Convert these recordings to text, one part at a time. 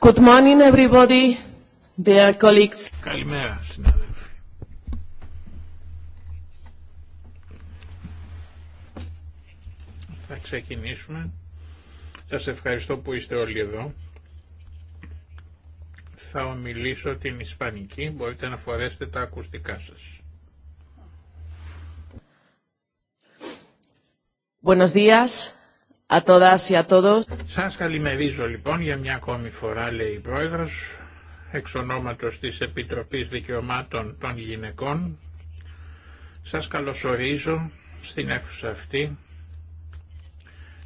Good morning, everybody, dear colleagues. Καλημέρα, συνάδελφοι. Θα ξεκινήσουμε. Σας ευχαριστώ που είστε όλοι εδώ. Θα ομιλήσω την Ισπανική, μπορείτε να φορέσετε τα ακουστικά σας. Buenos Σας καλημερίζω λοιπόν για μια ακόμη φορά λέει η Πρόεδρος εξ ονόματος της Επιτροπής Δικαιωμάτων των Γυναικών. Σας καλωσορίζω στην αίθουσα αυτή.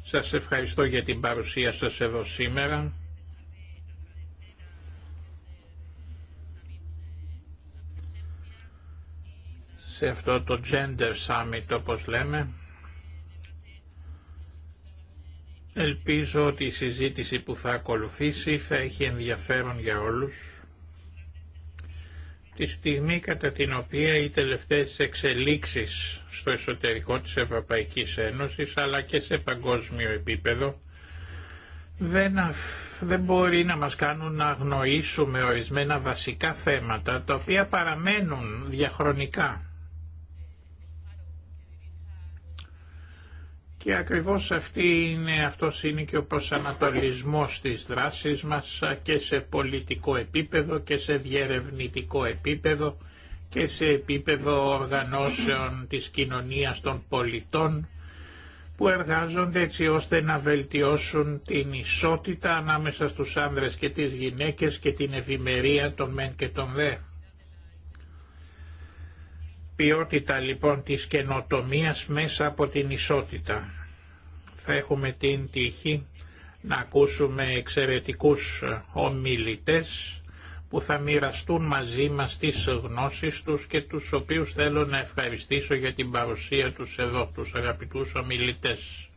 Σα ευχαριστώ για την παρουσία σας εδώ σήμερα. Σε αυτό το Gender Summit όπως λέμε Ελπίζω ότι η συζήτηση που θα ακολουθήσει θα έχει ενδιαφέρον για όλους. Τη στιγμή κατά την οποία οι τελευταίες εξελίξεις στο εσωτερικό της Ευρωπαϊκής Ένωσης αλλά και σε παγκόσμιο επίπεδο δεν, δεν μπορεί να μας κάνουν να αγνοήσουμε ορισμένα βασικά θέματα τα οποία παραμένουν διαχρονικά Και ακριβώς αυτή είναι, αυτός είναι και ο προσανατολισμός της δράσης μας και σε πολιτικό επίπεδο και σε διερευνητικό επίπεδο και σε επίπεδο οργανώσεων της κοινωνίας των πολιτών που εργάζονται έτσι ώστε να βελτιώσουν την ισότητα ανάμεσα στους άνδρες και τις γυναίκες και την ευημερία των μεν και των δε ποιότητα λοιπόν της καινοτομίας μέσα από την ισότητα. Θα έχουμε την τύχη να ακούσουμε εξαιρετικούς ομιλητές που θα μοιραστούν μαζί μας τις γνώσεις τους και τους οποίους θέλω να ευχαριστήσω για την παρουσία τους εδώ, τους αγαπητούς ομιλητές.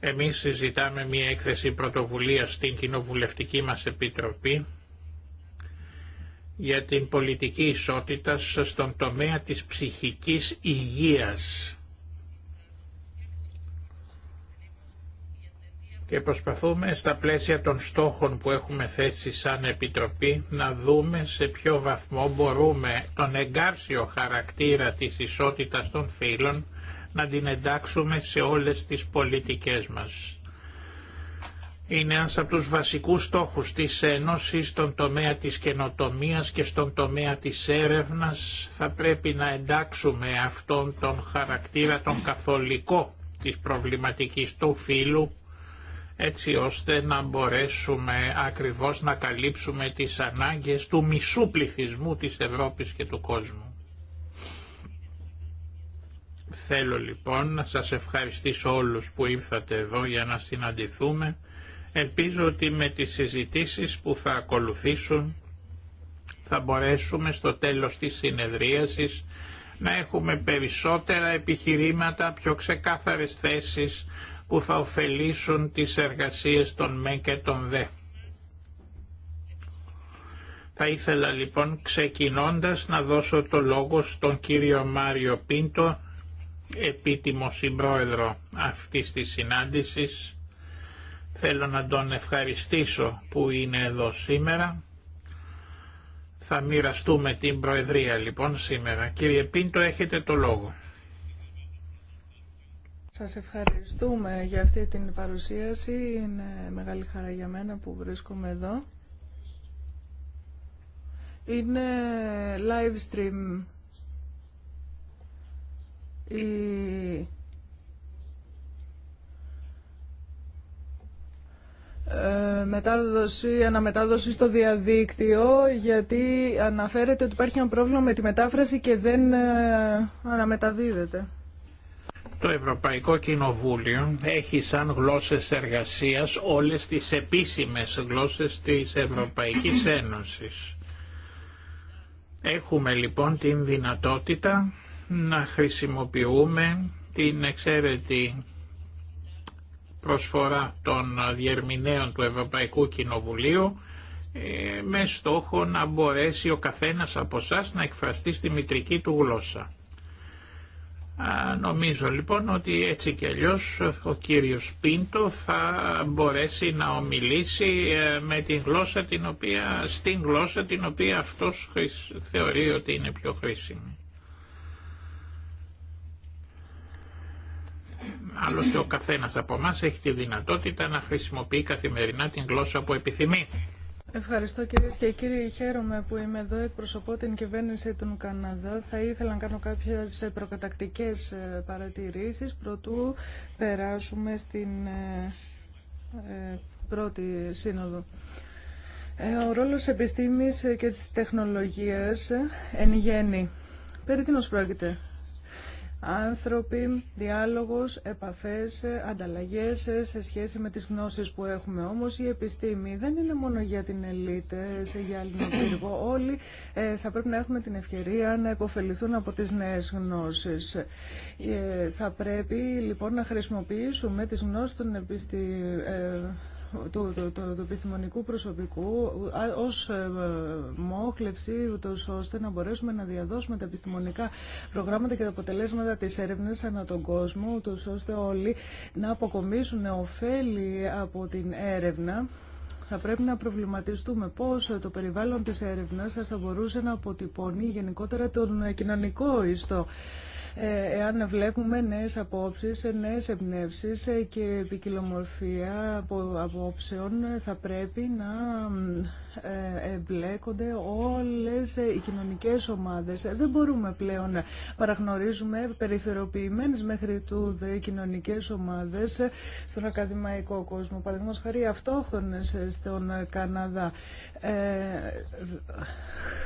Εμείς συζητάμε μια έκθεση πρωτοβουλίας στην Κοινοβουλευτική μας Επιτροπή για την πολιτική ισότητα στον τομέα της ψυχικής υγείας. Και προσπαθούμε στα πλαίσια των στόχων που έχουμε θέσει σαν Επιτροπή να δούμε σε ποιο βαθμό μπορούμε τον εγκάρσιο χαρακτήρα της ισότητας των φύλων να την εντάξουμε σε όλες τις πολιτικές μας είναι ένας από τους βασικούς στόχους της Ένωσης στον τομέα της καινοτομίας και στον τομέα της έρευνας. Θα πρέπει να εντάξουμε αυτόν τον χαρακτήρα τον καθολικό της προβληματικής του φύλου έτσι ώστε να μπορέσουμε ακριβώς να καλύψουμε τις ανάγκες του μισού πληθυσμού της Ευρώπης και του κόσμου. Θέλω λοιπόν να σας ευχαριστήσω όλους που ήρθατε εδώ για να συναντηθούμε Ελπίζω ότι με τις συζητήσεις που θα ακολουθήσουν θα μπορέσουμε στο τέλος της συνεδρίασης να έχουμε περισσότερα επιχειρήματα, πιο ξεκάθαρες θέσεις που θα ωφελήσουν τις εργασίες των ΜΕ και των ΔΕ. Θα ήθελα λοιπόν ξεκινώντας να δώσω το λόγο στον κύριο Μάριο Πίντο, επίτιμο συμπρόεδρο αυτής της συνάντησης, Θέλω να τον ευχαριστήσω που είναι εδώ σήμερα. Θα μοιραστούμε την Προεδρία λοιπόν σήμερα. Κύριε Πίντο έχετε το λόγο. Σας ευχαριστούμε για αυτή την παρουσίαση. Είναι μεγάλη χαρά για μένα που βρίσκομαι εδώ. Είναι live stream Ε, μετάδοση, αναμετάδοση στο διαδίκτυο γιατί αναφέρεται ότι υπάρχει ένα πρόβλημα με τη μετάφραση και δεν ε, αναμεταδίδεται. Το Ευρωπαϊκό Κοινοβούλιο έχει σαν γλώσσες εργασίας όλες τις επίσημες γλώσσες της Ευρωπαϊκής Ένωσης. Έχουμε λοιπόν την δυνατότητα να χρησιμοποιούμε την εξαίρετη προσφορά των διερμηνέων του Ευρωπαϊκού Κοινοβουλίου ε, με στόχο να μπορέσει ο καθένας από εσά να εκφραστεί στη μητρική του γλώσσα. Νομίζω λοιπόν ότι έτσι και αλλιώ ο κύριος Πίντο θα μπορέσει να ομιλήσει ε, με την γλώσσα την οποία, στην γλώσσα την οποία αυτός θεωρεί ότι είναι πιο χρήσιμη. Άλλωστε ο καθένας από εμά έχει τη δυνατότητα να χρησιμοποιεί καθημερινά την γλώσσα που επιθυμεί. Ευχαριστώ κυρίε και κύριοι. Χαίρομαι που είμαι εδώ. Εκπροσωπώ την κυβέρνηση του Καναδά. Θα ήθελα να κάνω κάποιε προκατακτικέ ε, παρατηρήσει προτού περάσουμε στην ε, ε, πρώτη σύνοδο. Ο ρόλος επιστήμη και της τεχνολογίας εν γέννη. Περί τίνο πρόκειται άνθρωποι, διάλογος, επαφές, ανταλλαγές σε σχέση με τις γνώσεις που έχουμε. Όμως η επιστήμη δεν είναι μόνο για την ελίτ, ε, σε την Όλοι ε, θα πρέπει να έχουμε την ευκαιρία να υποφεληθούν από τις νέες γνώσεις. Ε, θα πρέπει λοιπόν να χρησιμοποιήσουμε τις γνώσεις των επιστήμων του, του, του, επιστημονικού προσωπικού ως ε, μόχλευση ούτως ώστε να μπορέσουμε να διαδώσουμε τα επιστημονικά προγράμματα και τα αποτελέσματα της έρευνας ανά τον κόσμο ούτως ώστε όλοι να αποκομίσουν ωφέλη από την έρευνα θα πρέπει να προβληματιστούμε πώς το περιβάλλον της έρευνας θα μπορούσε να αποτυπώνει γενικότερα τον κοινωνικό ιστό. Ε, εάν βλέπουμε νέες απόψεις, νέες εμπνεύσεις και επικοινομορφία από απόψεων θα πρέπει να ε, εμπλέκονται όλες οι κοινωνικές ομάδες. Δεν μπορούμε πλέον να παραγνωρίζουμε περιθωριοποιημένες μέχρι τούδε κοινωνικές ομάδες στον ακαδημαϊκό κόσμο. Παραδείγματος χαρή αυτόχθονες στον Καναδά. Ε,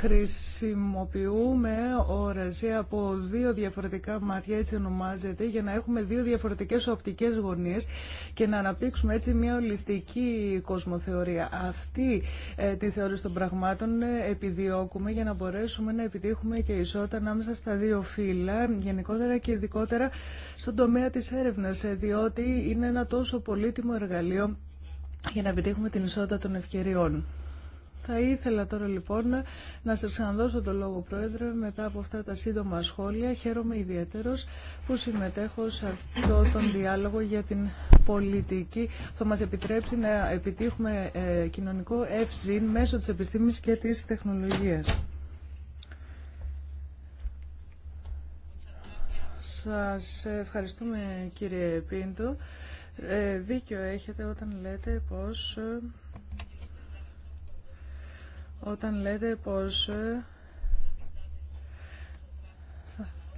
χρησιμοποιούμε ορασία από δύο διαφορετικά μάτια, έτσι ονομάζεται, για να έχουμε δύο διαφορετικές οπτικές γωνίες και να αναπτύξουμε έτσι μια ολιστική κοσμοθεωρία. Αυτή ε, τη θεώρηση των πραγμάτων επιδιώκουμε για να μπορέσουμε να επιτύχουμε και ισότητα ανάμεσα στα δύο φύλλα, γενικότερα και ειδικότερα στον τομέα της έρευνας, ε, διότι είναι ένα τόσο πολύτιμο εργαλείο για να επιτύχουμε την ισότητα των ευκαιριών. Θα ήθελα τώρα λοιπόν να σας ξαναδώσω το λόγο Πρόεδρε μετά από αυτά τα σύντομα σχόλια. Χαίρομαι ιδιαίτερος που συμμετέχω σε αυτό τον διάλογο για την πολιτική. Θα μας επιτρέψει να επιτύχουμε ε, κοινωνικό ευζήν μέσω της επιστήμης και της τεχνολογίας. Σας ευχαριστούμε κύριε Πίντο. Ε, δίκιο έχετε όταν λέτε πως... Ε, όταν λέτε πως ε,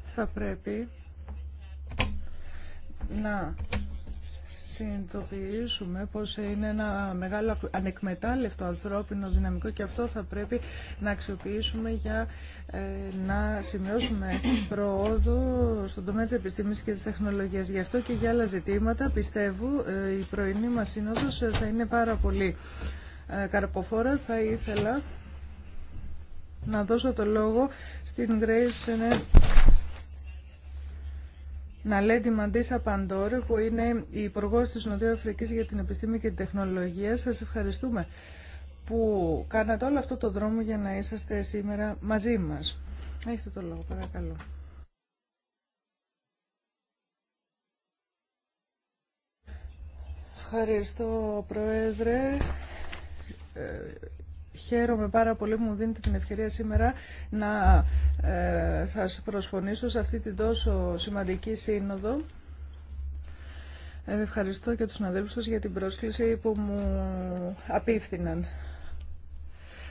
θα πρέπει να συνειδητοποιήσουμε πως είναι ένα μεγάλο ανεκμετάλλευτο ανθρώπινο δυναμικό και αυτό θα πρέπει να αξιοποιήσουμε για ε, να σημειώσουμε προόδο στον τομέα της επιστήμης και της τεχνολογίας. Γι' αυτό και για άλλα ζητήματα πιστεύω ε, η πρωινή μας σύνοδος θα είναι πάρα πολύ ε, καρποφόρα θα ήθελα να δώσω το λόγο στην Grace Ναλέντι Μαντίσα Παντόρ, που είναι η Υπουργό τη Νοτιού για την Επιστήμη και την Τεχνολογία. σας ευχαριστούμε που κάνατε όλο αυτό το δρόμο για να είσαστε σήμερα μαζί μας. Έχετε το λόγο, παρακαλώ. Ευχαριστώ, Πρόεδρε. Ε, χαίρομαι πάρα πολύ που μου δίνετε την ευκαιρία σήμερα να ε, σας προσφωνήσω σε αυτή την τόσο σημαντική σύνοδο. Ε, ευχαριστώ και τους συναδέλφους σας για την πρόσκληση που μου απίφθηναν.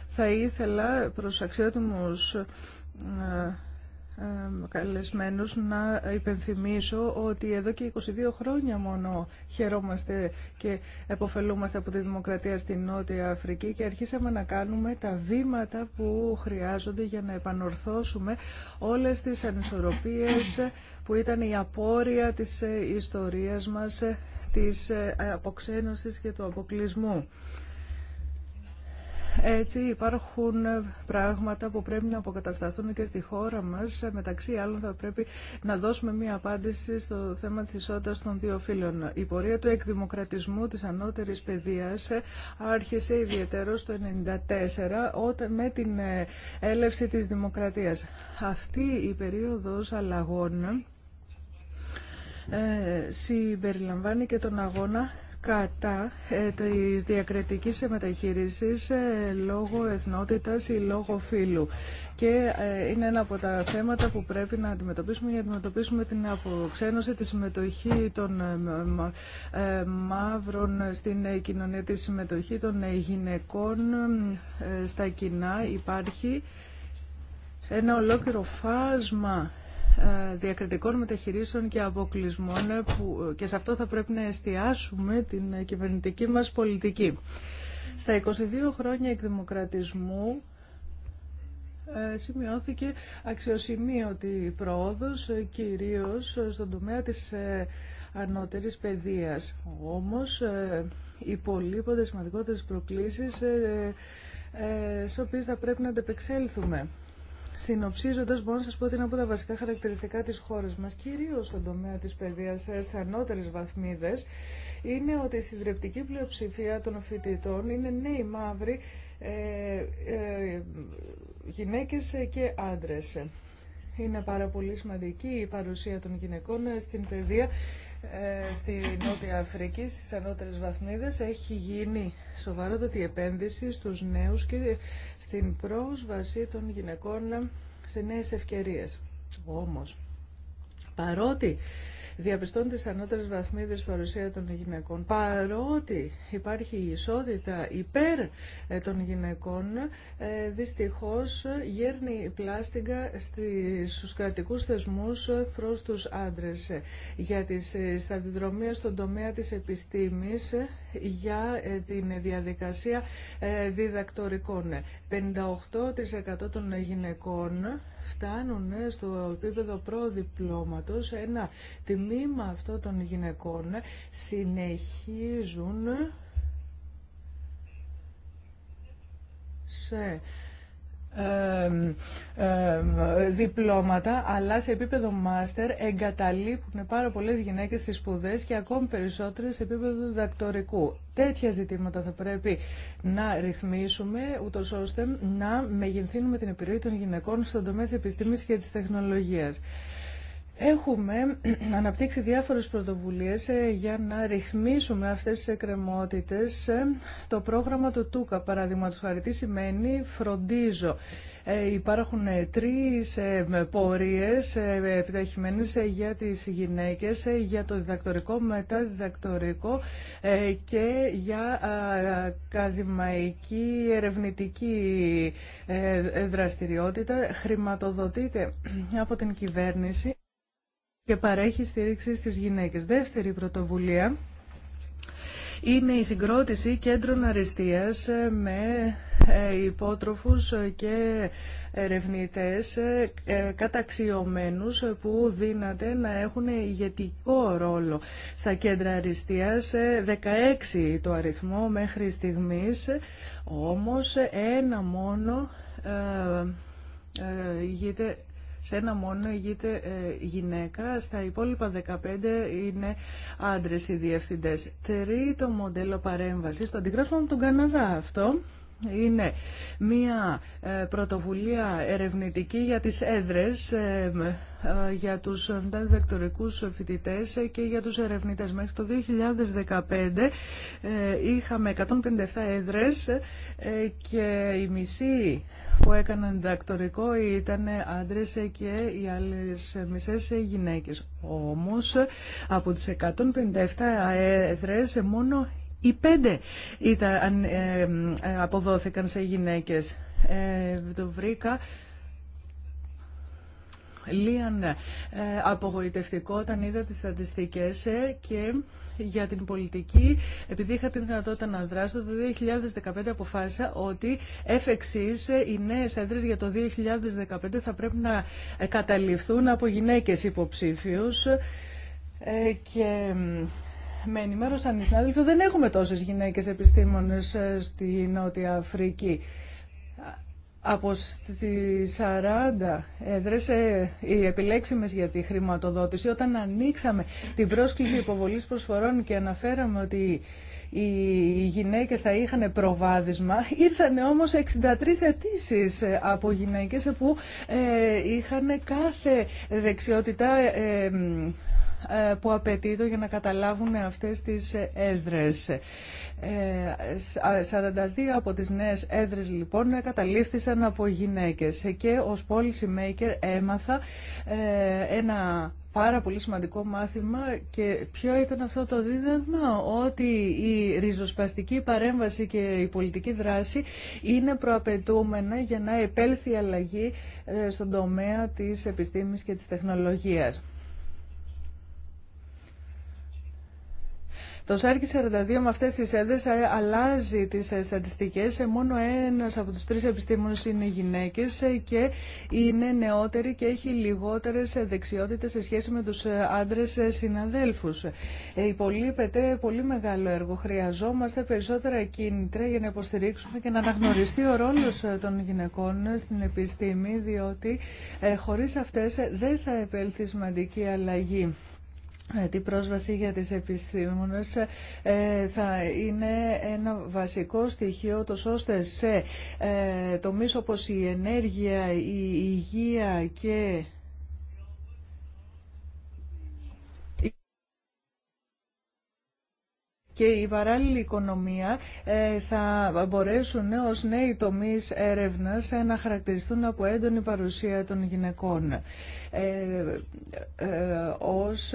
Θα ήθελα προς αξιότιμους καλεσμένους να υπενθυμίσω ότι εδώ και 22 χρόνια μόνο χαιρόμαστε και εποφελούμαστε από τη δημοκρατία στη Νότια Αφρική και αρχίσαμε να κάνουμε τα βήματα που χρειάζονται για να επανορθώσουμε όλες τις ανισορροπίες που ήταν η απόρρια της ιστορίας μας, της αποξένωσης και του αποκλεισμού. Έτσι υπάρχουν πράγματα που πρέπει να αποκατασταθούν και στη χώρα μας. Μεταξύ άλλων θα πρέπει να δώσουμε μία απάντηση στο θέμα της ισότητας των δύο φίλων. Η πορεία του εκδημοκρατισμού της ανώτερης παιδείας άρχισε ιδιαίτερο στο 1994 με την ε, έλευση της δημοκρατίας. Αυτή η περίοδος αλλαγών ε, συμπεριλαμβάνει και τον αγώνα κατά ε, της διακριτικής μεταχείρισης ε, λόγω εθνότητας ή λόγω φύλου. Και ε, είναι ένα από τα θέματα που πρέπει να αντιμετωπίσουμε για να αντιμετωπίσουμε την αποξένωση, τη συμμετοχή των ε, ε, μαύρων στην κοινωνία, τη συμμετοχή των γυναικών στα κοινά. Υπάρχει ένα ολόκληρο φάσμα διακριτικών μεταχειρήσεων και αποκλεισμών που, και σε αυτό θα πρέπει να εστιάσουμε την κυβερνητική μας πολιτική. Στα 22 χρόνια εκδημοκρατισμού ε, σημειώθηκε αξιοσημείωτη πρόοδος ε, κυρίως ε, στον τομέα της ανώτερης παιδείας. Όμως υπολείπονται σημαντικότερες προκλήσεις στις οποίες θα πρέπει να αντεπεξέλθουμε. Συνοψίζοντα, μπορώ να σα πω ότι είναι από τα βασικά χαρακτηριστικά τη χώρα μα, κυρίω στον τομέα τη παιδεία σε ανώτερε βαθμίδε, είναι ότι η συντριπτική πλειοψηφία των φοιτητών είναι νέοι μαύροι, ε, ε, γυναίκες και άντρες. Είναι πάρα πολύ σημαντική η παρουσία των γυναικών στην παιδεία ε, στη Νότια Αφρική, στις ανώτερες βαθμίδες, έχει γίνει σοβαρότατη επένδυση στους νέους και στην πρόσβαση των γυναικών σε νέες ευκαιρίες. Όμως, παρότι διαπιστώνουν τις ανώτερες βαθμίδες παρουσία των γυναικών. Παρότι υπάρχει ισότητα υπέρ ε, των γυναικών, ε, δυστυχώς γέρνει η πλάστιγκα στους κρατικούς θεσμούς προς τους άντρες. Για τις ε, σταδιοδρομίες στον τομέα της επιστήμης, για την διαδικασία διδακτορικών. 58% των γυναικών φτάνουν ε, στο επίπεδο προδιπλώματος ένα τμήμα αυτό των γυναικών ε, συνεχίζουν σε διπλώματα, αλλά σε επίπεδο μάστερ εγκαταλείπουν πάρα πολλές γυναίκες στις σπουδές και ακόμη περισσότερες σε επίπεδο διδακτορικού. Τέτοια ζητήματα θα πρέπει να ρυθμίσουμε, ούτω ώστε να μεγενθύνουμε την επιρροή των γυναικών στον τομέα της επιστήμης και της τεχνολογίας. Έχουμε αναπτύξει διάφορες πρωτοβουλίες ε, για να ρυθμίσουμε αυτές τις εκκρεμότητες. Ε, το πρόγραμμα του ΤΟΥΚΑ, παραδείγματος χαρητή, σημαίνει «φροντίζω». Ε, υπάρχουν τρεις πορείες επιταχυμένες για τις γυναίκες, για το διδακτορικό, μετά-διδακτορικό και για ακαδημαϊκή ερευνητική δραστηριότητα. Χρηματοδοτείται από την κυβέρνηση και παρέχει στήριξη στις γυναίκες. Δεύτερη πρωτοβουλία είναι η συγκρότηση κέντρων αριστείας με ε, υπότροφους και ερευνητές ε, καταξιωμένους που δύναται να έχουν ηγετικό ρόλο στα κέντρα αριστείας 16 ε, το αριθμό μέχρι στιγμής όμως ένα μόνο ηγείται σε ένα μόνο ηγείται ε, γυναίκα, στα υπόλοιπα 15 είναι άντρες οι διευθυντές. Τρίτο μοντέλο παρέμβασης, το από τον Καναδά αυτό, είναι μία ε, πρωτοβουλία ερευνητική για τις έδρες, ε, για τους διδακτορικούς φοιτητές και για τους ερευνητές. Μέχρι το 2015 είχαμε 157 έδρες και η μισή που έκαναν διδακτορικό ήταν άντρες και οι άλλες μισές γυναίκες. Όμως από τις 157 έδρες μόνο οι πέντε ήταν, ε, ε, αποδόθηκαν σε γυναίκες. Ε, το βρήκα Λίαν ε, απογοητευτικό όταν είδα τις στατιστικές ε, και για την πολιτική, επειδή είχα την δυνατότητα να δράσω, το 2015 αποφάσισα ότι εφ' ε οι νέες έδρες για το 2015 θα πρέπει να ε, καταληφθούν από γυναίκες υποψήφιους ε, και με ενημέρωσαν οι συνάδελφοι δεν έχουμε τόσες γυναίκες επιστήμονες στη Νότια Αφρική. Από στις 40 έδρες ε, οι επιλέξιμες για τη χρηματοδότηση, όταν ανοίξαμε την πρόσκληση υποβολής προσφορών και αναφέραμε ότι οι γυναίκες θα είχαν προβάδισμα, ήρθαν όμως 63 αιτήσει ε, από γυναίκες που ε, είχαν κάθε δεξιότητα ε, που απαιτείται για να καταλάβουν αυτές τις έδρες. 42 ε, από τις νέες έδρες λοιπόν καταλήφθησαν από γυναίκες και ως policy maker έμαθα ε, ένα πάρα πολύ σημαντικό μάθημα και ποιο ήταν αυτό το δίδαγμα ότι η ριζοσπαστική παρέμβαση και η πολιτική δράση είναι προαπαιτούμενα για να επέλθει η αλλαγή στον τομέα της επιστήμης και της τεχνολογίας. Το ΣΑΡΚΙ 42 με αυτές τις έδρες αλλάζει τις ε, στατιστικές. Ε, μόνο ένας από τους τρεις επιστήμονες είναι γυναίκες ε, και είναι νεότεροι και έχει λιγότερες δεξιότητες σε σχέση με τους άντρες συναδέλφους. Υπολείπεται πολύ μεγάλο έργο. Χρειαζόμαστε περισσότερα κίνητρα για να υποστηρίξουμε και να αναγνωριστεί ο ρόλος των γυναικών στην επιστήμη, διότι χωρίς αυτές δεν θα επέλθει σημαντική αλλαγή. Ε, την πρόσβαση για τις επιστήμονες ε, θα είναι ένα βασικό στοιχείο τόσο ώστε σε ε, τομείς όπως η ενέργεια, η υγεία και και η παράλληλη οικονομία ε, θα μπορέσουν ως νέοι τομείς έρευνας ε, να χαρακτηριστούν από έντονη παρουσία των γυναικών. Ε, ως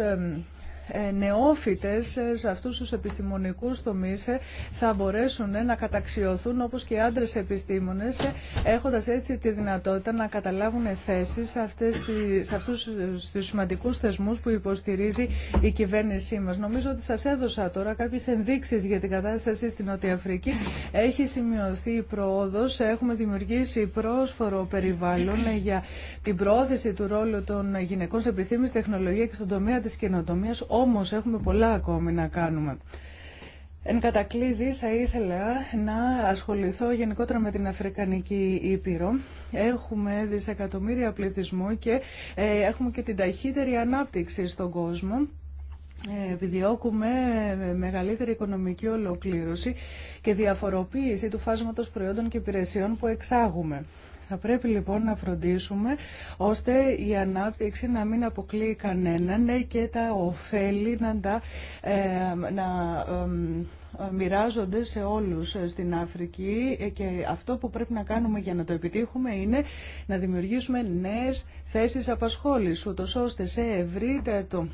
ε, νεόφυτες ε, σε αυτούς τους επιστημονικούς τομείς ε, θα μπορέσουν να καταξιωθούν όπως και οι άντρες επιστήμονες έχοντας έτσι τη δυνατότητα να καταλάβουν θέσεις σε, αυτές του σε αυτούς τους σημαντικούς θεσμούς που υποστηρίζει η κυβέρνησή μας. Νομίζω ότι σας έδωσα τώρα κάποιες ενδείξεις για την κατάσταση στην Νότια Αφρική. Έχει σημειωθεί η προόδος, έχουμε δημιουργήσει πρόσφορο περιβάλλον για την πρόθεση του ρόλου των γυναικών στην επιστήμη, τεχνολογία και στον τομέα της καινοτομίας όμως έχουμε πολλά ακόμη να κάνουμε. Εν κατακλείδη θα ήθελα να ασχοληθώ γενικότερα με την Αφρικανική Ήπειρο. Έχουμε δισεκατομμύρια πληθυσμό και ε, έχουμε και την ταχύτερη ανάπτυξη στον κόσμο. Ε, επιδιώκουμε ε, μεγαλύτερη οικονομική ολοκλήρωση και διαφοροποίηση του φάσματος προϊόντων και υπηρεσιών που εξάγουμε. Θα πρέπει λοιπόν να φροντίσουμε ώστε η ανάπτυξη να μην αποκλείει κανέναν ναι, και τα ωφέλη να ε, να, μοιράζονται σε όλους ε, στην Αφρική ε, και αυτό που πρέπει να κάνουμε για να το επιτύχουμε είναι να δημιουργήσουμε νέες θέσεις απασχόλησης, ούτως ώστε σε ευρύτερο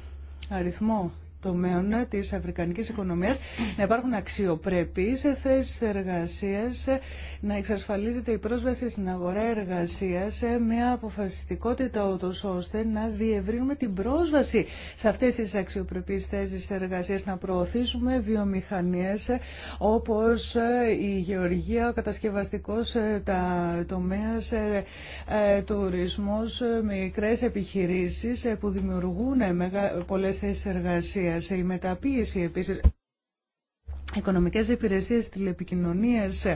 αριθμό τομέων της αφρικανικής οικονομίας να υπάρχουν αξιοπρεπείς θέσει εργασίας, να εξασφαλίζεται η πρόσβαση στην αγορά εργασίας με αποφασιστικότητα ούτω ώστε να διευρύνουμε την πρόσβαση σε αυτές τις αξιοπρεπείς θέσεις εργασίας, να προωθήσουμε βιομηχανίες όπως η γεωργία, ο κατασκευαστικό ε, τομέα τουρισμό ε, ε, τουρισμός, μικρές που δημιουργούν πολλέ θέσει εργασία η μεταποίηση επίσης, οικονομικές υπηρεσίες, τηλεπικοινωνίες,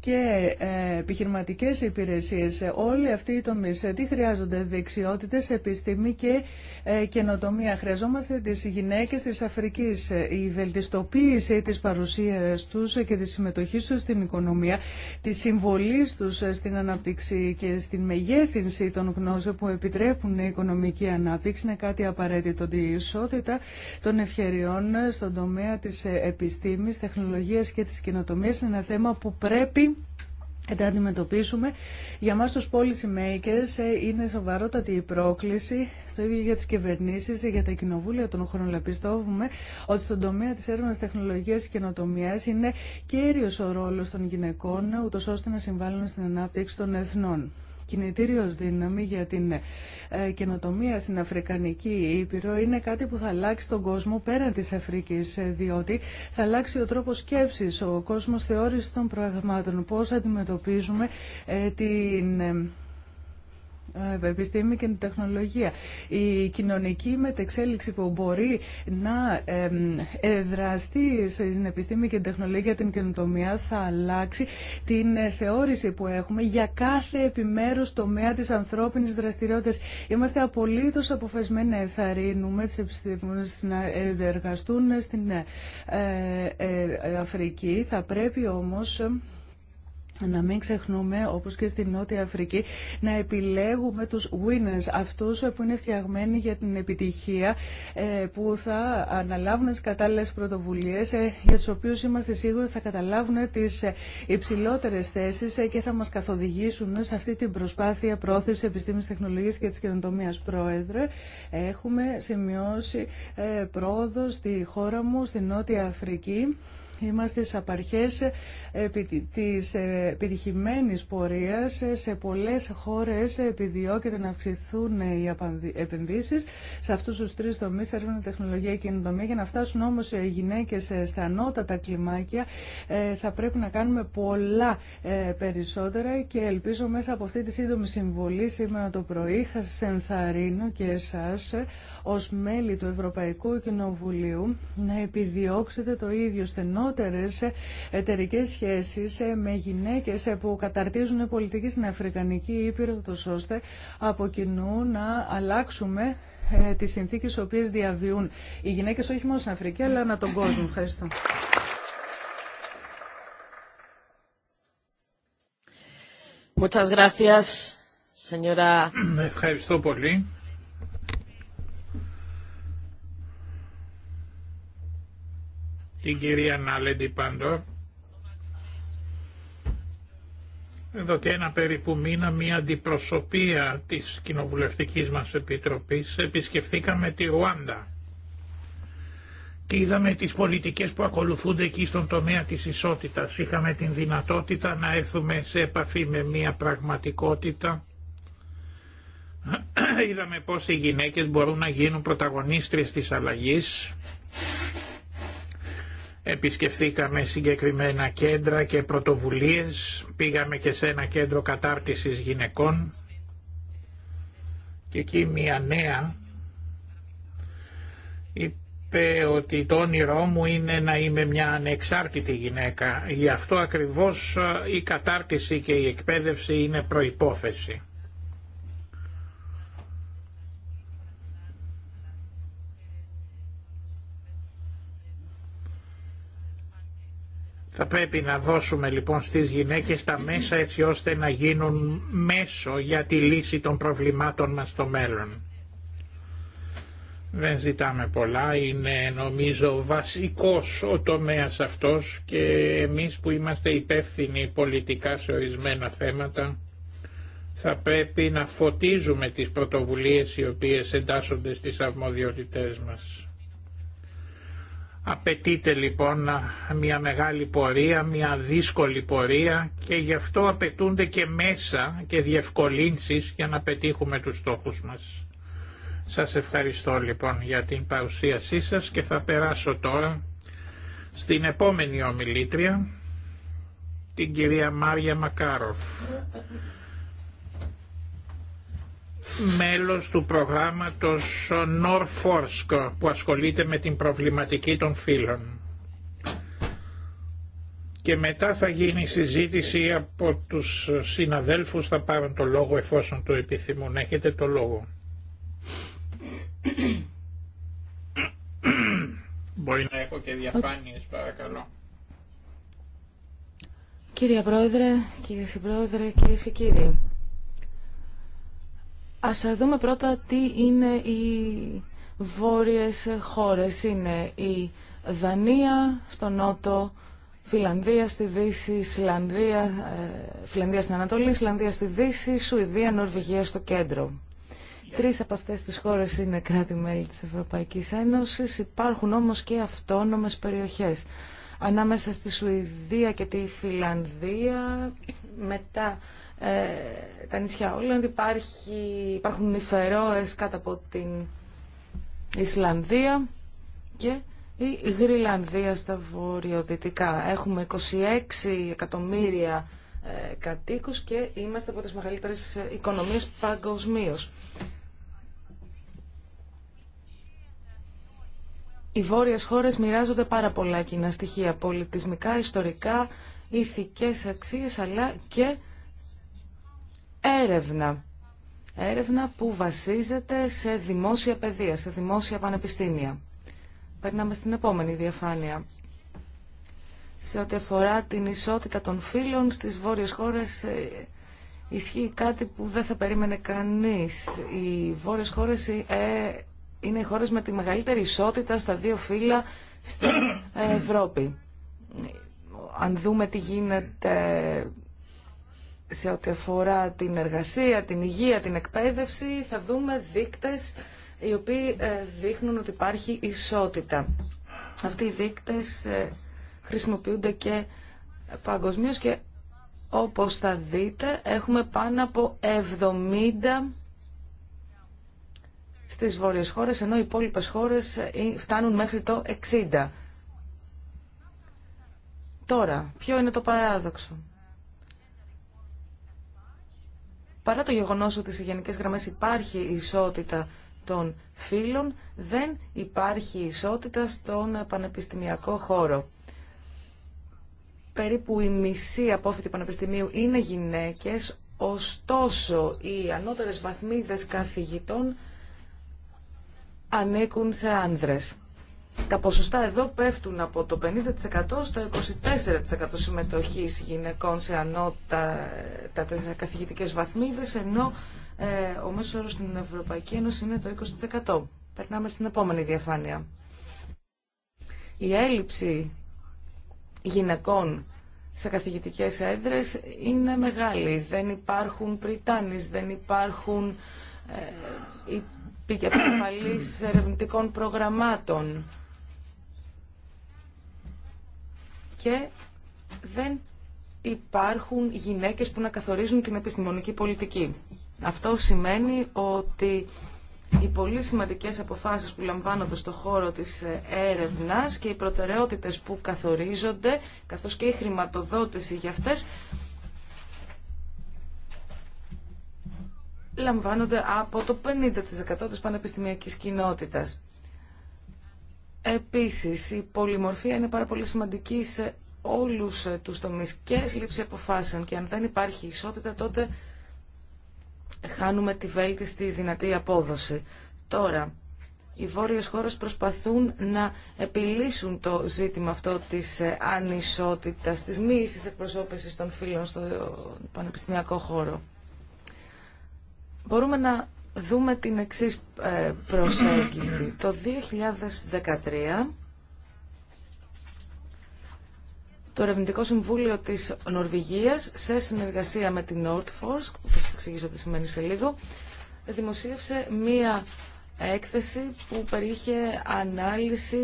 και ε, επιχειρηματικές υπηρεσίες. Όλοι αυτοί οι τομείς τι χρειάζονται, δεξιότητες, επιστήμη και ε, καινοτομία. Χρειαζόμαστε τις γυναίκες της Αφρικής. Η βελτιστοποίηση της παρουσίας τους και τη συμμετοχή τους στην οικονομία, τη συμβολή τους στην ανάπτυξη και στην μεγέθυνση των γνώσεων που επιτρέπουν η οικονομική ανάπτυξη είναι κάτι απαραίτητο. Η ισότητα των ευκαιριών στον τομέα της επιστήμης, τεχνολογίας και της καινοτομίας είναι ένα θέμα που πρέπει τα αντιμετωπίσουμε. Για μας τους policy makers ε, είναι σοβαρότατη η πρόκληση, το ίδιο για τις κυβερνήσεις, για τα κοινοβούλια των χρόνων. Πιστεύουμε ότι στον τομέα της έρευνας τεχνολογίας και καινοτομίας είναι κύριος ο ρόλος των γυναικών, ούτως ώστε να συμβάλλουν στην ανάπτυξη των εθνών κινητήριος δύναμη για την ε, καινοτομία στην Αφρικανική Ήπειρο είναι κάτι που θα αλλάξει τον κόσμο πέραν της Αφρικής, ε, διότι θα αλλάξει ο τρόπος σκέψης, ο κόσμος θεώρηση των πραγμάτων, πώς αντιμετωπίζουμε ε, την ε, επιστήμη και την τεχνολογία. Η κοινωνική μετεξέλιξη που μπορεί να εδραστεί στην επιστήμη και την τεχνολογία, την καινοτομία, θα αλλάξει την θεώρηση που έχουμε για κάθε επιμέρους τομέα της ανθρώπινης δραστηριότητας. Είμαστε απολύτως αποφασμένοι να εθαρρύνουμε τις επιστήμονες να εργαστούν στην ε, ε, Αφρική. Θα πρέπει όμως να μην ξεχνούμε, όπως και στη Νότια Αφρική, να επιλέγουμε τους winners, αυτούς που είναι φτιαγμένοι για την επιτυχία, ε, που θα αναλάβουν τις κατάλληλες πρωτοβουλίες, ε, για τους οποίους είμαστε σίγουροι θα καταλάβουν τις ε, υψηλότερες θέσεις και θα μας καθοδηγήσουν σε αυτή την προσπάθεια πρόθεση επιστήμης τεχνολογίας και της καινοτομίας. Πρόεδρε, έχουμε σημειώσει πρόοδο στη χώρα μου, στη Νότια Αφρική. Είμαστε στις απαρχές της επιτυχημένης πορείας. Σε πολλές χώρες επιδιώκεται να αυξηθούν οι επενδύσεις. Σε αυτούς τους τρεις τομείς, έρευνα, τεχνολογία και καινοτομία, για να φτάσουν όμως οι γυναίκες στα ανώτατα κλιμάκια, ε, θα πρέπει να κάνουμε πολλά ε, περισσότερα και ελπίζω μέσα από αυτή τη σύντομη συμβολή σήμερα το πρωί θα σας ενθαρρύνω και εσάς ε, ως μέλη του Ευρωπαϊκού Κοινοβουλίου να επιδιώξετε το ίδιο στενό στενότερες εταιρικές σχέσεις ε, με γυναίκες ε, που καταρτίζουν πολιτική στην Αφρικανική Ήπειρο, ώστε από κοινού να αλλάξουμε ε, τις συνθήκες στις οποίες διαβιούν οι γυναίκες όχι μόνο στην Αφρική αλλά ανά τον κόσμο. Ευχαριστώ. Muchas gracias, señora. Ευχαριστώ πολύ. την κυρία Νάλεντι Παντόρ. Εδώ και ένα περίπου μήνα μια αντιπροσωπεία της κοινοβουλευτικής μας επιτροπής επισκεφθήκαμε τη Ρουάντα και είδαμε τις πολιτικές που ακολουθούνται εκεί στον τομέα της ισότητας. Είχαμε την δυνατότητα να έρθουμε σε επαφή με μια πραγματικότητα. Είδαμε πώς οι γυναίκες μπορούν να γίνουν πρωταγωνίστρες της αλλαγής Επισκεφθήκαμε συγκεκριμένα κέντρα και πρωτοβουλίες, πήγαμε και σε ένα κέντρο κατάρτισης γυναικών και εκεί μια νέα είπε ότι το όνειρό μου είναι να είμαι μια ανεξάρτητη γυναίκα. Γι' αυτό ακριβώς η κατάρτιση και η εκπαίδευση είναι προϋπόθεση. Θα πρέπει να δώσουμε λοιπόν στις γυναίκες τα μέσα έτσι ώστε να γίνουν μέσο για τη λύση των προβλημάτων μας στο μέλλον. Δεν ζητάμε πολλά, είναι νομίζω βασικός ο τομέας αυτός και εμείς που είμαστε υπεύθυνοι πολιτικά σε ορισμένα θέματα θα πρέπει να φωτίζουμε τις πρωτοβουλίες οι οποίες εντάσσονται στις αρμοδιότητές μας. Απαιτείται λοιπόν μια μεγάλη πορεία, μια δύσκολη πορεία και γι' αυτό απαιτούνται και μέσα και διευκολύνσεις για να πετύχουμε τους στόχους μας. Σας ευχαριστώ λοιπόν για την παρουσίασή σας και θα περάσω τώρα στην επόμενη ομιλήτρια, την κυρία Μάρια Μακάροφ μέλος του προγράμματος Norforsk που ασχολείται με την προβληματική των φύλων. Και μετά θα γίνει συζήτηση από τους συναδέλφους, θα πάρουν το λόγο εφόσον το επιθυμούν. Έχετε το λόγο. Μπορεί να έχω και διαφάνειες παρακαλώ. Κύριε Πρόεδρε, κύριε Συμπρόεδρε, κυρίε και κύριοι. Ας δούμε πρώτα τι είναι οι βόρειες χώρες. Είναι η Δανία στο νότο, Φιλανδία στη Δύση, Ισλανδία, ε, Φιλανδία στην Ανατολή, Ισλανδία στη Δύση, Σουηδία, Νορβηγία στο κέντρο. Τρεις από αυτές τις χώρες είναι κράτη-μέλη της Ευρωπαϊκής Ένωσης, υπάρχουν όμως και αυτόνομες περιοχές. Ανάμεσα στη Σουηδία και τη Φιλανδία, μετά ε, τα νησιά όλων υπάρχει, υπάρχουν νηφερόες κάτω από την Ισλανδία και η Γρυλανδία στα βορειοδυτικά. Έχουμε 26 εκατομμύρια ε, κατοίκους και είμαστε από τις μεγαλύτερες οικονομίες παγκοσμίω. Οι βόρειες χώρες μοιράζονται πάρα πολλά κοινά στοιχεία πολιτισμικά, ιστορικά, ηθικές αξίες αλλά και έρευνα. Έρευνα που βασίζεται σε δημόσια παιδεία, σε δημόσια πανεπιστήμια. Περνάμε στην επόμενη διαφάνεια. Σε ό,τι αφορά την ισότητα των φίλων στις βόρειες χώρες ε, ισχύει κάτι που δεν θα περίμενε κανείς. Οι βόρειες χώρες ε, είναι οι χώρες με τη μεγαλύτερη ισότητα στα δύο φύλλα στην Ευρώπη. Αν δούμε τι γίνεται σε ό,τι αφορά την εργασία, την υγεία, την εκπαίδευση, θα δούμε δείκτες οι οποίοι ε, δείχνουν ότι υπάρχει ισότητα. Αυτοί οι δείκτες ε, χρησιμοποιούνται και παγκοσμίως και όπως θα δείτε έχουμε πάνω από 70 στις βόρειες χώρες, ενώ οι υπόλοιπες χώρες ε, φτάνουν μέχρι το 60. Τώρα, ποιο είναι το παράδοξο. παρά το γεγονό ότι σε γενικέ γραμμές υπάρχει ισότητα των φύλων, δεν υπάρχει ισότητα στον πανεπιστημιακό χώρο. Περίπου η μισή απόφοιτη πανεπιστημίου είναι γυναίκες, ωστόσο οι ανώτερες βαθμίδες καθηγητών ανήκουν σε άνδρες τα ποσοστά εδώ πέφτουν από το 50% στο 24% συμμετοχής γυναικών σε ανώτατες καθηγητικές βαθμίδες, ενώ ε, ο μέσος όρος στην Ευρωπαϊκή Ένωση είναι το 20%. Περνάμε στην επόμενη διαφάνεια. Η έλλειψη γυναικών σε καθηγητικές έδρες είναι μεγάλη. Δεν υπάρχουν πριτάνεις, δεν υπάρχουν ε, επικεφαλής ερευνητικών προγραμμάτων. και δεν υπάρχουν γυναίκες που να καθορίζουν την επιστημονική πολιτική. Αυτό σημαίνει ότι οι πολύ σημαντικές αποφάσεις που λαμβάνονται στο χώρο της ε, έρευνας και οι προτεραιότητες που καθορίζονται, καθώς και η χρηματοδότηση για αυτές, λαμβάνονται από το 50% της πανεπιστημιακής κοινότητας. Επίσης, η πολυμορφία είναι πάρα πολύ σημαντική σε όλους ε, τους τομείς και λήψη αποφάσεων και αν δεν υπάρχει ισότητα τότε χάνουμε τη βέλτιστη δυνατή απόδοση. Τώρα, οι βόρειες χώρες προσπαθούν να επιλύσουν το ζήτημα αυτό της ε, ανισότητας, της μίσης εκπροσώπησης των φίλων στο πανεπιστημιακό χώρο. Μπορούμε να δούμε την εξής ε, προσέγγιση. Το 2013 το Ερευνητικό Συμβούλιο της Νορβηγίας σε συνεργασία με την Nordforsk, που θα σας εξηγήσω τι σημαίνει σε λίγο, δημοσίευσε μία έκθεση που περιείχε ανάλυση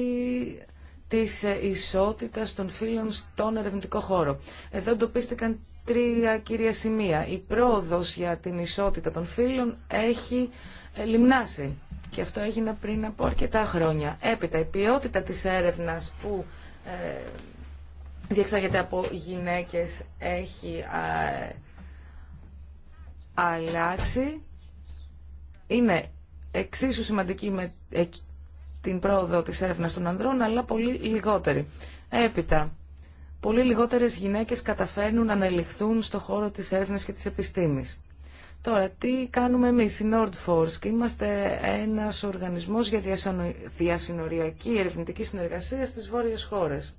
της ισότητας των φίλων στον ερευνητικό χώρο. Εδώ εντοπίστηκαν τρία κυρία σημεία. Η πρόοδος για την ισότητα των φύλων έχει ε, λιμνάσει και αυτό έγινε πριν από αρκετά χρόνια. Έπειτα η ποιότητα της έρευνας που ε, διεξάγεται από γυναίκες έχει αλλάξει. Είναι εξίσου σημαντική με την πρόοδο της έρευνας των ανδρών, αλλά πολύ λιγότερη. Έπειτα, πολύ λιγότερες γυναίκες καταφέρνουν να ανελιχθούν στον χώρο της έρευνας και της επιστήμης. Τώρα, τι κάνουμε εμείς, η Nordforsk, είμαστε ένας οργανισμός για διασυνοριακή ερευνητική συνεργασία στις βόρειες χώρες.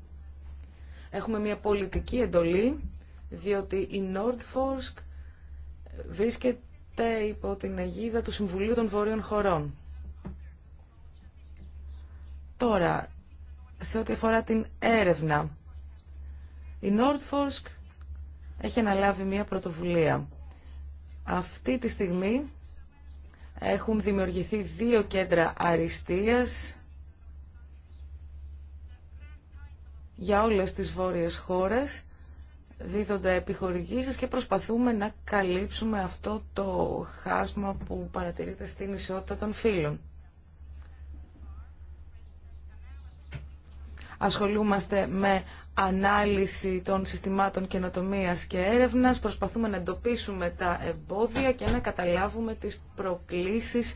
Έχουμε μια πολιτική εντολή, διότι η Nordforsk βρίσκεται υπό την αιγίδα του Συμβουλίου των Βόρειων Χωρών. Τώρα, σε ό,τι αφορά την έρευνα, η Nordforsk έχει αναλάβει μια πρωτοβουλία. Αυτή τη στιγμή έχουν δημιουργηθεί δύο κέντρα αριστείας για όλες τις βόρειες χώρες, δίδονται επιχορηγήσεις και προσπαθούμε να καλύψουμε αυτό το χάσμα που παρατηρείται στην ισότητα των φύλων. ασχολούμαστε με ανάλυση των συστημάτων καινοτομίας και έρευνας, προσπαθούμε να εντοπίσουμε τα εμπόδια και να καταλάβουμε τις προκλήσεις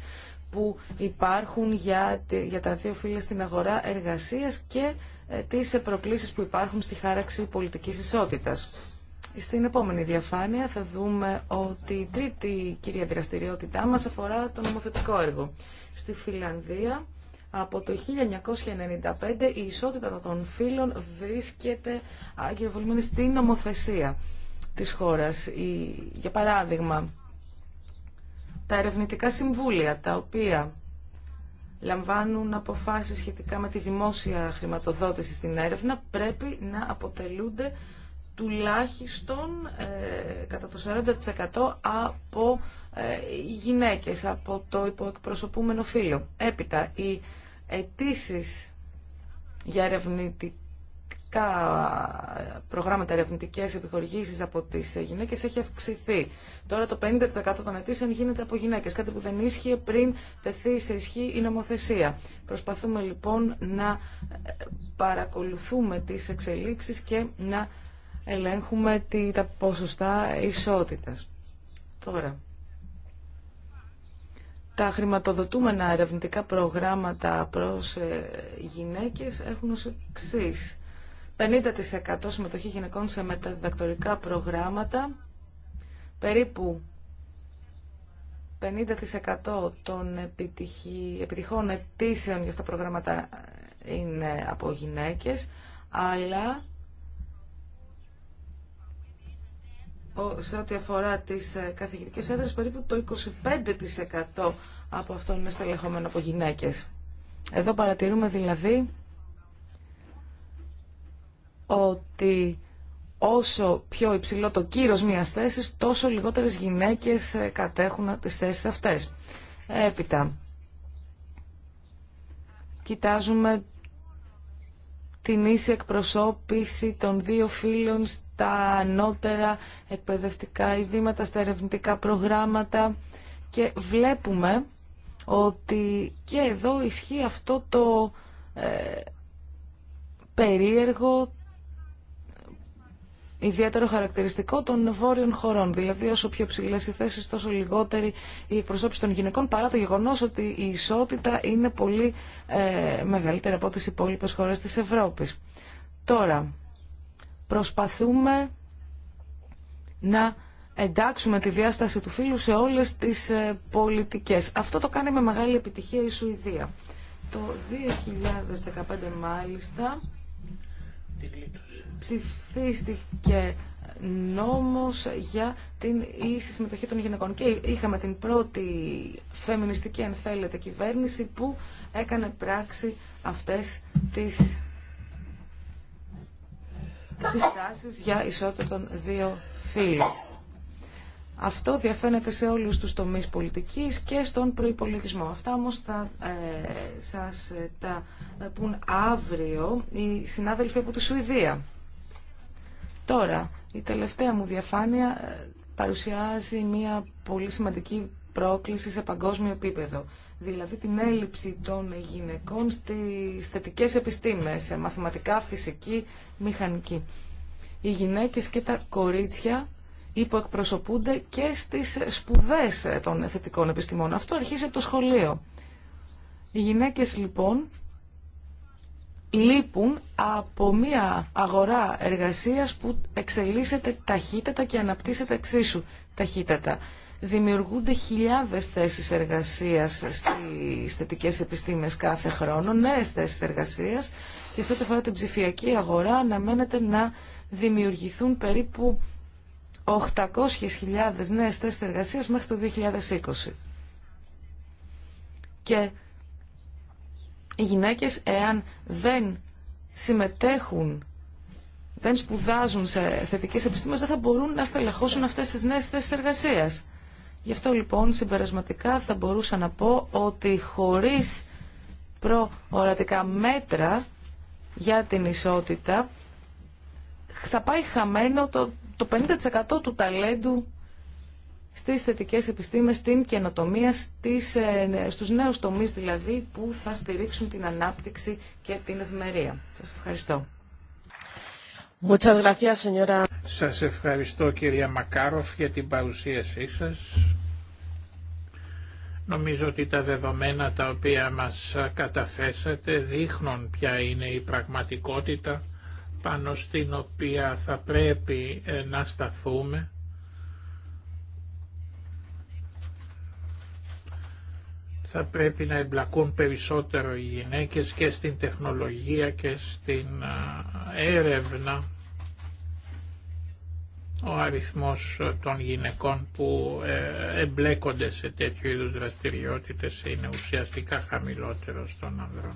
που υπάρχουν για, για τα δύο φύλλα στην αγορά εργασίας και ε, τις ε, προκλήσεις που υπάρχουν στη χάραξη πολιτικής ισότητας. Στην επόμενη διαφάνεια θα δούμε ότι η τρίτη κυρία δραστηριότητά μας αφορά το νομοθετικό έργο. Στη Φιλανδία από το 1995 η ισότητα των φύλων βρίσκεται αγκυροβολημένη στην νομοθεσία της χώρας. Η, για παράδειγμα, τα ερευνητικά συμβούλια τα οποία λαμβάνουν αποφάσεις σχετικά με τη δημόσια χρηματοδότηση στην έρευνα πρέπει να αποτελούνται τουλάχιστον ε, κατά το 40% από ε, γυναίκες, από το υποεκπροσωπούμενο φύλλο. Έπειτα, η αιτήσει για ερευνητικά προγράμματα, ερευνητικέ επιχορηγήσει από τι γυναίκε έχει αυξηθεί. Τώρα το 50% των αιτήσεων γίνεται από γυναίκε, κάτι που δεν ίσχυε πριν τεθεί σε ισχύ η νομοθεσία. Προσπαθούμε λοιπόν να ε, παρακολουθούμε τι εξελίξει και να ελέγχουμε τα ποσοστά ισότητας. Τώρα, τα χρηματοδοτούμενα ερευνητικά προγράμματα προς ε, γυναίκες έχουν ως εξής. 50% συμμετοχή γυναικών σε μεταδιδακτορικά προγράμματα, περίπου 50% των επιτυχών αιτήσεων για αυτά τα προγράμματα είναι από γυναίκες, αλλά σε ό,τι αφορά τις ε, καθηγητικές έδρες, περίπου το 25% από αυτό είναι στελεχωμένο από γυναίκες. Εδώ παρατηρούμε δηλαδή ότι όσο πιο υψηλό το κύρος μιας θέσης, τόσο λιγότερες γυναίκες ε, κατέχουν τις θέσεις αυτές. Έπειτα, κοιτάζουμε την ίση εκπροσώπηση των δύο φίλων τα ανώτερα εκπαιδευτικά ειδήματα, στα ερευνητικά προγράμματα και βλέπουμε ότι και εδώ ισχύει αυτό το ε, περίεργο ιδιαίτερο χαρακτηριστικό των βόρειων χωρών. Δηλαδή, όσο πιο ψηλέ οι θέσεις τόσο λιγότερη η εκπροσώπηση των γυναικών, παρά το γεγονός ότι η ισότητα είναι πολύ ε, μεγαλύτερη από τις υπόλοιπες χώρες της Ευρώπης. Τώρα, προσπαθούμε να εντάξουμε τη διάσταση του φίλου σε όλες τις ε, πολιτικές. Αυτό το κάνει με μεγάλη επιτυχία η Σουηδία. Το 2015 μάλιστα ψηφίστηκε νόμος για την ίση συμμετοχή των γυναικών. Και είχαμε την πρώτη φεμινιστική, αν θέλετε, κυβέρνηση που έκανε πράξη αυτές τις συστάσεις για ισότητα των δύο φίλων. Αυτό διαφαίνεται σε όλους τους τομείς πολιτικής και στον προϋπολογισμό. Αυτά όμως θα ε, σας ε, τα πούν αύριο οι συνάδελφοι από τη Σουηδία. Τώρα, η τελευταία μου διαφάνεια ε, παρουσιάζει μια πολύ σημαντική πρόκληση σε παγκόσμιο επίπεδο δηλαδή την έλλειψη των γυναικών στις θετικές επιστήμες, μαθηματικά, φυσική, μηχανική. Οι γυναίκες και τα κορίτσια υποεκπροσωπούνται και στις σπουδές των θετικών επιστημών. Αυτό αρχίζει από το σχολείο. Οι γυναίκες λοιπόν λείπουν από μια αγορά εργασίας που εξελίσσεται ταχύτατα και αναπτύσσεται εξίσου ταχύτατα δημιουργούνται χιλιάδες θέσεις εργασίας στις θετικές επιστήμες κάθε χρόνο, νέες θέσεις εργασίας και σε ό,τι αφορά την ψηφιακή αγορά αναμένεται να δημιουργηθούν περίπου 800.000 νέες θέσεις εργασίας μέχρι το 2020. Και οι γυναίκες εάν δεν συμμετέχουν δεν σπουδάζουν σε θετικές επιστήμες δεν θα μπορούν να στελεχώσουν αυτές τις νέες θέσεις εργασίας. Γι' αυτό λοιπόν συμπερασματικά θα μπορούσα να πω ότι χωρίς προορατικά μέτρα για την ισότητα θα πάει χαμένο το, το 50% του ταλέντου στις θετικές επιστήμες, στην καινοτομία, στις, ε, στους νέους τομείς δηλαδή που θα στηρίξουν την ανάπτυξη και την ευμερία. Σας ευχαριστώ. Σα Σας ευχαριστώ κυρία Μακάροφ για την παρουσίασή σας. Νομίζω ότι τα δεδομένα τα οποία μας καταθέσατε δείχνουν ποια είναι η πραγματικότητα πάνω στην οποία θα πρέπει ε, να σταθούμε θα πρέπει να εμπλακούν περισσότερο οι γυναίκες και στην τεχνολογία και στην έρευνα. Ο αριθμός των γυναικών που ε, εμπλέκονται σε τέτοιου είδους δραστηριότητες είναι ουσιαστικά χαμηλότερος των ανδρών.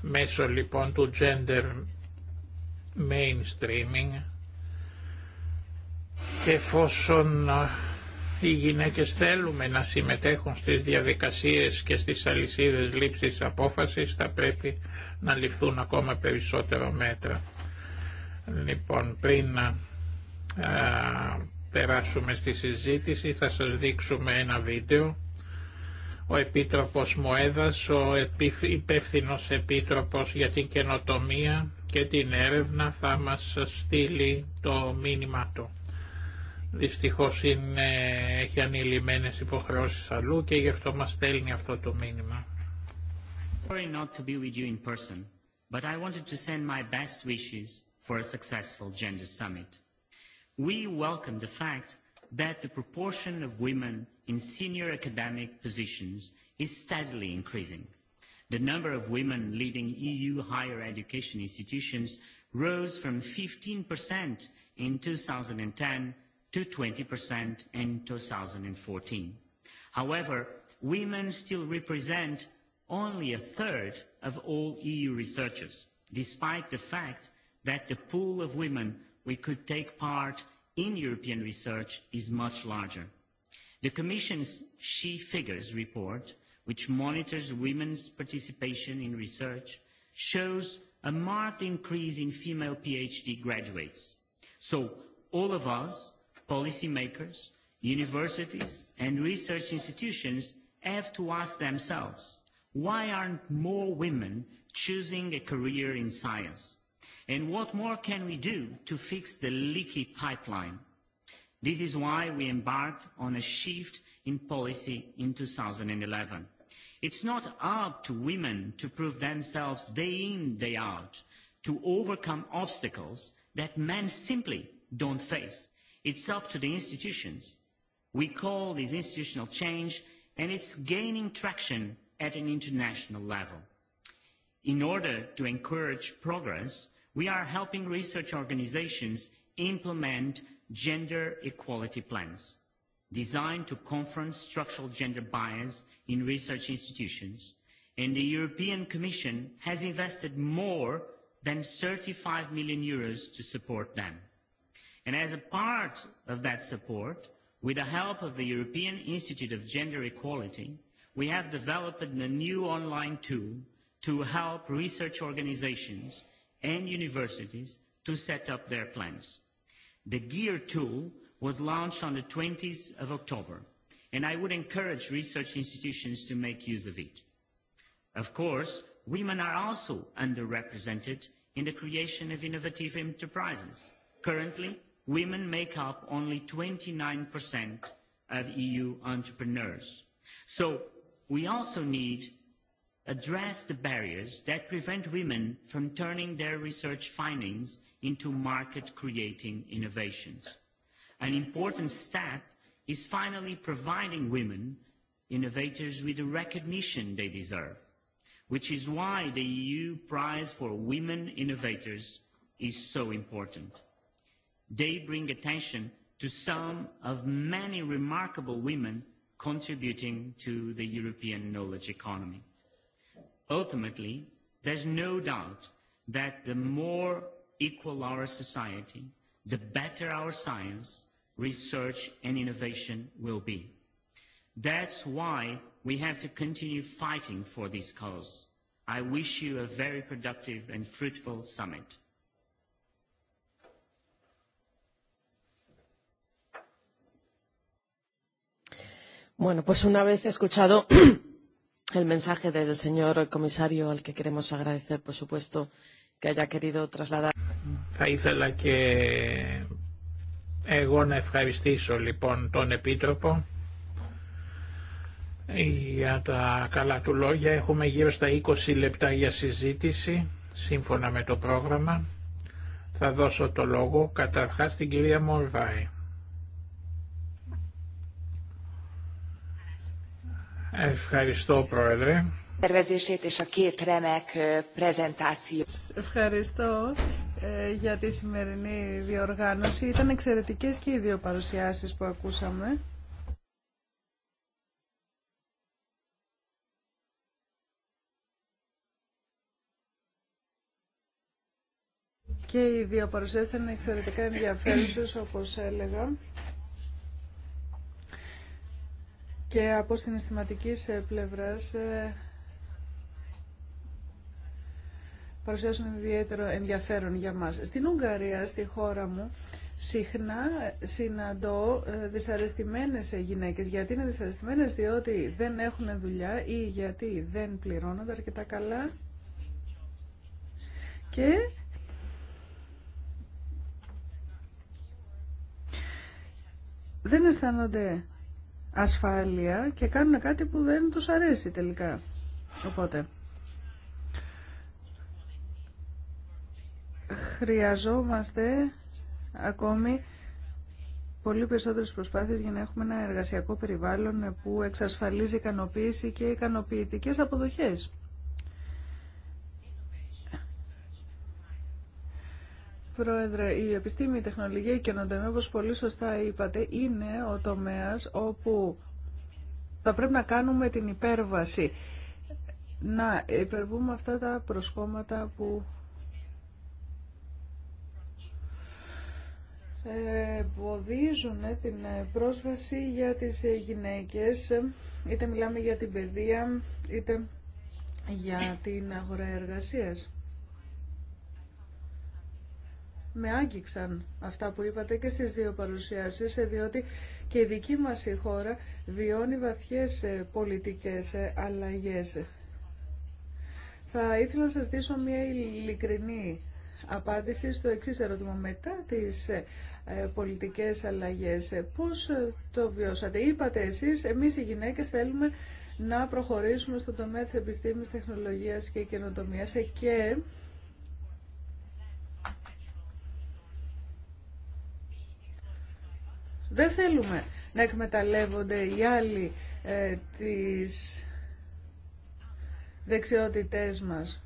Μέσω λοιπόν του gender mainstreaming και εφόσον οι γυναίκες θέλουμε να συμμετέχουν στις διαδικασίες και στις αλυσίδες λήψης απόφασης θα πρέπει να ληφθούν ακόμα περισσότερο μέτρα. Λοιπόν, πριν να περάσουμε στη συζήτηση θα σας δείξουμε ένα βίντεο. Ο Επίτροπος Μοέδας, ο υπεύθυνο Επίτροπος για την Καινοτομία και την Έρευνα θα μας στείλει το μήνυμά του. Δυστυχώς είναι, έχει ανηλυμένες υποχρεώσεις αλλού και γι' αυτό μας στέλνει αυτό το μήνυμα. We welcome the fact that the proportion of women in senior academic positions is steadily increasing. The number of women leading EU higher education institutions rose from 15% in 2010 to 20% in 2014. However, women still represent only a third of all EU researchers, despite the fact that the pool of women we could take part in European research is much larger. The Commission's She Figures report, which monitors women's participation in research, shows a marked increase in female PhD graduates. So all of us policymakers, universities and research institutions have to ask themselves why aren't more women choosing a career in science? And what more can we do to fix the leaky pipeline? This is why we embarked on a shift in policy in 2011. It's not up to women to prove themselves day in, day out, to overcome obstacles that men simply don't face It's up to the institutions. We call this institutional change, and it's gaining traction at an international level. In order to encourage progress, we are helping research organizations implement gender equality plans designed to confront structural gender bias in research institutions, and the European Commission has invested more than 35 million euros to support them. And as a part of that support, with the help of the European Institute of Gender Equality, we have developed a new online tool to help research organizations and universities to set up their plans. The GEAR tool was launched on the 20th of October, and I would encourage research institutions to make use of it. Of course, women are also underrepresented in the creation of innovative enterprises. Currently, women make up only 29% of EU entrepreneurs. So we also need to address the barriers that prevent women from turning their research findings into market-creating innovations. An important step is finally providing women innovators with the recognition they deserve, which is why the EU Prize for Women Innovators is so important. They bring attention to some of many remarkable women contributing to the European knowledge economy. Ultimately, there's no doubt that the more equal our society, the better our science, research and innovation will be. That's why we have to continue fighting for this cause. I wish you a very productive and fruitful summit. Bueno, pues una vez escuchado el mensaje del señor comisario, al que queremos agradecer, por supuesto, que haya querido trasladar. Θα ήθελα και εγώ να ευχαριστήσω λοιπόν τον Επίτροπο για τα καλά του λόγια. Έχουμε γύρω στα 20 λεπτά για συζήτηση, σύμφωνα με το πρόγραμμα. Θα δώσω το λόγο καταρχάς στην κυρία Μορβάη. Ευχαριστώ, Πρόεδρε. Ευχαριστώ ε, για τη σημερινή διοργάνωση. Ήταν εξαιρετικές και οι δύο παρουσιάσεις που ακούσαμε. Και οι δύο παρουσιάσεις ήταν εξαιρετικά ενδιαφέρουσες, όπως έλεγα. Και από συναισθηματική ε, πλευρά ε, παρουσιάζουν ιδιαίτερο ενδιαφέρον για μας. Στην Ουγγαρία, στη χώρα μου, συχνά συναντώ ε, δυσαρεστημένες γυναίκες. Γιατί είναι δυσαρεστημένες, διότι δεν έχουν δουλειά ή γιατί δεν πληρώνονται αρκετά καλά. Και δεν αισθάνονται ασφάλεια και κάνουν κάτι που δεν τους αρέσει τελικά. Οπότε, χρειαζόμαστε ακόμη πολύ περισσότερες προσπάθειες για να έχουμε ένα εργασιακό περιβάλλον που εξασφαλίζει ικανοποίηση και ικανοποιητικές αποδοχές. Πρόεδρε, η επιστήμη, η τεχνολογία, η καινοτομία, όπως πολύ σωστά είπατε, είναι ο τομέας όπου θα πρέπει να κάνουμε την υπέρβαση. Να υπερβούμε αυτά τα προσκόμματα που ε, εμποδίζουν ε, την πρόσβαση για τις γυναίκες, είτε μιλάμε για την παιδεία, είτε για την αγορά εργασίας με άγγιξαν αυτά που είπατε και στις δύο παρουσιάσεις, ε, διότι και η δική μας η χώρα βιώνει βαθιές ε, πολιτικές ε, αλλαγές. Θα ήθελα να σας δείσω μια ειλικρινή απάντηση στο εξή ερώτημα. Μετά τις πολιτικές αλλαγές, πώς το βιώσατε. Είπατε εσείς, εμείς οι γυναίκες θέλουμε να προχωρήσουμε στον τομέα της επιστήμης, τεχνολογίας και καινοτομίας και Δεν θέλουμε να εκμεταλλεύονται οι άλλοι ε, τις δεξιότητές μας.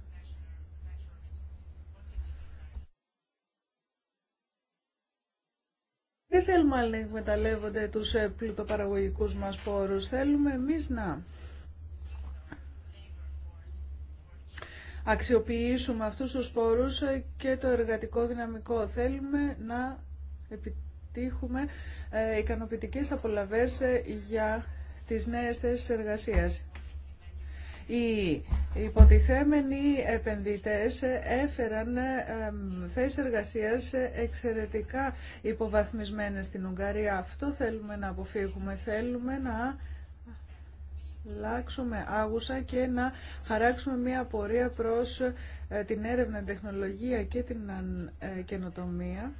Δεν θέλουμε άλλοι να εκμεταλλεύονται τους ε, πλουτοπαραγωγικούς μας πόρους. Θέλουμε εμείς να αξιοποιήσουμε αυτούς τους πόρους ε, και το εργατικό δυναμικό. Θέλουμε να πετύχουμε ε, ικανοποιητικές απολαβές ε, για τις νέες θέσεις εργασίας. Οι υποτιθέμενοι επενδυτές ε, έφεραν θέσεις εργασίας εξαιρετικά υποβαθμισμένες στην Ουγγαρία. Αυτό θέλουμε να αποφύγουμε. Θέλουμε να αλλάξουμε άγουσα και να χαράξουμε μια πορεία προς την έρευνα, τεχνολογία και την καινοτομία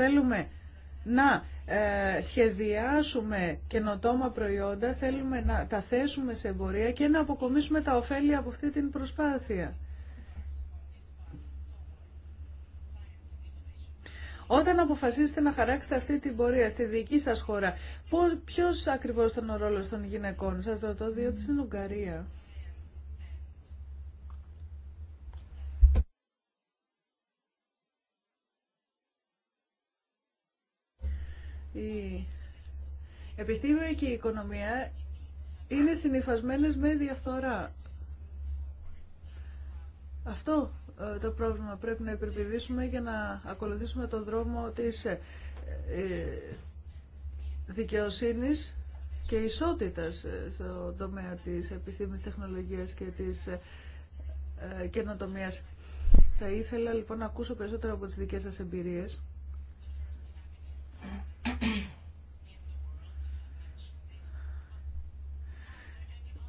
Θέλουμε να ε, σχεδιάσουμε καινοτόμα προϊόντα, θέλουμε να τα θέσουμε σε εμπορία και να αποκομίσουμε τα ωφέλη από αυτή την προσπάθεια. Όταν αποφασίσετε να χαράξετε αυτή την πορεία στη δική σας χώρα, ποιος ακριβώς ήταν ο ρόλος των γυναικών, σας ρωτώ, διότι στην Ουγγαρία. Η επιστήμη και η οικονομία είναι συνειφασμένες με διαφθορά. Αυτό ε, το πρόβλημα πρέπει να υπερπηδήσουμε για να ακολουθήσουμε τον δρόμο της ε, ε, δικαιοσύνης και ισότητας στον τομέα της επιστήμης, τεχνολογίας και της καινοτομίας. Θα ήθελα λοιπόν να ακούσω περισσότερο από τις δικές σας εμπειρίες.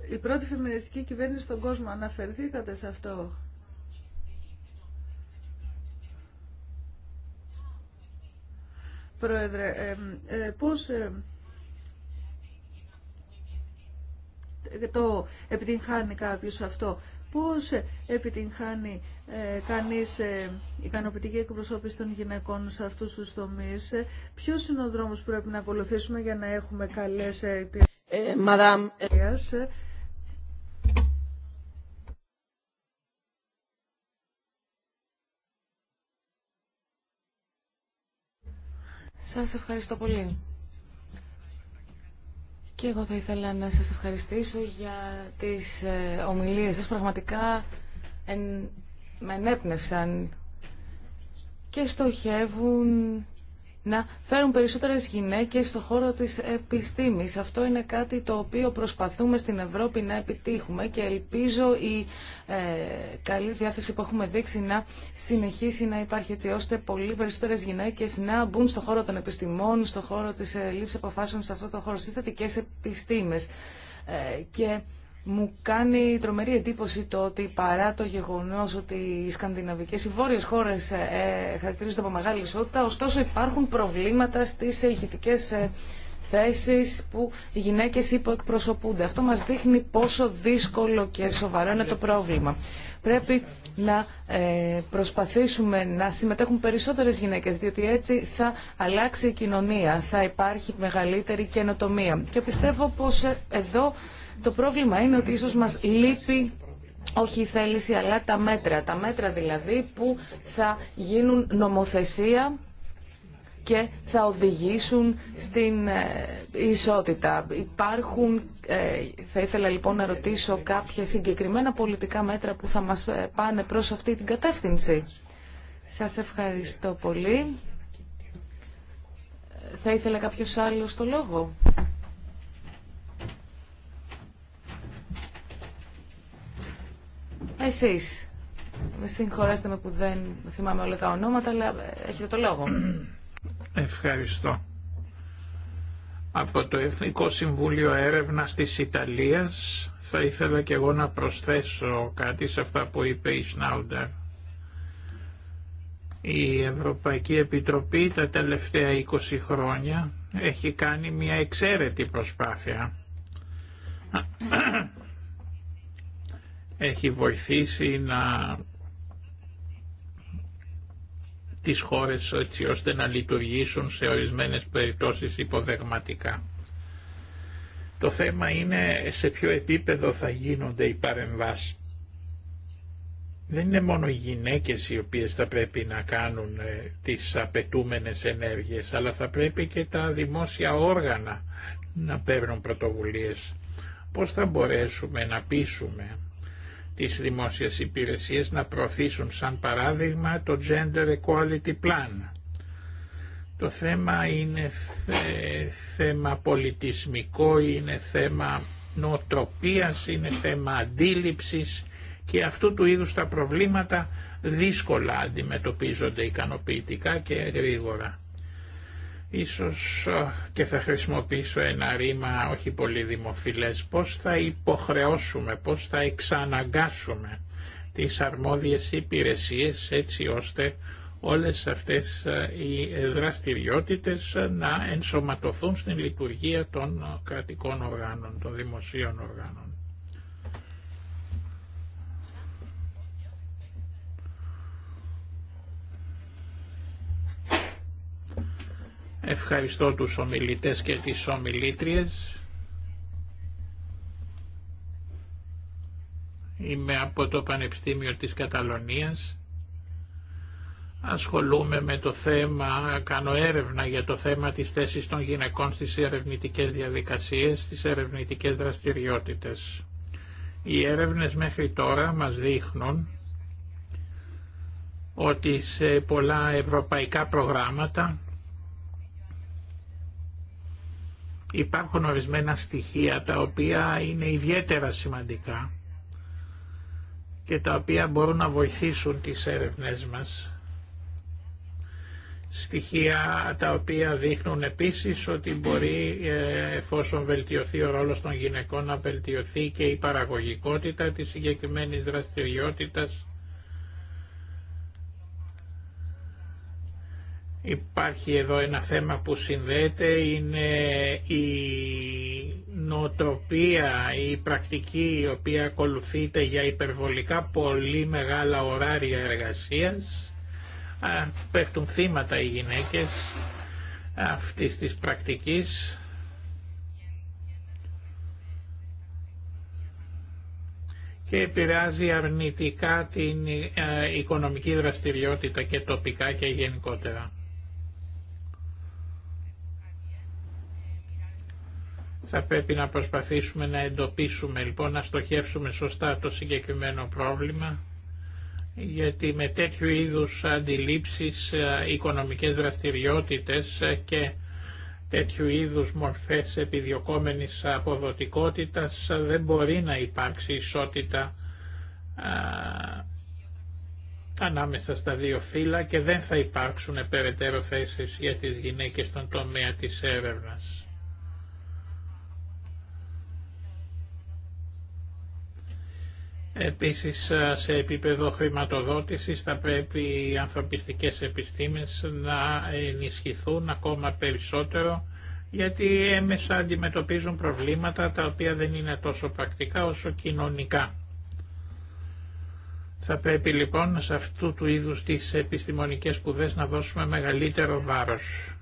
η πρώτη φεμινιστική κυβέρνηση στον κόσμο. Αναφερθήκατε σε αυτό. Πρόεδρε, ε, πώς το επιτυγχάνει κάποιος αυτό, πώς επιτυγχάνει ε, κανείς ε, ικανοποιητική εκπροσώπηση των γυναικών σε αυτούς τους τομείς, ε, ποιος είναι ο δρόμος που πρέπει να ακολουθήσουμε για να έχουμε καλές υπηρεσίες. Σας ευχαριστώ πολύ. Και εγώ θα ήθελα να σας ευχαριστήσω για τις ε, ομιλίες σας. Πραγματικά εν, με ενέπνευσαν και στοχεύουν να φέρουν περισσότερες γυναίκες στον χώρο της επιστήμης. Αυτό είναι κάτι το οποίο προσπαθούμε στην Ευρώπη να επιτύχουμε και ελπίζω η ε, καλή διάθεση που έχουμε δείξει να συνεχίσει να υπάρχει έτσι ώστε πολύ περισσότερες γυναίκες να μπουν στον χώρο των επιστημών, στον χώρο της ε, λήψης αποφάσεων, σε αυτό το χώρο στις θετικές επιστήμες. Ε, και μου κάνει τρομερή εντύπωση το ότι παρά το γεγονό ότι οι Σκανδιναβικέ, οι βόρειε χώρε ε, ε, χαρακτηρίζονται από μεγάλη ισότητα, ωστόσο υπάρχουν προβλήματα στι ηγητικές ε, θέσεις που οι γυναίκε υποεκπροσωπούνται. Αυτό μας δείχνει πόσο δύσκολο και σοβαρό είναι το ναι. πρόβλημα. Πρέπει να ε, προσπαθήσουμε να συμμετέχουν περισσότερες γυναίκες, διότι έτσι θα αλλάξει η κοινωνία, θα υπάρχει μεγαλύτερη καινοτομία. Και πιστεύω πως εδώ το πρόβλημα είναι ότι ίσως μας λείπει όχι η θέληση αλλά τα μέτρα. Τα μέτρα δηλαδή που θα γίνουν νομοθεσία και θα οδηγήσουν στην ε, ισότητα. Υπάρχουν, ε, θα ήθελα λοιπόν να ρωτήσω κάποια συγκεκριμένα πολιτικά μέτρα που θα μας ε, πάνε προς αυτή την κατεύθυνση. Σας ευχαριστώ πολύ. Θα ήθελα κάποιος άλλος το λόγο. Εσείς, συγχωρέστε με που δεν θυμάμαι όλα τα ονόματα, αλλά ε, έχετε το λόγο. Ευχαριστώ. Από το Εθνικό Συμβούλιο Έρευνα της Ιταλίας θα ήθελα και εγώ να προσθέσω κάτι σε αυτά που είπε η Σνάουντερ. Η Ευρωπαϊκή Επιτροπή τα τελευταία 20 χρόνια έχει κάνει μια εξαίρετη προσπάθεια έχει βοηθήσει να τις χώρες έτσι ώστε να λειτουργήσουν σε ορισμένες περιπτώσεις υποδεγματικά. Το θέμα είναι σε ποιο επίπεδο θα γίνονται οι παρεμβάσεις. Δεν είναι μόνο οι γυναίκες οι οποίες θα πρέπει να κάνουν ε, τις απαιτούμενες ενέργειες, αλλά θα πρέπει και τα δημόσια όργανα να παίρνουν πρωτοβουλίες. Πώς θα μπορέσουμε να πείσουμε τις δημόσιες υπηρεσίες να προωθήσουν σαν παράδειγμα το Gender Equality Plan. Το θέμα είναι θέμα πολιτισμικό, είναι θέμα νοοτροπίας, είναι θέμα αντίληψης και αυτού του είδους τα προβλήματα δύσκολα αντιμετωπίζονται ικανοποιητικά και γρήγορα. Ίσως και θα χρησιμοποιήσω ένα ρήμα όχι πολύ δημοφιλές. Πώς θα υποχρεώσουμε, πώς θα εξαναγκάσουμε τις αρμόδιες υπηρεσίες έτσι ώστε όλες αυτές οι δραστηριότητες να ενσωματωθούν στην λειτουργία των κρατικών οργάνων, των δημοσίων οργάνων. Ευχαριστώ τους ομιλητές και τις ομιλήτριες. Είμαι από το Πανεπιστήμιο της Καταλωνίας. Ασχολούμαι με το θέμα, κάνω έρευνα για το θέμα της θέσης των γυναικών στις ερευνητικές διαδικασίες, στις ερευνητικές δραστηριότητες. Οι έρευνες μέχρι τώρα μας δείχνουν ότι σε πολλά ευρωπαϊκά προγράμματα Υπάρχουν ορισμένα στοιχεία τα οποία είναι ιδιαίτερα σημαντικά και τα οποία μπορούν να βοηθήσουν τις έρευνες μας. Στοιχεία τα οποία δείχνουν επίσης ότι μπορεί ε, εφόσον βελτιωθεί ο ρόλος των γυναικών να βελτιωθεί και η παραγωγικότητα της συγκεκριμένης δραστηριότητας Υπάρχει εδώ ένα θέμα που συνδέεται, είναι η νοοτροπία, η πρακτική η οποία ακολουθείται για υπερβολικά πολύ μεγάλα ωράρια εργασίας. Πέφτουν θύματα οι γυναίκες αυτής της πρακτικής. και επηρεάζει αρνητικά την ε, οικονομική δραστηριότητα και τοπικά και γενικότερα. Θα πρέπει να προσπαθήσουμε να εντοπίσουμε λοιπόν, να στοχεύσουμε σωστά το συγκεκριμένο πρόβλημα γιατί με τέτοιου είδους αντιλήψεις, ε, οικονομικές δραστηριότητες ε, και τέτοιου είδους μορφές επιδιωκόμενης αποδοτικότητας ε, δεν μπορεί να υπάρξει ισότητα ανάμεσα στα δύο φύλλα και δεν θα υπάρξουν περαιτέρω θέσεις για τις γυναίκες στον τομέα της έρευνας. Επίσης ε, σε επίπεδο χρηματοδότησης θα πρέπει οι ανθρωπιστικές επιστήμες να ενισχυθούν ακόμα περισσότερο γιατί έμεσα αντιμετωπίζουν προβλήματα τα οποία δεν είναι τόσο πρακτικά όσο κοινωνικά. Θα πρέπει λοιπόν σε αυτού του είδους τις επιστημονικές σπουδέ να δώσουμε μεγαλύτερο βάρος.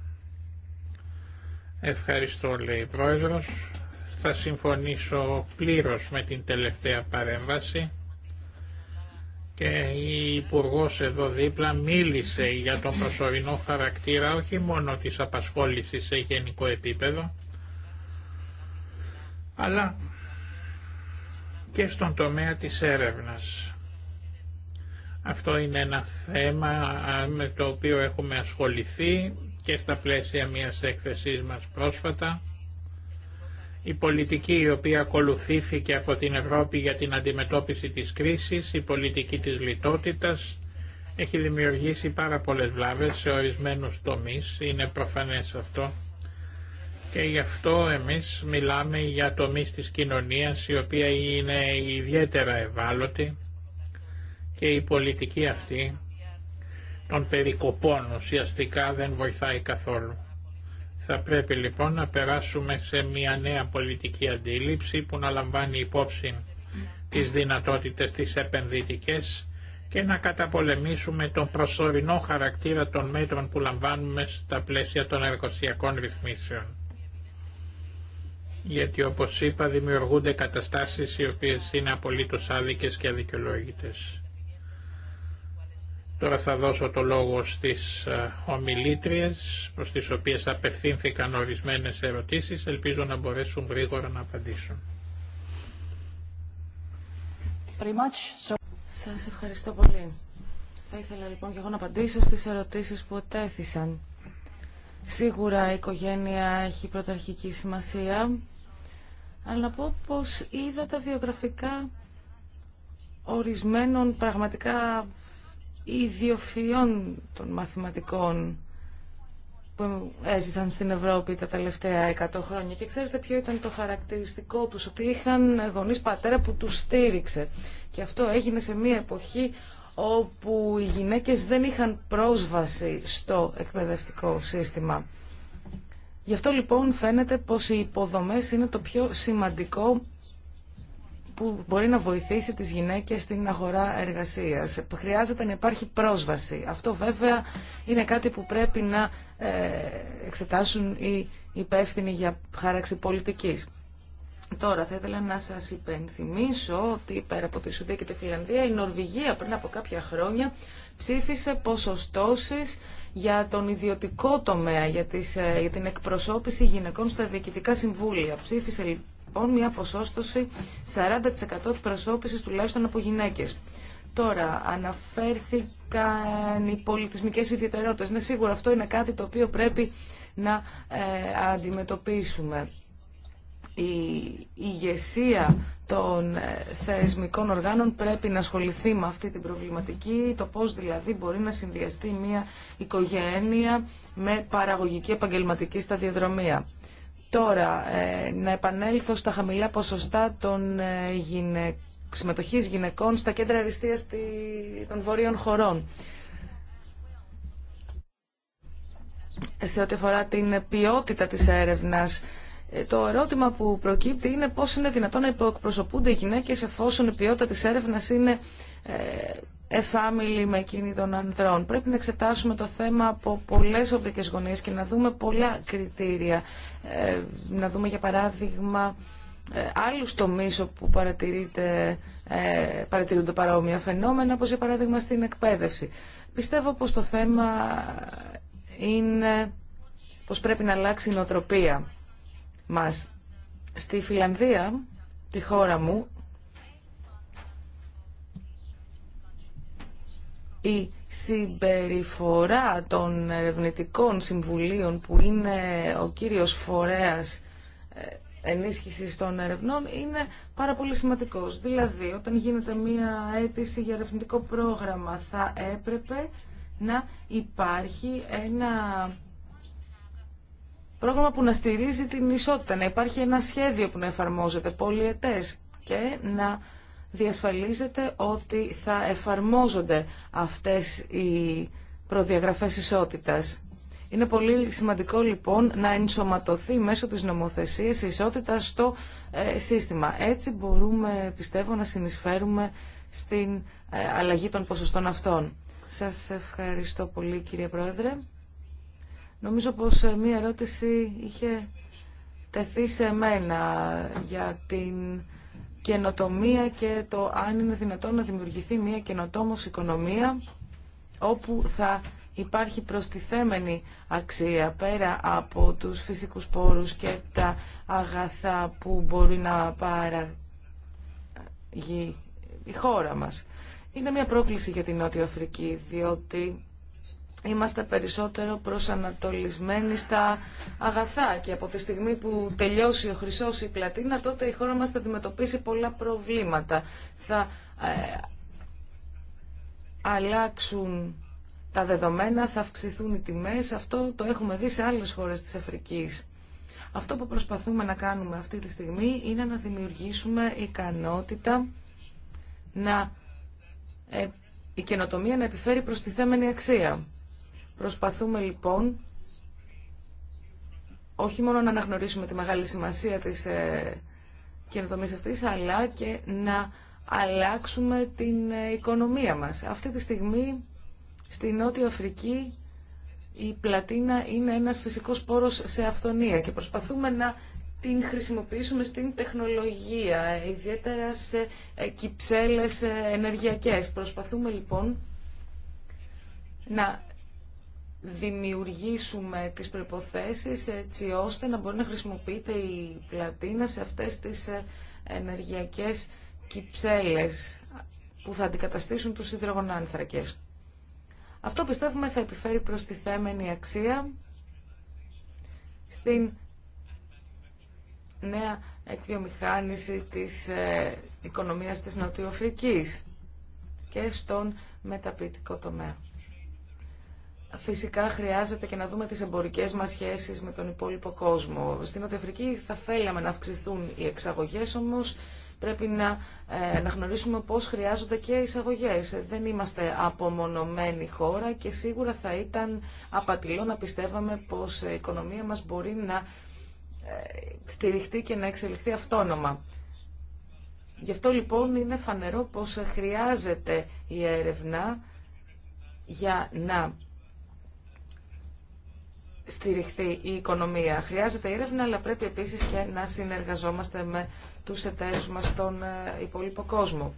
Ευχαριστώ λέει η Πρόεδρος. Θα συμφωνήσω πλήρως με την τελευταία παρέμβαση και η υπουργό εδώ δίπλα μίλησε για τον προσωρινό χαρακτήρα όχι μόνο της απασχόλησης σε γενικό επίπεδο αλλά και στον τομέα της έρευνας. Αυτό είναι ένα θέμα με το οποίο έχουμε ασχοληθεί και στα πλαίσια μιας έκθεσής μας πρόσφατα η πολιτική η οποία ακολουθήθηκε από την Ευρώπη για την αντιμετώπιση της κρίσης, η πολιτική της λιτότητας, έχει δημιουργήσει πάρα πολλές βλάβες σε ορισμένους τομείς, είναι προφανές αυτό. Και γι' αυτό εμείς μιλάμε για τομείς της κοινωνίας, η οποία είναι ιδιαίτερα ευάλωτη και η πολιτική αυτή των περικοπών ουσιαστικά δεν βοηθάει καθόλου. Θα πρέπει λοιπόν να περάσουμε σε μια νέα πολιτική αντίληψη που να λαμβάνει υπόψη τις δυνατότητες της επενδυτικές και να καταπολεμήσουμε τον προσωρινό χαρακτήρα των μέτρων που λαμβάνουμε στα πλαίσια των εργοσιακών ρυθμίσεων. Γιατί όπως είπα δημιουργούνται καταστάσεις οι οποίες είναι απολύτως άδικες και αδικαιολόγητες. Τώρα θα δώσω το λόγο στις ε, ομιλήτριες, προς τις οποίες απευθύνθηκαν ορισμένες ερωτήσεις. Ελπίζω να μπορέσουν γρήγορα να απαντήσουν. Σας ευχαριστώ πολύ. Θα ήθελα λοιπόν και εγώ να απαντήσω στις ερωτήσεις που τέθησαν. Σίγουρα η οικογένεια έχει πρωταρχική σημασία, αλλά να πω πως είδα τα βιογραφικά ορισμένων πραγματικά ιδιοφυλιών των μαθηματικών που έζησαν στην Ευρώπη τα τελευταία 100 χρόνια. Και ξέρετε ποιο ήταν το χαρακτηριστικό τους, ότι είχαν γονείς πατέρα που τους στήριξε. Και αυτό έγινε σε μια εποχή όπου οι γυναίκες δεν είχαν πρόσβαση στο εκπαιδευτικό σύστημα. Γι' αυτό λοιπόν φαίνεται πως οι υποδομές είναι το πιο σημαντικό που μπορεί να βοηθήσει τις γυναίκες στην αγορά εργασίας. Χρειάζεται να υπάρχει πρόσβαση. Αυτό βέβαια είναι κάτι που πρέπει να ε, εξετάσουν οι υπεύθυνοι για χάραξη πολιτικής. Τώρα θα ήθελα να σας υπενθυμίσω ότι πέρα από τη Σουδία και τη Φιλανδία η Νορβηγία πριν από κάποια χρόνια ψήφισε ποσοστώσεις για τον ιδιωτικό τομέα, για, ε, την εκπροσώπηση γυναικών στα διοικητικά συμβούλια. Ψήφισε λοιπόν μια ποσόστοση 40% εκπροσώπησης τουλάχιστον από γυναίκες. Τώρα, αναφέρθηκαν οι πολιτισμικές ιδιαιτερότητες. Ναι, σίγουρα αυτό είναι κάτι το οποίο πρέπει να ε, αντιμετωπίσουμε. Η ηγεσία των ε, θεσμικών οργάνων πρέπει να ασχοληθεί με αυτή την προβληματική, το πώς δηλαδή μπορεί να συνδυαστεί μια οικογένεια με παραγωγική επαγγελματική σταδιοδρομία. Τώρα, ε, να επανέλθω στα χαμηλά ποσοστά των συμμετοχή ε, συμμετοχής γυναικών στα κέντρα αριστείας των βορείων χωρών. Σε ό,τι αφορά την ποιότητα της έρευνας, ε, το ερώτημα που προκύπτει είναι πώς είναι δυνατόν να υποεκπροσωπούνται οι γυναίκες εφόσον η ποιότητα της έρευνας είναι εφάμιλοι με εκείνη των ανδρών. Πρέπει να εξετάσουμε το θέμα από πολλές οπτικές γωνίες και να δούμε πολλά κριτήρια. Ε, να δούμε για παράδειγμα ε, άλλους τομείς όπου ε, παρατηρούνται παρόμοια φαινόμενα, όπως για παράδειγμα στην εκπαίδευση. Πιστεύω πως το θέμα είναι πως πρέπει να αλλάξει η νοοτροπία μας. Στη Φιλανδία, τη χώρα μου, η συμπεριφορά των ερευνητικών συμβουλίων που είναι ο κύριος φορέας ε, ενίσχυσης των ερευνών είναι πάρα πολύ σημαντικός. Δηλαδή, όταν γίνεται μία αίτηση για ερευνητικό πρόγραμμα θα έπρεπε να υπάρχει ένα πρόγραμμα που να στηρίζει την ισότητα, να υπάρχει ένα σχέδιο που να εφαρμόζεται πολιετές. και να διασφαλίζεται ότι θα εφαρμόζονται αυτές οι προδιαγραφές ισότητας. Είναι πολύ σημαντικό λοιπόν να ενσωματωθεί μέσω της νομοθεσίας η ισότητα στο ε, σύστημα. Έτσι μπορούμε, πιστεύω, να συνεισφέρουμε στην ε, αλλαγή των ποσοστών αυτών. Σας ευχαριστώ πολύ κύριε Πρόεδρε. Νομίζω πως ε, μία ερώτηση είχε τεθεί σε μένα για την καινοτομία και το αν είναι δυνατόν να δημιουργηθεί μια καινοτόμως οικονομία όπου θα υπάρχει προστιθέμενη αξία πέρα από τους φυσικούς πόρους και τα αγαθά που μπορεί να παραγεί η χώρα μας. Είναι μια πρόκληση για την Νότια Αφρική, διότι είμαστε περισσότερο προσανατολισμένοι στα αγαθά και από τη στιγμή που τελειώσει ο χρυσός ή η πλατίνα τότε η χώρα μας θα αντιμετωπίσει πολλά προβλήματα. Θα ε, αλλάξουν τα δεδομένα, θα αυξηθούν οι τιμές, αυτό το έχουμε δει σε άλλες χώρες της Αφρικής. Αυτό που προσπαθούμε να κάνουμε αυτή τη στιγμή είναι να δημιουργήσουμε ικανότητα να ε, η καινοτομία να επιφέρει προστιθέμενη αξία. Προσπαθούμε λοιπόν όχι μόνο να αναγνωρίσουμε τη μεγάλη σημασία της ε, καινοτομής αυτής, αλλά και να αλλάξουμε την ε, οικονομία μας. Αυτή τη στιγμή στη Νότια Αφρική η πλατίνα είναι ένας φυσικός πόρος σε αυθονία και προσπαθούμε να την χρησιμοποιήσουμε στην τεχνολογία, ιδιαίτερα σε ε, κυψέλες ε, ενεργειακές. Προσπαθούμε λοιπόν να δημιουργήσουμε τις προϋποθέσεις έτσι ώστε να μπορεί να χρησιμοποιείται η πλατίνα σε αυτές τις ε, ενεργειακές κυψέλες που θα αντικαταστήσουν τους υδρογονάνθρακες. Αυτό πιστεύουμε θα επιφέρει προς τη θέμενη αξία στην νέα εκβιομηχάνηση της ε, οικονομίας της Νοτιοφρικής και στον μεταποιητικό τομέα. Φυσικά χρειάζεται και να δούμε τις εμπορικές μας σχέσεις με τον υπόλοιπο κόσμο. Στην Νοτιοαφρική θα θέλαμε να αυξηθούν οι εξαγωγές, όμως πρέπει να, ε, να γνωρίσουμε πώς χρειάζονται και οι εισαγωγές. Δεν είμαστε απομονωμένη χώρα και σίγουρα θα ήταν απατηλό να πιστεύαμε πως η οικονομία μας μπορεί να ε, στηριχτεί και να εξελιχθεί αυτόνομα. Γι' αυτό λοιπόν είναι φανερό πως χρειάζεται η έρευνα για να στηριχθεί η οικονομία. Χρειάζεται έρευνα, αλλά πρέπει επίσης και να συνεργαζόμαστε με τους εταίρους μας στον ε, υπόλοιπο κόσμο.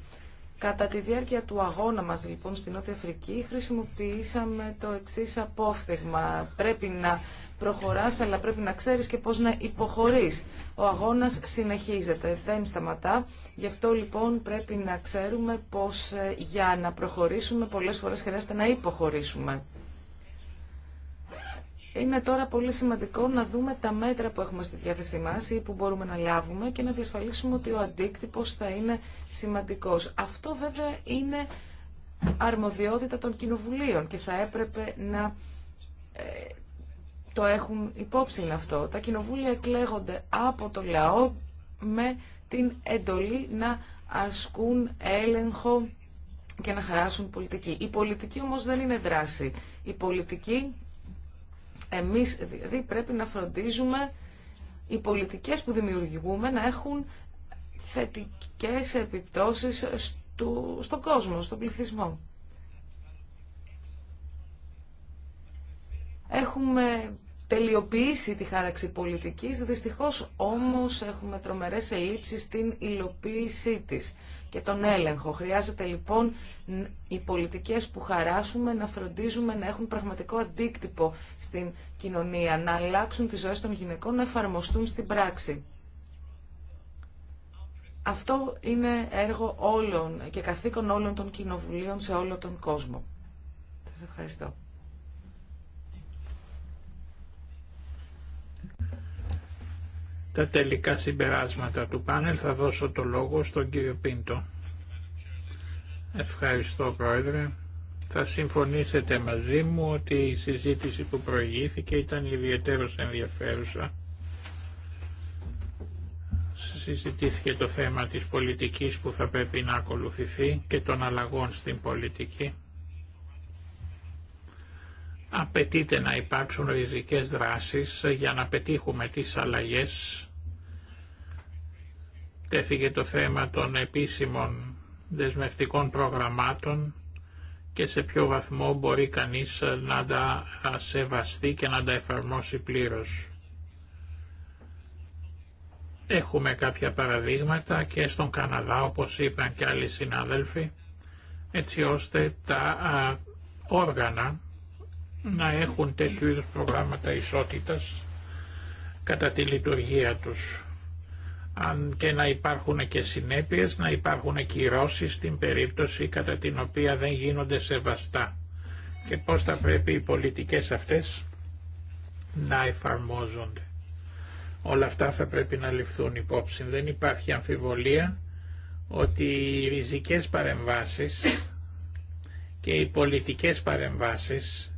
Κατά τη διάρκεια του αγώνα μας λοιπόν στην Νότια Αφρική χρησιμοποιήσαμε το εξή απόφθεγμα. Πρέπει να προχωράς αλλά πρέπει να ξέρεις και πώς να υποχωρείς. Ο αγώνας συνεχίζεται, δεν σταματά. Γι' αυτό λοιπόν πρέπει να ξέρουμε πώς ε, για να προχωρήσουμε πολλές φορές χρειάζεται να υποχωρήσουμε είναι τώρα πολύ σημαντικό να δούμε τα μέτρα που έχουμε στη διάθεσή μα ή που μπορούμε να λάβουμε και να διασφαλίσουμε ότι ο αντίκτυπος θα είναι σημαντικό. Αυτό βέβαια είναι αρμοδιότητα των κοινοβουλίων και θα έπρεπε να ε, το έχουν υπόψη αυτό. Τα κοινοβούλια εκλέγονται από το λαό με την εντολή να ασκούν έλεγχο και να χαράσουν πολιτική. Η πολιτική όμως δεν είναι δράση. Η πολιτική εμείς δηλαδή πρέπει να φροντίζουμε οι πολιτικές που δημιουργούμε να έχουν θετικές επιπτώσεις στο, στον κόσμο, στον πληθυσμό. Έχουμε τελειοποιήσει τη χάραξη πολιτικής, δυστυχώς όμως έχουμε τρομερές ελλείψεις στην υλοποίησή της και τον έλεγχο. Χρειάζεται λοιπόν οι πολιτικές που χαράσουμε να φροντίζουμε να έχουν πραγματικό αντίκτυπο στην κοινωνία, να αλλάξουν τις ζωές των γυναικών, να εφαρμοστούν στην πράξη. Αυτό είναι έργο όλων και καθήκον όλων των κοινοβουλίων σε όλο τον κόσμο. Σας ευχαριστώ. τα τελικά συμπεράσματα του πάνελ θα δώσω το λόγο στον κύριο Πίντο. Ευχαριστώ Πρόεδρε. Θα συμφωνήσετε μαζί μου ότι η συζήτηση που προηγήθηκε ήταν ιδιαίτερα ενδιαφέρουσα. Συζητήθηκε το θέμα της πολιτικής που θα πρέπει να ακολουθηθεί και των αλλαγών στην πολιτική. Απαιτείται να υπάρξουν ριζικές δράσεις για να πετύχουμε τις αλλαγές Τέθηκε το θέμα των επίσημων δεσμευτικών προγραμμάτων και σε ποιο βαθμό μπορεί κανείς να τα σεβαστεί και να τα εφαρμόσει πλήρως. Έχουμε κάποια παραδείγματα και στον Καναδά, όπως είπαν και άλλοι συνάδελφοι, έτσι ώστε τα όργανα να έχουν τέτοιου είδους προγράμματα ισότητας κατά τη λειτουργία τους αν και να υπάρχουν και συνέπειες, να υπάρχουν κυρώσεις στην περίπτωση κατά την οποία δεν γίνονται σεβαστά και πώς θα πρέπει οι πολιτικές αυτές να εφαρμόζονται. Όλα αυτά θα πρέπει να ληφθούν υπόψη. Δεν υπάρχει αμφιβολία ότι οι ριζικές παρεμβάσεις και οι πολιτικές παρεμβάσεις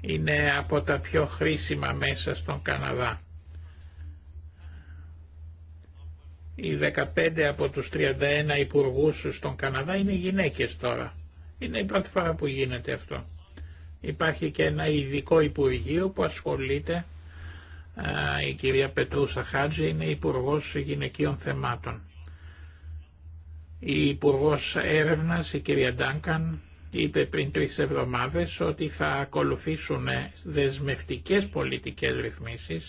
είναι από τα πιο χρήσιμα μέσα στον Καναδά. Οι 15 από τους 31 υπουργούς στον Καναδά είναι γυναίκες τώρα. Είναι η πρώτη φορά που γίνεται αυτό. Υπάρχει και ένα ειδικό υπουργείο που ασχολείται, η κυρία Πετρούσα Χάτζη είναι υπουργό γυναικείων θεμάτων. Η υπουργό έρευνα, η κυρία Ντάνκαν, είπε πριν τρει εβδομάδε ότι θα ακολουθήσουν δεσμευτικέ πολιτικέ ρυθμίσει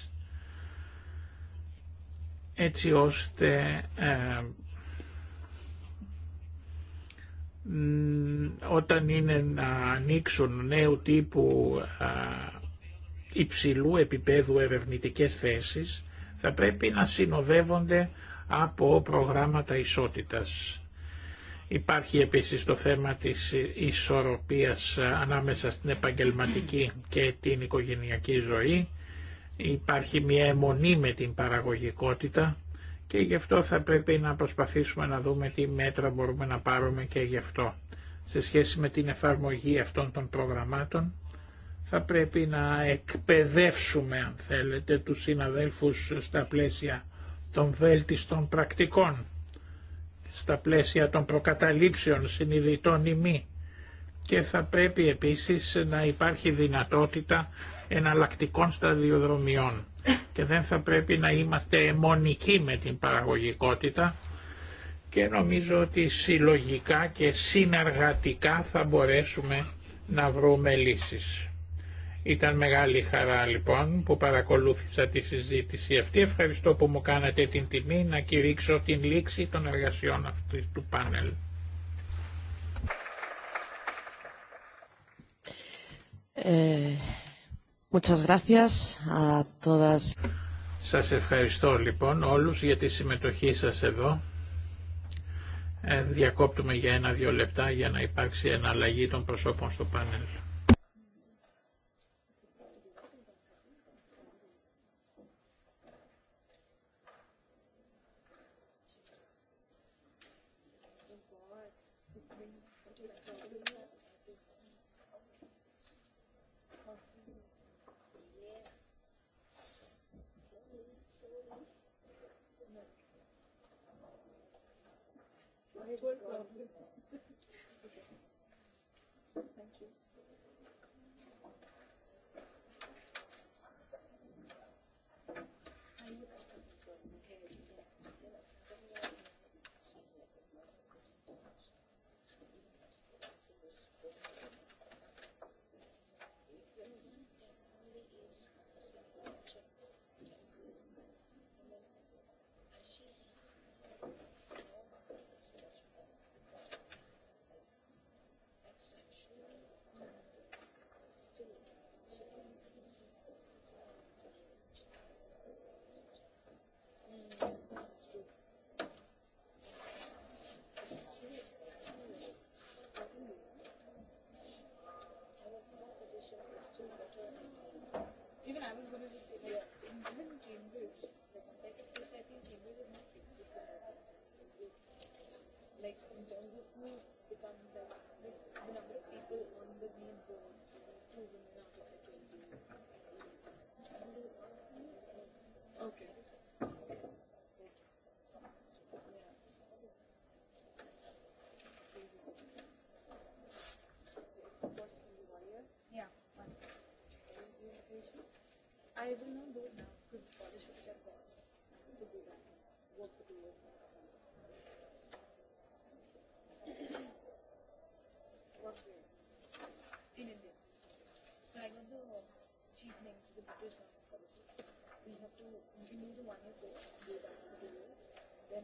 έτσι ώστε ε, όταν είναι να ανοίξουν νέου τύπου ε, υψηλού επίπεδου ερευνητικές θέσεις θα πρέπει να συνοδεύονται από προγράμματα ισότητας. Υπάρχει επίσης το θέμα της ισορροπίας ανάμεσα στην επαγγελματική και την οικογενειακή ζωή Υπάρχει μια αιμονή με την παραγωγικότητα και γι' αυτό θα πρέπει να προσπαθήσουμε να δούμε τι μέτρα μπορούμε να πάρουμε και γι' αυτό. Σε σχέση με την εφαρμογή αυτών των προγραμμάτων θα πρέπει να εκπαιδεύσουμε αν θέλετε τους συναδέλφους στα πλαίσια των βέλτιστων πρακτικών, στα πλαίσια των προκαταλήψεων συνειδητών ημί και θα πρέπει επίσης να υπάρχει δυνατότητα εναλλακτικών σταδιοδρομιών και δεν θα πρέπει να είμαστε αιμονικοί με την παραγωγικότητα και νομίζω ότι συλλογικά και συνεργατικά θα μπορέσουμε να βρούμε λύσεις. Ήταν μεγάλη χαρά λοιπόν που παρακολούθησα τη συζήτηση αυτή. Ευχαριστώ που μου κάνατε την τιμή να κηρύξω την λήξη των εργασιών αυτού του πάνελ. Ε, σας ευχαριστώ λοιπόν όλους για τη συμμετοχή σας εδώ. Ε, διακόπτουμε για ένα-δύο λεπτά για να υπάρξει εναλλαγή των προσώπων στο πάνελ. who becomes like the number of people on the Okay. I will not because the scholarship do that, achievement is a So you have to, you need a one-year course, then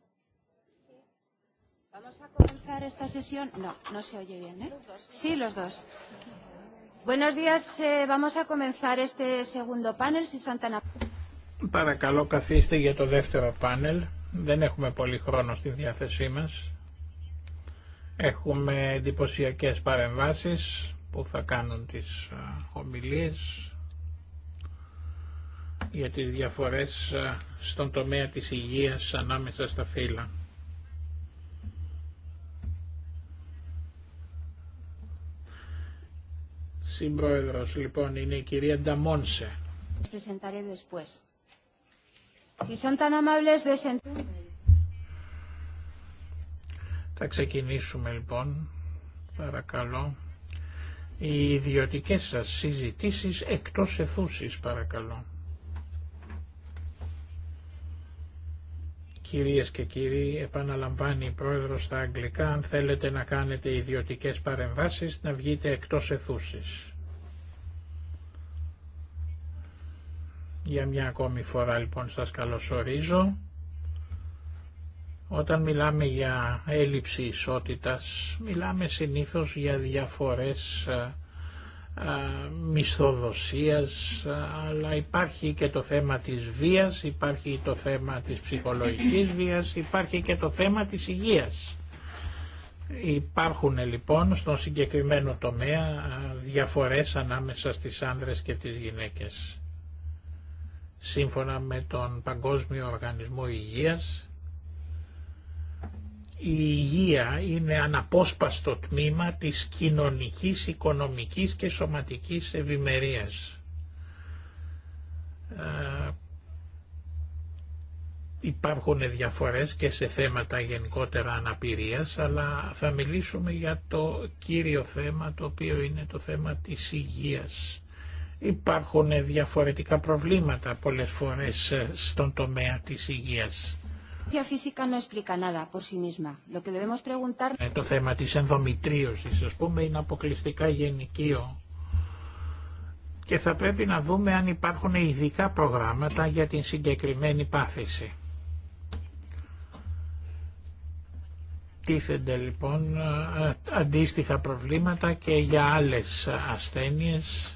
Vamos a comenzar esta sesión. No, se oye bien, ¿eh? Sí, los dos. Buenos días. Eh, vamos a comenzar este segundo panel, si Παρακαλώ καθίστε για το δεύτερο πάνελ. Δεν έχουμε πολύ χρόνο στη διάθεσή μας. Έχουμε εντυπωσιακέ παρεμβάσεις που θα κάνουν τις ε, ομιλίες για τις διαφορές ε, στον τομέα της υγείας ανάμεσα στα φύλλα. Συμπρόεδρος λοιπόν είναι η κυρία Νταμόνσε. Θα ξεκινήσουμε λοιπόν, παρακαλώ, οι ιδιωτικές σας συζητήσεις εκτός εθούσης, παρακαλώ. Κυρίες και κύριοι, επαναλαμβάνει η Πρόεδρο στα αγγλικά, αν θέλετε να κάνετε ιδιωτικές παρεμβάσεις, να βγείτε εκτός εθούσης. Για μια ακόμη φορά λοιπόν σας καλωσορίζω. Όταν μιλάμε για έλλειψη ισότητας, μιλάμε συνήθως για διαφορές ε, ε, μισθοδοσίας, ε, αλλά υπάρχει και το θέμα της βίας, υπάρχει το θέμα της ψυχολογικής βίας, υπάρχει και το θέμα της υγείας. Υπάρχουν λοιπόν στον συγκεκριμένο τομέα διαφορές ανάμεσα στις άνδρες και τις γυναίκες σύμφωνα με τον Παγκόσμιο Οργανισμό Υγείας. Η υγεία είναι αναπόσπαστο τμήμα της κοινωνικής, οικονομικής και σωματικής ευημερίας. Ε, υπάρχουν διαφορές και σε θέματα γενικότερα αναπηρίας, αλλά θα μιλήσουμε για το κύριο θέμα, το οποίο είναι το θέμα της υγείας. Υπάρχουν διαφορετικά προβλήματα πολλές φορές ε, στον τομέα της υγείας. Το θέμα της ενδομητρίωσης, ας πούμε, είναι αποκλειστικά γενικείο και θα πρέπει να δούμε αν υπάρχουν ειδικά προγράμματα για την συγκεκριμένη πάθηση. Τίθενται λοιπόν ε, ε, αντίστοιχα προβλήματα και για άλλες ασθένειες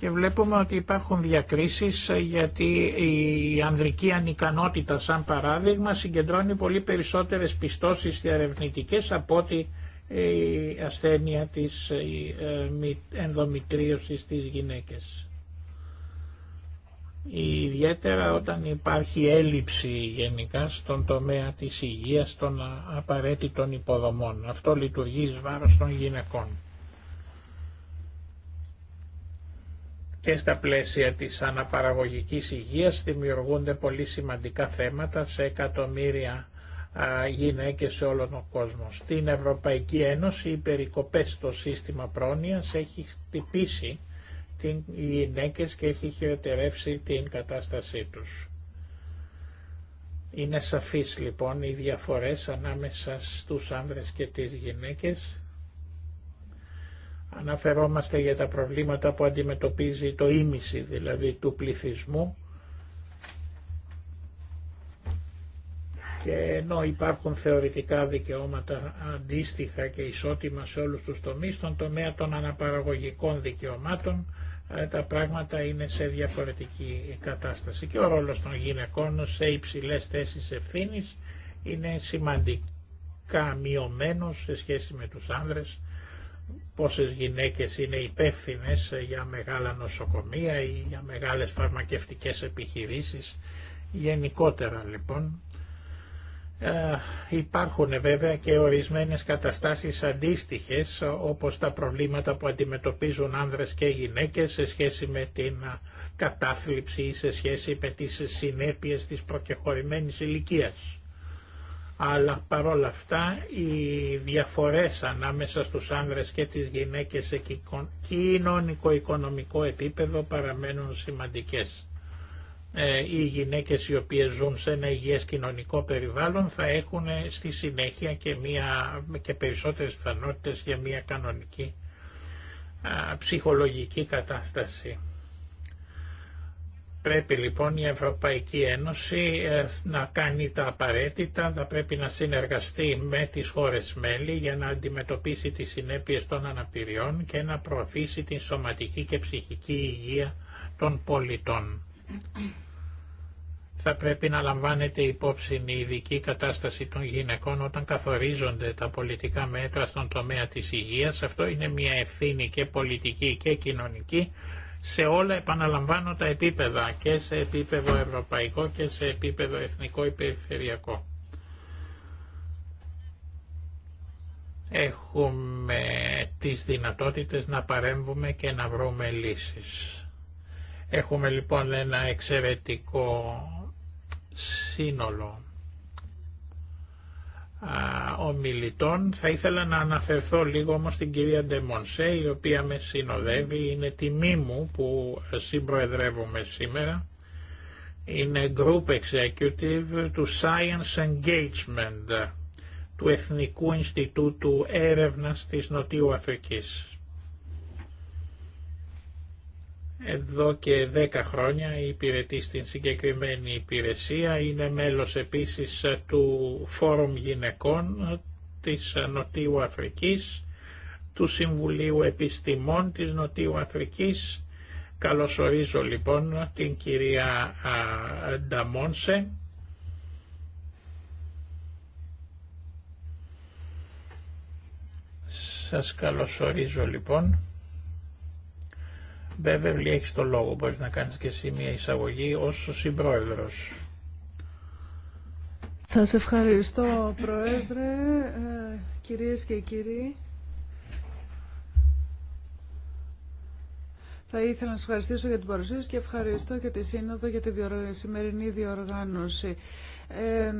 και βλέπουμε ότι υπάρχουν διακρίσεις γιατί η ανδρική ανικανότητα σαν παράδειγμα συγκεντρώνει πολύ περισσότερες πιστώσεις διαρευνητικές από ότι η ασθένεια της ε, ενδομητρίωσης της γυναίκες. Ιδιαίτερα όταν υπάρχει έλλειψη γενικά στον τομέα της υγείας των απαραίτητων υποδομών. Αυτό λειτουργεί εις βάρος των γυναικών. και στα πλαίσια της αναπαραγωγικής υγείας δημιουργούνται πολύ σημαντικά θέματα σε εκατομμύρια γυναίκες σε όλον τον κόσμο. Στην Ευρωπαϊκή Ένωση οι περικοπές στο σύστημα πρόνοιας έχει χτυπήσει την γυναίκες και έχει χειροτερεύσει την κατάστασή τους. Είναι σαφείς λοιπόν οι διαφορές ανάμεσα στους άνδρες και τις γυναίκες αναφερόμαστε για τα προβλήματα που αντιμετωπίζει το ίμιση δηλαδή του πληθυσμού και ενώ υπάρχουν θεωρητικά δικαιώματα αντίστοιχα και ισότιμα σε όλους τους τομείς, στον τομέα των αναπαραγωγικών δικαιωμάτων ε, τα πράγματα είναι σε διαφορετική κατάσταση και ο ρόλος των γυναικών σε υψηλές θέσεις ευθύνης είναι σημαντικά μειωμένος σε σχέση με τους άνδρες πόσες γυναίκες είναι υπεύθυνε για μεγάλα νοσοκομεία ή για μεγάλες φαρμακευτικές επιχειρήσεις. Γενικότερα λοιπόν ε, υπάρχουν βέβαια και ορισμένες καταστάσεις αντίστοιχες όπως τα προβλήματα που αντιμετωπίζουν άνδρες και γυναίκες σε σχέση με την ε, κατάθλιψη ή σε σχέση με τις συνέπειες της προκεχωρημένης ηλικίας αλλά παρόλα αυτά οι διαφορές ανάμεσα στους άνδρες και τις γυναίκες σε κοινωνικο-οικονομικό επίπεδο παραμένουν σημαντικές. Ε, οι γυναίκες οι οποίες ζουν σε ένα υγιές κοινωνικό περιβάλλον θα έχουν στη συνέχεια και, μια, και περισσότερες πιθανότητες για μια κανονική ψυχολογική κατάσταση. Πρέπει λοιπόν η Ευρωπαϊκή Ένωση ε, να κάνει τα απαραίτητα, θα πρέπει να συνεργαστεί με τις χώρες μέλη για να αντιμετωπίσει τις συνέπειες των αναπηριών και να προωθήσει την σωματική και ψυχική υγεία των πολιτών. Θα πρέπει να λαμβάνεται υπόψη η ειδική κατάσταση των γυναικών όταν καθορίζονται τα πολιτικά μέτρα στον τομέα της υγείας. Αυτό είναι μια ευθύνη και πολιτική και κοινωνική σε όλα επαναλαμβάνω τα επίπεδα και σε επίπεδο ευρωπαϊκό και σε επίπεδο εθνικό ή Έχουμε τις δυνατότητες να παρέμβουμε και να βρούμε λύσεις. Έχουμε λοιπόν ένα εξαιρετικό σύνολο ομιλητών. Θα ήθελα να αναφερθώ λίγο όμως στην κυρία Ντεμονσέ, η οποία με συνοδεύει. Είναι τιμή μου που συμπροεδρεύομαι σήμερα. Είναι Group Executive του Science Engagement του Εθνικού Ινστιτούτου Έρευνας της Νοτιού Αφρικής. Εδώ και 10 χρόνια υπηρετεί στην συγκεκριμένη υπηρεσία, είναι μέλος επίσης του Φόρουμ Γυναικών της Νοτιού Αφρικής, του Συμβουλίου Επιστημών της Νοτιού Αφρικής. Καλωσορίζω λοιπόν την κυρία Νταμόνσε. Σας καλωσορίζω λοιπόν. Μπέβερλι, έχεις το λόγο, μπορείς να κάνεις και εσύ μια εισαγωγή ως συμπρόεδρος. Σας ευχαριστώ, Πρόεδρε, ε, κυρίες και κύριοι. Θα ήθελα να σας ευχαριστήσω για την παρουσία και ευχαριστώ και τη Σύνοδο για τη σημερινή διοργάνωση. Ε,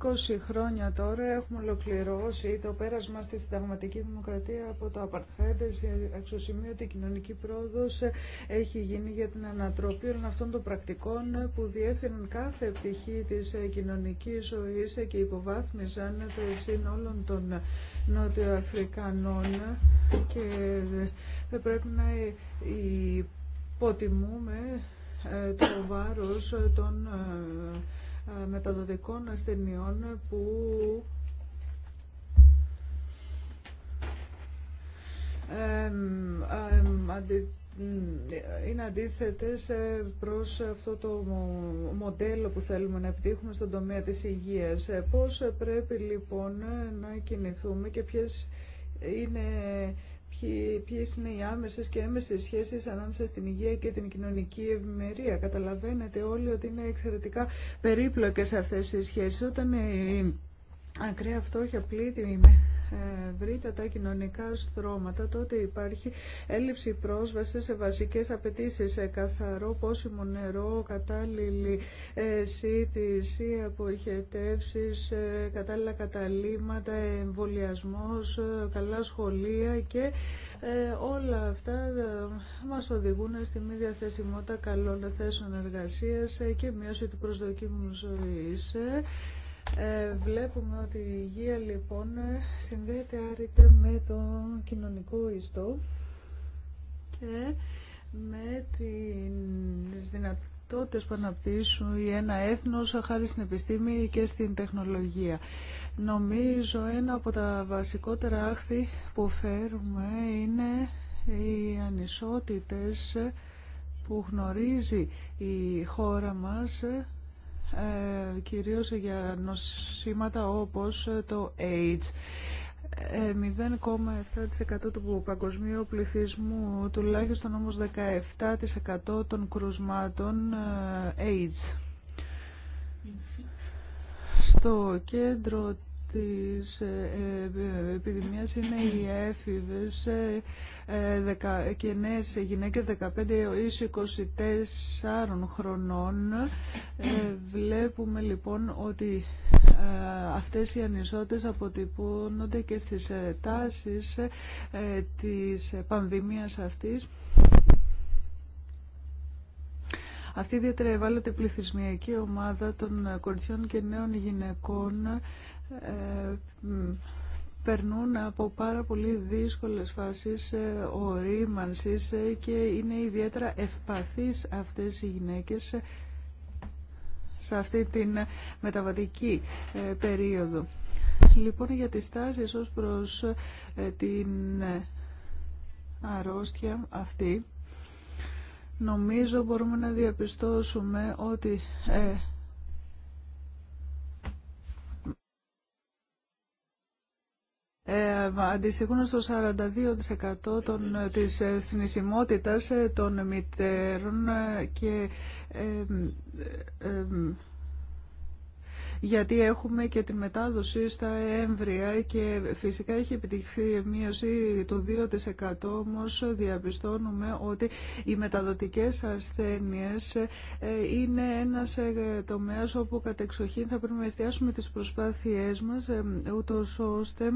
20 χρόνια τώρα έχουμε ολοκληρώσει το πέρασμα στη συνταγματική δημοκρατία από το ότι Αξιοσημείωτη κοινωνική πρόοδο έχει γίνει για την ανατροπή όλων αυτών των πρακτικών που διεύθυνουν κάθε πτυχή τη κοινωνική ζωή και υποβάθμιζαν το ευσύν όλων των Νότιο-Αφρικανών και θα πρέπει να υποτιμούμε ε, το βάρος των ε, μεταδοτικών ασθενειών που είναι αντίθετες ε, προς αυτό το μοντέλο που θέλουμε να επιτύχουμε στον τομέα της υγείας. Ε, πώς πρέπει λοιπόν να κινηθούμε και ποιες είναι ποιε είναι οι άμεσε και έμεσε σχέσει ανάμεσα στην υγεία και την κοινωνική ευημερία. Καταλαβαίνετε όλοι ότι είναι εξαιρετικά περίπλοκε αυτέ οι σχέσει. Όταν η ακραία φτώχεια πλήττει ε, τα κοινωνικά στρώματα, τότε υπάρχει έλλειψη πρόσβαση σε βασικές απαιτήσει, σε καθαρό πόσιμο νερό, κατάλληλη ε, σύντηση, αποχετεύσεις, ε, κατάλληλα καταλήματα, εμβολιασμό, καλά σχολεία και όλα αυτά μας οδηγούν στη μη διαθεσιμότητα καλών θέσεων εργασίας και μείωση του προσδοκίμου ζωής. Ε, βλέπουμε ότι η υγεία λοιπόν συνδέεται άρρηκτα με τον κοινωνικό ιστό και με τις δυνατότητες που αναπτύσσουν ή ένα έθνος χάρη στην επιστήμη και στην τεχνολογία. Νομίζω ένα από τα βασικότερα άχθη που φέρουμε είναι οι ανισότητες που γνωρίζει η χώρα μας ε, κυρίως για νοσήματα όπως το AIDS. 0,7% ε, του παγκοσμίου πληθυσμού, τουλάχιστον όμως 17% των κρουσμάτων ε, AIDS. Στο κέντρο της ε, ε, επιδημίας είναι οι έφηβες ε, και νέες γυναίκες 15 ή 24 χρονών. Βλέπουμε λοιπόν ότι αυτές οι ανισότητες αποτυπώνονται και στις τάσεις της πανδημίας αυτής αυτή ιδιαίτερα ευάλωτη πληθυσμιακή ομάδα των κοριτσιών και νέων γυναικών ε, περνούν από πάρα πολύ δύσκολες φάσεις ορίμανσης ε, ε, και είναι ιδιαίτερα ευπαθείς αυτές οι γυναίκες σε αυτή την μεταβατική περίοδο. Λοιπόν, για τις τάσεις ως προς την αρρώστια αυτή, νομίζω μπορούμε να διαπιστώσουμε ότι ε, ε, αντιστοιχούν στο 42% των, ε, της θνησιμότητας ε, των μητέρων ε, και γιατί έχουμε και τη μετάδοση στα έμβρια και φυσικά έχει επιτυχθεί η μείωση του 2% όμως διαπιστώνουμε ότι οι μεταδοτικές ασθένειες ε, είναι ένας ε, τομέας όπου κατεξοχήν θα πρέπει να εστιάσουμε τις προσπάθειές μας ε, ούτως ώστε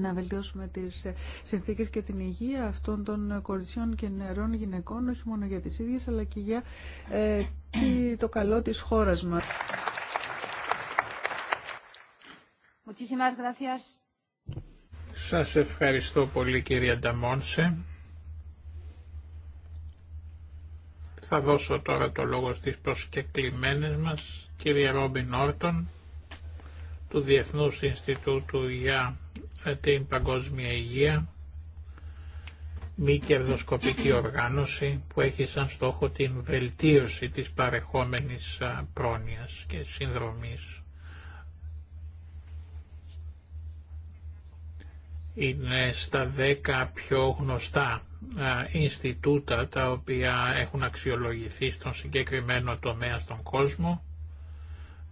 να βελτιώσουμε τις συνθήκες και την υγεία αυτών των κοριτσιών και νερών γυναικών, όχι μόνο για τις ίδιες, αλλά και για το καλό της χώρας μας. Muchísimas Σας ευχαριστώ πολύ κυρία Νταμόνσε. Θα δώσω τώρα το λόγο στις προσκεκλημένες μας, κυρία Ρόμπι Νόρτον, του Διεθνούς Ινστιτούτου για την Παγκόσμια Υγεία, μη κερδοσκοπική οργάνωση που έχει σαν στόχο την βελτίωση της παρεχόμενης πρόνοιας και συνδρομής. είναι στα δέκα πιο γνωστά Ινστιτούτα τα οποία έχουν αξιολογηθεί στον συγκεκριμένο τομέα στον κόσμο.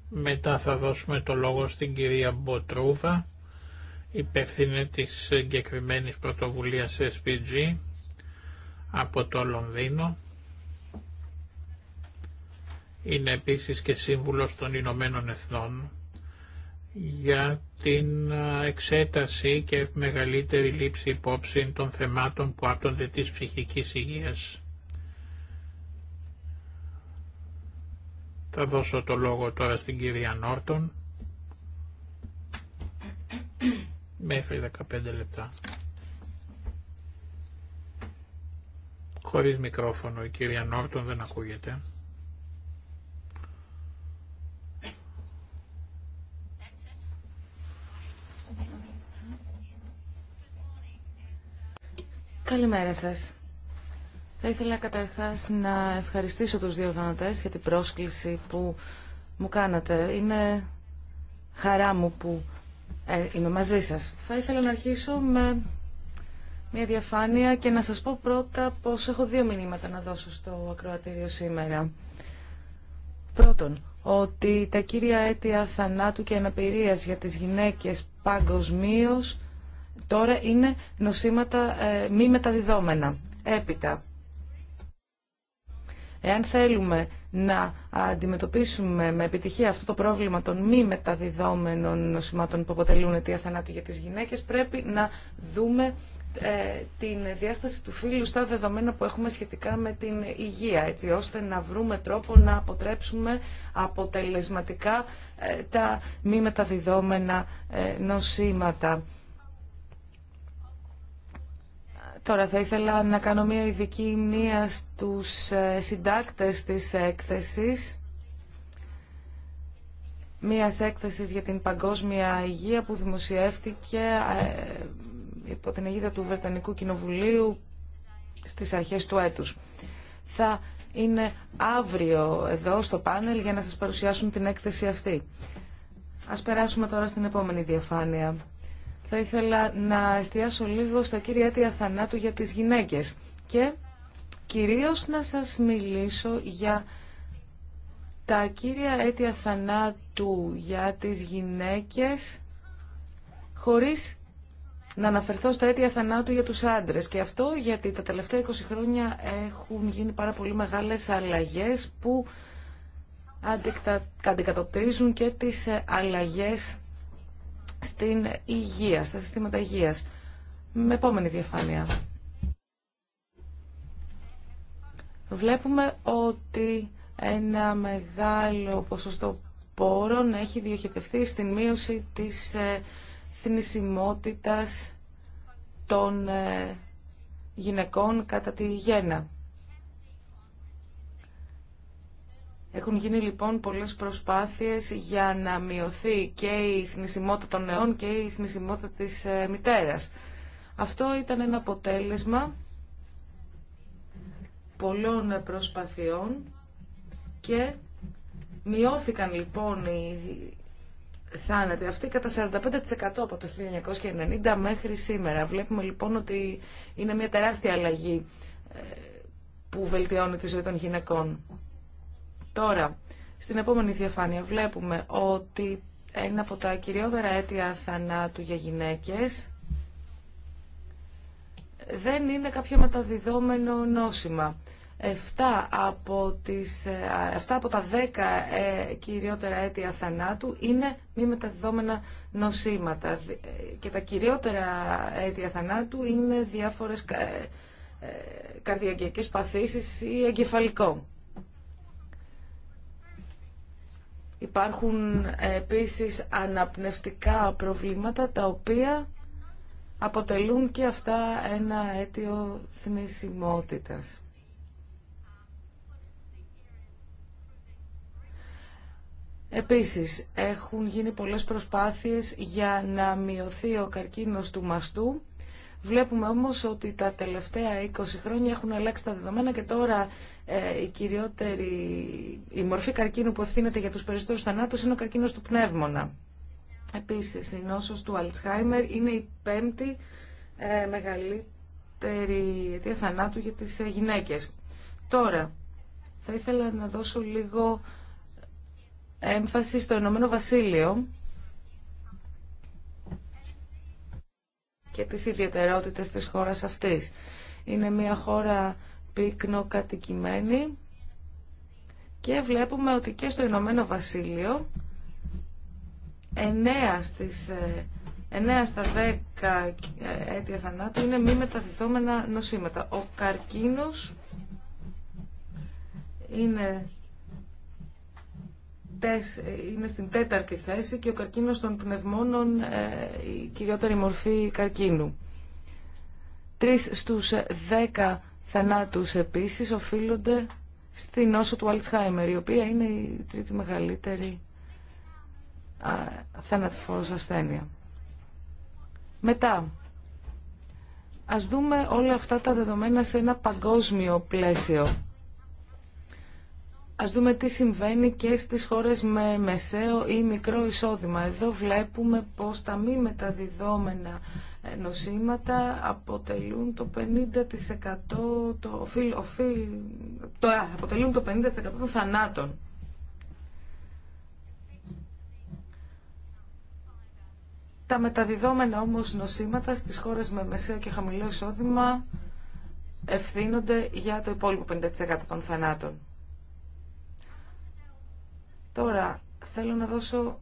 Μετά θα δώσουμε το λόγο στην κυρία Μποτρούβα, υπεύθυνη της συγκεκριμένη πρωτοβουλία SPG από το Λονδίνο. Είναι επίσης και σύμβουλος των Ηνωμένων Εθνών για την εξέταση και μεγαλύτερη λήψη υπόψη των θεμάτων που άπτονται της ψυχικής υγείας. Θα δώσω το λόγο τώρα στην κυρία Νόρτον μέχρι 15 λεπτά. Χωρίς μικρόφωνο η κυρία Νόρτον δεν ακούγεται. Καλημέρα σας. Θα ήθελα καταρχάς να ευχαριστήσω τους δύο οργανωτές για την πρόσκληση που μου κάνατε. Είναι χαρά μου που ε, είμαι μαζί σας. Θα ήθελα να αρχίσω με μια διαφάνεια και να σας πω πρώτα πως έχω δύο μηνύματα να δώσω στο ακροατήριο σήμερα. Πρώτον, ότι τα κύρια αίτια θανάτου και αναπηρίας για τις γυναίκες παγκοσμίω Τώρα είναι νοσήματα ε, μη μεταδιδόμενα. Έπειτα, εάν θέλουμε να αντιμετωπίσουμε με επιτυχία αυτό το πρόβλημα των μη μεταδιδόμενων νοσημάτων που αποτελούν αιτία θανάτου για τις γυναίκες, πρέπει να δούμε ε, την διάσταση του φύλου στα δεδομένα που έχουμε σχετικά με την υγεία, έτσι ώστε να βρούμε τρόπο να αποτρέψουμε αποτελεσματικά ε, τα μη μεταδιδόμενα νοσήματα. Τώρα θα ήθελα να κάνω μια ειδική μνήμα στους ε, συντάκτες της έκθεσης μια έκθεση για την παγκόσμια υγεία που δημοσιεύτηκε ε, υπό την αιγίδα του Βρετανικού Κοινοβουλίου στις αρχές του έτους. Θα είναι αύριο εδώ στο πάνελ για να σας παρουσιάσουν την έκθεση αυτή. Ας περάσουμε τώρα στην επόμενη διαφάνεια θα ήθελα να εστιάσω λίγο στα κύρια αίτια θανάτου για τις γυναίκες και κυρίως να σας μιλήσω για τα κύρια αίτια θανάτου για τις γυναίκες χωρίς να αναφερθώ στα αίτια θανάτου για τους άντρες. Και αυτό γιατί τα τελευταία 20 χρόνια έχουν γίνει πάρα πολύ μεγάλες αλλαγές που αντικατοπτρίζουν και τις ε, αλλαγές στην υγεία, στα συστήματα υγείας. Με επόμενη διαφάνεια. Βλέπουμε ότι ένα μεγάλο ποσοστό πόρων έχει διοχετευτεί στην μείωση της ε, θνησιμότητας των ε, γυναικών κατά τη γέννα. Έχουν γίνει λοιπόν πολλές προσπάθειες για να μειωθεί και η θνησιμότητα των νεών και η θνησιμότητα της ε, μητέρας. Αυτό ήταν ένα αποτέλεσμα πολλών προσπαθειών και μειώθηκαν λοιπόν οι θάνατοι αυτοί κατά 45% από το 1990 μέχρι σήμερα. Βλέπουμε λοιπόν ότι είναι μια τεράστια αλλαγή ε, που βελτιώνει τη ζωή των γυναικών. Τώρα, στην επόμενη διαφάνεια βλέπουμε ότι ένα από τα κυριότερα αίτια θανάτου για γυναίκες δεν είναι κάποιο μεταδιδόμενο νόσημα. Εφτά από, τις, ε, από τα 10 ε, κυριότερα αίτια θανάτου είναι μη μεταδιδόμενα νοσήματα ε, και τα κυριότερα αίτια θανάτου είναι διάφορες καρδιακές παθήσεις ή εγκεφαλικό. Υπάρχουν ε, επίσης αναπνευστικά προβλήματα τα οποία αποτελούν και αυτά ένα αίτιο θνησιμότητας. Επίσης, έχουν γίνει πολλές προσπάθειες για να μειωθεί ο καρκίνος του μαστού Βλέπουμε όμως ότι τα τελευταία 20 χρόνια έχουν αλλάξει τα δεδομένα και τώρα ε, η κυριότερη, η μορφή καρκίνου που ευθύνεται για τους περισσότερους θανάτους είναι ο καρκίνος του πνεύμονα. Επίσης, η νόσος του Αλτσχάιμερ είναι η πέμπτη ε, μεγαλύτερη αιτία θανάτου για τις ε, γυναίκες. Τώρα, θα ήθελα να δώσω λίγο έμφαση στο Ηνωμένο Βασίλειο και τις ιδιαιτερότητες της χώρας αυτής. Είναι μια χώρα πύκνο κατοικημένη και βλέπουμε ότι και στο Ηνωμένο Βασίλειο 9 στις 9 ε, στα 10 ε, αίτια θανάτου είναι μη μεταδιδόμενα νοσήματα. Ο καρκίνος είναι είναι στην τέταρτη θέση και ο καρκίνος των πνευμόνων ε, η κυριότερη μορφή καρκίνου. Τρεις στους δέκα θανάτους επίσης οφείλονται στην νόσο του Αλτσχάιμερ, η οποία είναι η τρίτη μεγαλύτερη θανατηφόρος ασθένεια. Μετά, ας δούμε όλα αυτά τα δεδομένα σε ένα παγκόσμιο πλαίσιο. Ας δούμε τι συμβαίνει και στις χώρες με μεσαίο ή μικρό εισόδημα. Εδώ βλέπουμε πως τα μη μεταδιδόμενα νοσήματα αποτελούν το 50% το οφείλ, το, αποτελούν το 50% των θανάτων. Τα μεταδιδόμενα όμως νοσήματα στις χώρες με μεσαίο και χαμηλό εισόδημα ευθύνονται για το υπόλοιπο 50% των θανάτων. Τώρα, θέλω να δώσω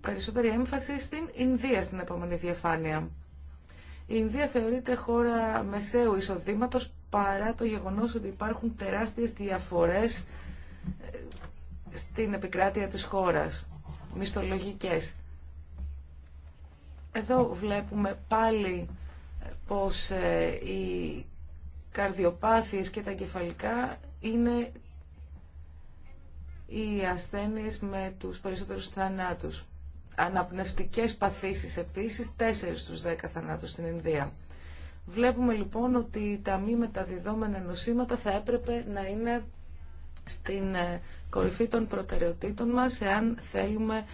περισσότερη έμφαση στην Ινδία στην επόμενη διαφάνεια. Η Ινδία θεωρείται χώρα μεσαίου εισοδήματος παρά το γεγονός ότι υπάρχουν τεράστιες διαφορές ε, στην επικράτεια της χώρας, μισθολογικές. Εδώ βλέπουμε πάλι ε, πως ε, οι καρδιοπάθειες και τα κεφαλικά είναι οι ασθένειες με τους περισσότερους θανάτους. Αναπνευστικές παθήσεις επίσης, 4 στους 10 θανάτους στην Ινδία. Βλέπουμε λοιπόν ότι τα μη μεταδιδόμενα νοσήματα θα έπρεπε να είναι στην ε, κορυφή των προτεραιοτήτων μας εάν θέλουμε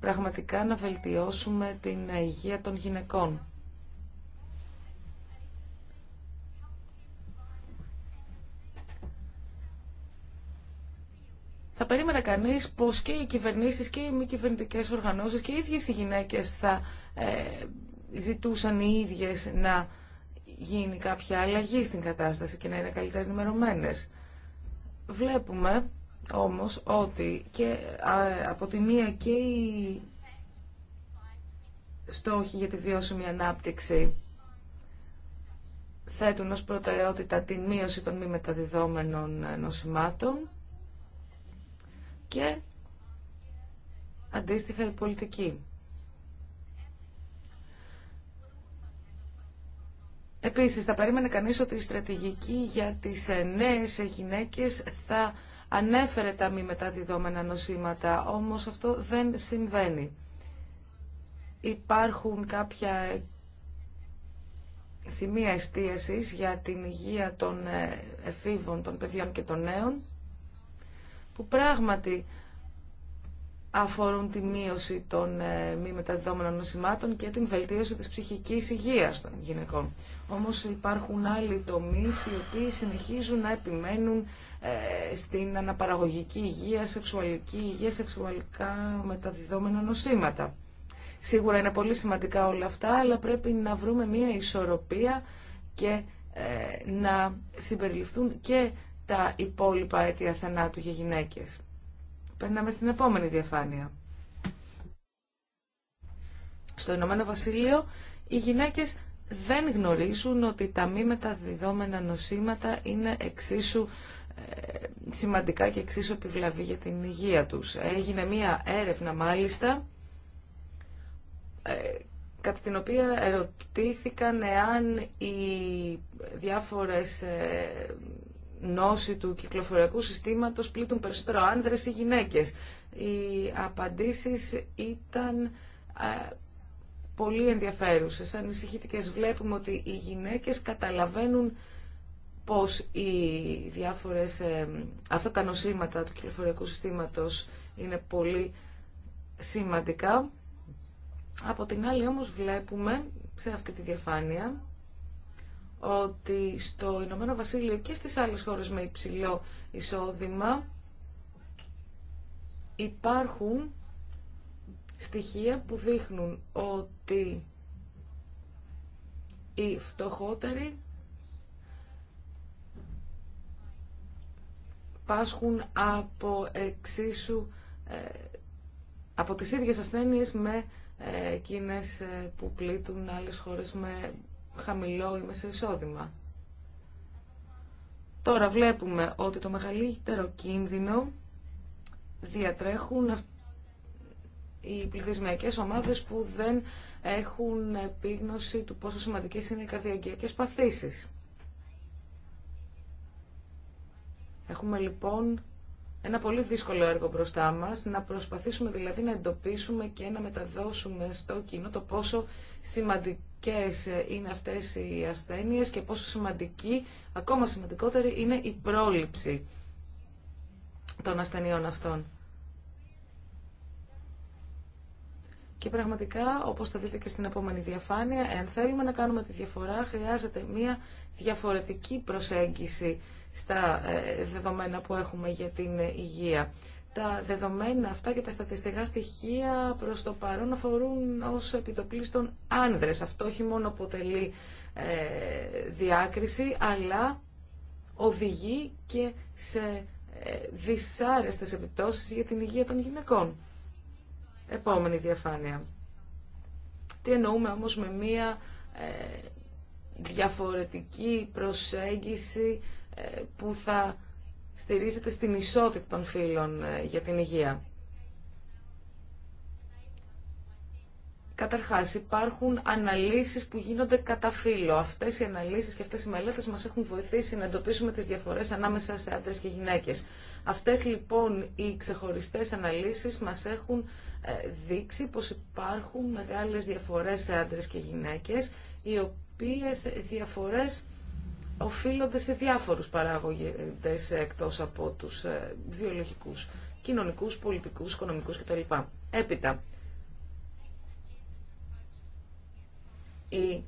πραγματικά να βελτιώσουμε την ε, υγεία των γυναικών. θα περίμενε κανεί πω και οι κυβερνήσει και οι μη κυβερνητικέ οργανώσεις και οι ίδιε οι γυναίκε θα ε, ζητούσαν οι ίδιες να γίνει κάποια αλλαγή στην κατάσταση και να είναι καλύτερα ενημερωμένε. Βλέπουμε όμως ότι και από τη μία και οι στόχοι για τη βιώσιμη ανάπτυξη θέτουν ως προτεραιότητα την μείωση των μη μεταδιδόμενων νοσημάτων και αντίστοιχα η πολιτική. Επίσης, θα περίμενε κανείς ότι η στρατηγική για τις ε, νέες ε, γυναίκες θα ανέφερε τα μη μεταδιδόμενα νοσήματα, όμως αυτό δεν συμβαίνει. Υπάρχουν κάποια ε, σημεία εστίασης για την υγεία των εφήβων, των παιδιών και των νέων, που πράγματι αφορούν τη μείωση των ε, μη μεταδιδόμενων νοσημάτων και την βελτίωση της ψυχικής υγείας των γυναικών. Όμως υπάρχουν άλλοι τομείς οι οποίοι συνεχίζουν να επιμένουν ε, στην αναπαραγωγική υγεία, σεξουαλική υγεία, σεξουαλικά μεταδιδόμενα νοσήματα. Σίγουρα είναι πολύ σημαντικά όλα αυτά, αλλά πρέπει να βρούμε μία ισορροπία και ε, να συμπεριληφθούν και τα υπόλοιπα αίτια θανάτου για γυναίκες. Περνάμε στην επόμενη διαφάνεια. Στο Ηνωμένο Βασίλειο οι γυναίκες δεν γνωρίζουν ότι τα μη μεταδιδόμενα νοσήματα είναι εξίσου ε, σημαντικά και εξίσου επιβλαβή για την υγεία τους. Έγινε μία έρευνα μάλιστα ε, κατά την οποία ερωτήθηκαν εάν οι διάφορες ε, νόση του κυκλοφοριακού συστήματος πλήττουν περισσότερο άνδρες ή γυναίκες. Οι απαντήσεις ήταν ε, πολύ ενδιαφέρουσες, ανησυχητικές. Βλέπουμε ότι οι γυναίκες καταλαβαίνουν πως οι διάφορες, ε, αυτά τα νοσήματα του κυκλοφοριακού συστήματος είναι πολύ σημαντικά. Από την άλλη όμως βλέπουμε σε αυτή τη διαφάνεια ότι στο Ηνωμένο Βασίλειο και στις άλλες χώρες με υψηλό εισόδημα υπάρχουν στοιχεία που δείχνουν ότι οι φτωχότεροι πάσχουν από εξίσου ε, από τις ίδιες ασθένειες με ε, εκείνες ε, που πλήττουν άλλες χώρες με χαμηλό ή εισόδημα. Τώρα βλέπουμε ότι το μεγαλύτερο κίνδυνο διατρέχουν οι πληθυσμιακές ομάδες που δεν έχουν επίγνωση του πόσο σημαντικές είναι οι καρδιαγκιακές παθήσεις. Έχουμε λοιπόν ένα πολύ δύσκολο έργο μπροστά μα, να προσπαθήσουμε δηλαδή να εντοπίσουμε και να μεταδώσουμε στο κοινό το πόσο σημαντικές είναι αυτές οι ασθένειες και πόσο σημαντική, ακόμα σημαντικότερη, είναι η πρόληψη των ασθενειών αυτών. Και πραγματικά, όπως θα δείτε και στην επόμενη διαφάνεια, εάν θέλουμε να κάνουμε τη διαφορά, χρειάζεται μια διαφορετική προσέγγιση στα ε, δεδομένα που έχουμε για την υγεία. Τα δεδομένα αυτά και τα στατιστικά στοιχεία προς το παρόν αφορούν ως επιτοπλίστων άνδρες. Αυτό όχι μόνο αποτελεί ε, διάκριση, αλλά οδηγεί και σε ε, δυσάρεστες επιπτώσεις για την υγεία των γυναικών. Επόμενη διαφάνεια. Τι εννοούμε όμως με μία ε, διαφορετική προσέγγιση ε, που θα στηρίζεται στην ισότητα των φύλων ε, για την υγεία. Καταρχάς, υπάρχουν αναλύσεις που γίνονται κατά φύλο. Αυτές οι αναλύσεις και αυτές οι μελέτες μας έχουν βοηθήσει να εντοπίσουμε τις διαφορές ανάμεσα σε άντρες και γυναίκες. Αυτές λοιπόν οι ξεχωριστές αναλύσεις μας έχουν ε, δείξει πως υπάρχουν μεγάλες διαφορές σε άντρες και γυναίκες, οι οποίες διαφορές οφείλονται σε διάφορους παράγοντες εκτός από τους ε, βιολογικούς, κοινωνικούς, πολιτικούς, οικονομικούς κτλ. Έπειτα, η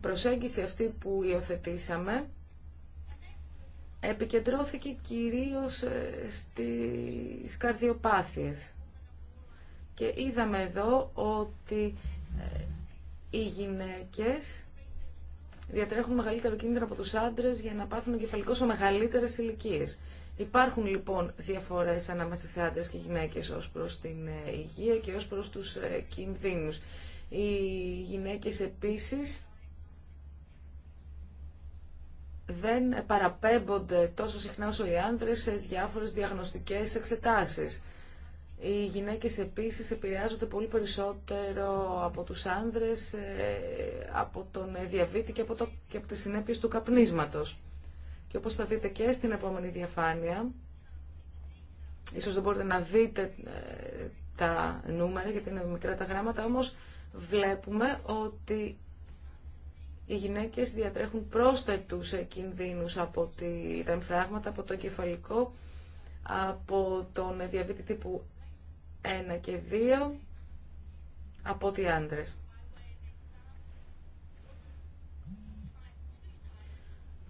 προσέγγιση αυτή που υιοθετήσαμε επικεντρώθηκε κυρίως ε, στις καρδιοπάθειες. Και είδαμε εδώ ότι ε, οι γυναίκες διατρέχουν μεγαλύτερο κίνδυνο από τους άντρες για να πάθουν εγκεφαλικό σε μεγαλύτερες ηλικίε. Υπάρχουν λοιπόν διαφορές ανάμεσα σε άντρες και γυναίκες ως προς την ε, υγεία και ως προς τους ε, κινδύνους. Οι γυναίκες επίσης δεν παραπέμπονται τόσο συχνά όσο οι άνδρες σε διάφορες διαγνωστικές εξετάσεις. Οι γυναίκες επίσης επηρεάζονται πολύ περισσότερο από τους άνδρες, ε, από τον ε, διαβήτη και από, το, και από τις συνέπειες του καπνίσματος. Και όπως θα δείτε και στην επόμενη διαφάνεια, ίσως δεν μπορείτε να δείτε ε, τα νούμερα γιατί είναι μικρά τα γράμματα, όμως βλέπουμε ότι οι γυναίκες διατρέχουν πρόσθετους κινδύνους από τα εμφράγματα, από το κεφαλικό, από τον διαβήτη τύπου 1 και 2 από ότι άντρε.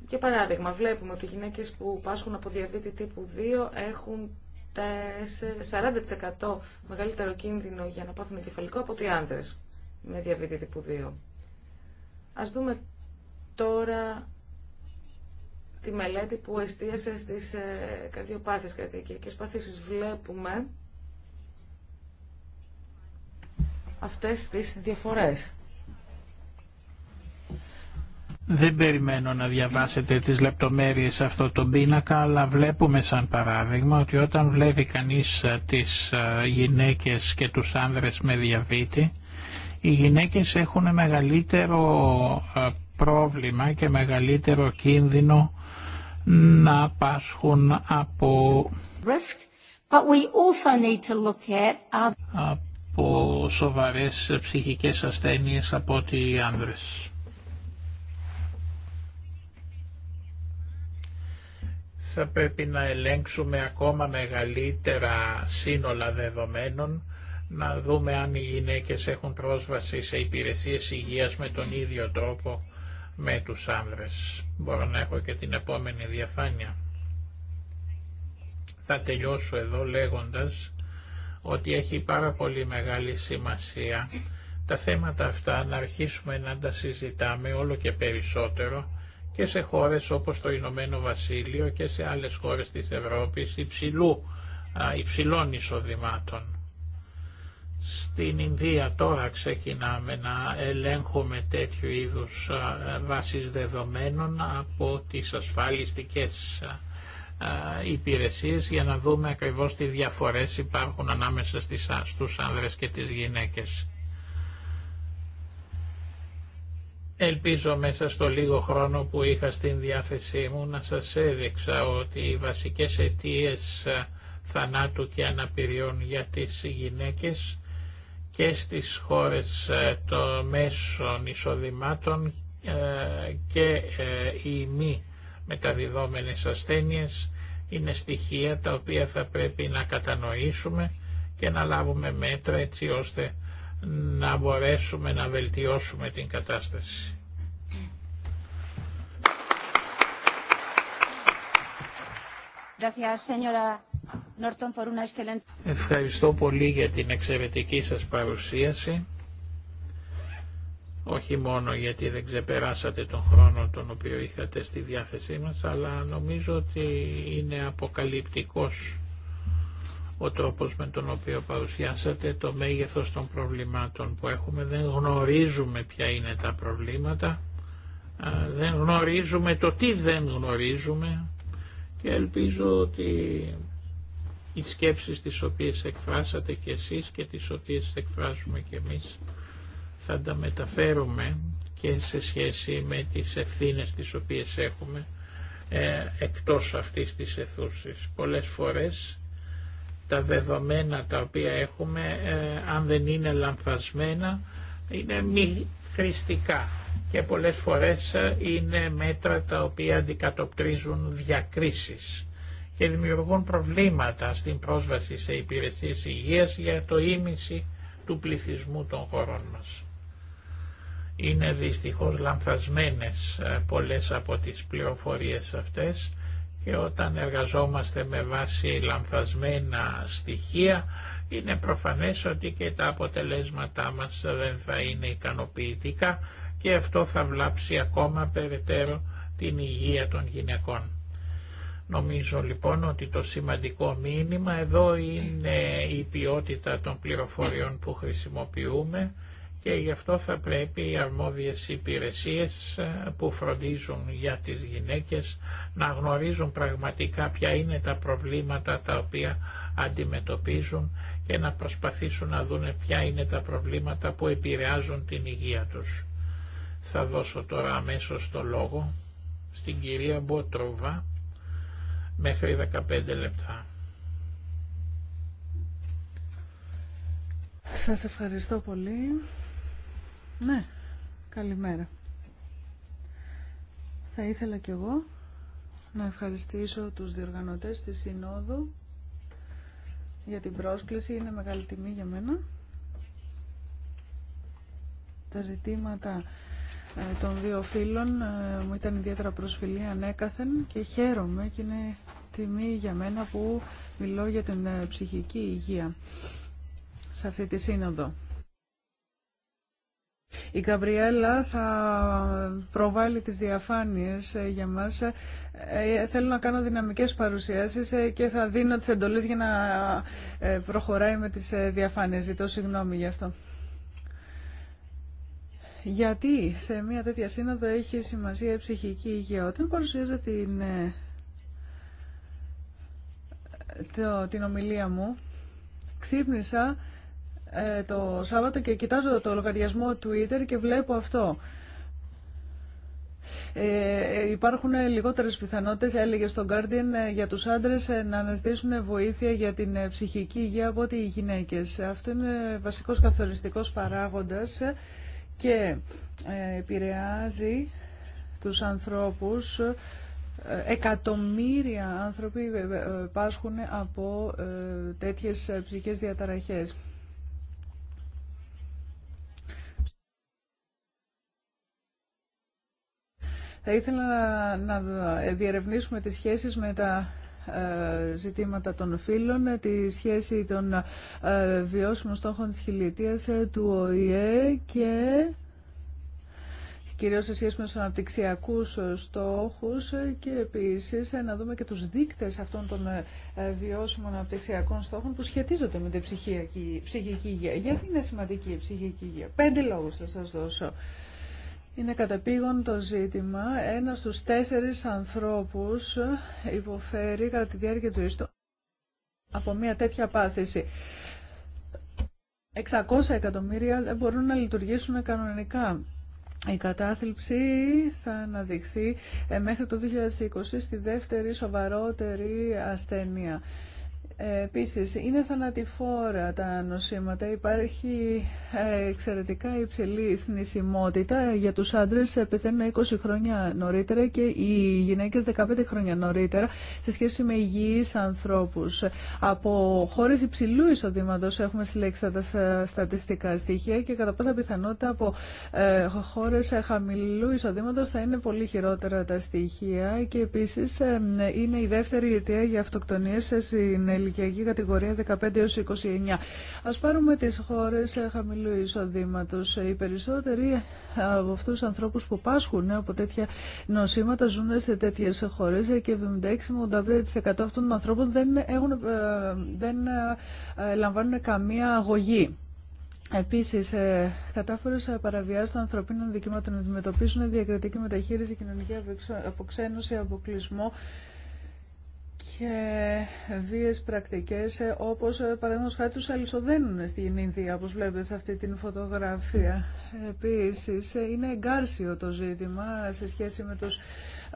Για παράδειγμα, βλέπουμε ότι οι γυναίκες που πάσχουν από διαβήτη τύπου 2 έχουν 40% μεγαλύτερο κίνδυνο για να πάθουν κεφαλικό από ότι άντρες με διαβίτη τύπου 2. Ας δούμε τώρα τη μελέτη που εστίασε στις ε, καρδιοπάθειες καρδιακές παθήσεις. Βλέπουμε αυτές τις διαφορές. Δεν περιμένω να διαβάσετε τις λεπτομέρειες αυτό το πίνακα, αλλά βλέπουμε σαν παράδειγμα ότι όταν βλέπει κανείς ε, τις ε, γυναίκες και τους άνδρες με διαβήτη, οι γυναίκες έχουν μεγαλύτερο ε, πρόβλημα και μεγαλύτερο κίνδυνο να πάσχουν από από σοβαρές ψυχικές ασθένειες από ότι οι άνδρες. Θα πρέπει να ελέγξουμε ακόμα μεγαλύτερα σύνολα δεδομένων, να δούμε αν οι γυναίκες έχουν πρόσβαση σε υπηρεσίες υγείας με τον ίδιο τρόπο με τους άνδρες. Μπορώ να έχω και την επόμενη διαφάνεια. Θα τελειώσω εδώ λέγοντας ότι έχει πάρα πολύ μεγάλη σημασία τα θέματα αυτά να αρχίσουμε να τα συζητάμε όλο και περισσότερο και σε χώρες όπως το Ηνωμένο Βασίλειο και σε άλλες χώρες της Ευρώπης υψηλού, υψηλών εισοδημάτων. Στην Ινδία τώρα ξεκινάμε να ελέγχουμε τέτοιου είδους βάσεις δεδομένων από τις ασφαλιστικές υπηρεσίες για να δούμε ακριβώς τι διαφορές υπάρχουν ανάμεσα στις, στους άνδρες και τις γυναίκες. Ελπίζω μέσα στο λίγο χρόνο που είχα στην διάθεσή μου να σας έδειξα ότι οι βασικές αιτίες θανάτου και αναπηριών για τις γυναίκες και στις χώρες των μέσων εισοδημάτων και η ε, μη μεταδιδόμενες ασθένειες είναι στοιχεία τα οποία θα πρέπει να κατανοήσουμε και να λάβουμε μέτρα έτσι ώστε να μπορέσουμε να βελτιώσουμε την κατάσταση. Ευχαριστώ πολύ για την εξαιρετική σας παρουσίαση όχι μόνο γιατί δεν ξεπεράσατε τον χρόνο τον οποίο είχατε στη διάθεσή μας, αλλά νομίζω ότι είναι αποκαλυπτικός ο τρόπος με τον οποίο παρουσιάσατε το μέγεθος των προβλημάτων που έχουμε. Δεν γνωρίζουμε ποια είναι τα προβλήματα, δεν γνωρίζουμε το τι δεν γνωρίζουμε και ελπίζω ότι οι σκέψεις τις οποίες εκφράσατε και εσείς και τις οποίες εκφράζουμε και εμείς θα τα μεταφέρουμε και σε σχέση με τις ευθύνες τις οποίες έχουμε ε, εκτός αυτής της αιθούσης. Πολλές φορές τα δεδομένα τα οποία έχουμε, ε, αν δεν είναι λανθασμένα, είναι μη χρηστικά και πολλές φορές ε, είναι μέτρα τα οποία αντικατοπτρίζουν διακρίσεις και δημιουργούν προβλήματα στην πρόσβαση σε υπηρεσίες υγείας για το ίμιση του πληθυσμού των χωρών μας. Είναι δυστυχώς λανθασμένες ε, πολλές από τις πληροφορίες αυτές και όταν εργαζόμαστε με βάση λανθασμένα στοιχεία είναι προφανές ότι και τα αποτελέσματά μας δεν θα είναι ικανοποιητικά και αυτό θα βλάψει ακόμα περαιτέρω την υγεία των γυναικών. Νομίζω λοιπόν ότι το σημαντικό μήνυμα εδώ είναι η ποιότητα των πληροφοριών που χρησιμοποιούμε και γι' αυτό θα πρέπει οι αρμόδιες υπηρεσίες ε, που φροντίζουν για τις γυναίκες να γνωρίζουν πραγματικά ποια είναι τα προβλήματα τα οποία αντιμετωπίζουν και να προσπαθήσουν να δουν ποια είναι τα προβλήματα που επηρεάζουν την υγεία τους. Θα δώσω τώρα αμέσως το λόγο στην κυρία Μπότροβα μέχρι 15 λεπτά. Σας ευχαριστώ πολύ. Ναι, καλημέρα. Θα ήθελα κι εγώ να ευχαριστήσω τους διοργανωτές της Συνόδου για την πρόσκληση. Είναι μεγάλη τιμή για μένα. Τα ζητήματα ε, των δύο φίλων ε, μου ήταν ιδιαίτερα προσφυλή ανέκαθεν και χαίρομαι και είναι τιμή για μένα που μιλώ για την ε, ψυχική υγεία σε αυτή τη σύνοδο. Η Καμπριέλα θα προβάλλει τις διαφάνειες ε, για μας. Ε, ε, θέλω να κάνω δυναμικές παρουσιάσεις και θα δίνω τις εντολές για να προχωράει με τις διαφάνειες. Ζητώ συγγνώμη γι' αυτό. Γιατί σε μια τέτοια σύνοδο έχει σημασία η ψυχική υγεία. Όταν παρουσιάζω την, την ομιλία μου, ξύπνησα ε, το Σάββατο και κοιτάζω το λογαριασμό Twitter και βλέπω αυτό. Ε, υπάρχουν λιγότερες πιθανότητες, έλεγε στον Guardian, ε, για τους άντρες ε, να αναζητήσουν βοήθεια για την ψυχική υγεία από ότι οι γυναίκες. Αυτό είναι βασικός καθοριστικός παράγοντας και επηρεάζει τους ανθρώπους. Εκατομμύρια άνθρωποι πάσχουν από τέτοιες ψυχικές διαταραχές. Θα ήθελα να διερευνήσουμε τις σχέσεις με τα ε, ζητήματα των φύλων, τη σχέση των ε, βιώσιμων στόχων της χιλιετίας ε, του ΟΗΕ και κυρίως σε σχέση με τους αναπτυξιακούς στόχους και επίσης να δούμε και τους δείκτες αυτών των βιώσιμων αναπτυξιακών στόχων που σχετίζονται με την ψυχική υγεία. Γιατί είναι σημαντική η ψυχική υγεία. Πέντε λόγους θα σας δώσω. Είναι καταπήγον το ζήτημα. Ένα στου τέσσερις ανθρώπους υποφέρει κατά τη διάρκεια του από μια τέτοια πάθηση. 600 εκατομμύρια δεν μπορούν να λειτουργήσουν κανονικά. Η κατάθλιψη θα αναδειχθεί ε, μέχρι το 2020 στη δεύτερη σοβαρότερη ασθένεια. Επίσης, είναι θανατηφόρα τα νοσήματα. Υπάρχει ε, εξαιρετικά υψηλή θνησιμότητα. Για τους άντρες ε, πεθαίνουν 20 χρόνια νωρίτερα και οι γυναίκες 15 χρόνια νωρίτερα σε σχέση με υγιείς ανθρώπους. Από χώρες υψηλού εισοδήματος έχουμε συλλέξει τα στατιστικά στοιχεία και κατά πάσα πιθανότητα από ε, χώρες χαμηλού εισοδήματος θα είναι πολύ χειρότερα τα στοιχεία και επίσης είναι η δεύτερη αιτία για αυτοκτονίες σε ηλικιακή κατηγορία 15 έως 29. Ας πάρουμε τις χώρες χαμηλού εισοδήματος. Οι περισσότεροι από αυτούς τους ανθρώπους που πάσχουν από τέτοια νοσήματα ζουν σε τέτοιες χώρες και 76-85% αυτών των ανθρώπων δεν, έχουν, ε, δεν ε, λαμβάνουν καμία αγωγή. Επίση, ε, κατάφορε παραβιάσει των ανθρωπίνων δικαιωμάτων αντιμετωπίζουν διακριτική μεταχείριση, κοινωνική αποξένωση, αποκλεισμό, και βίες πρακτικές ε, όπως ε, παραδείγματος χάρη τους αλυσοδένουν στην Ινδία όπως βλέπετε σε αυτή την φωτογραφία. Επίσης ε, είναι εγκάρσιο το ζήτημα σε σχέση με τους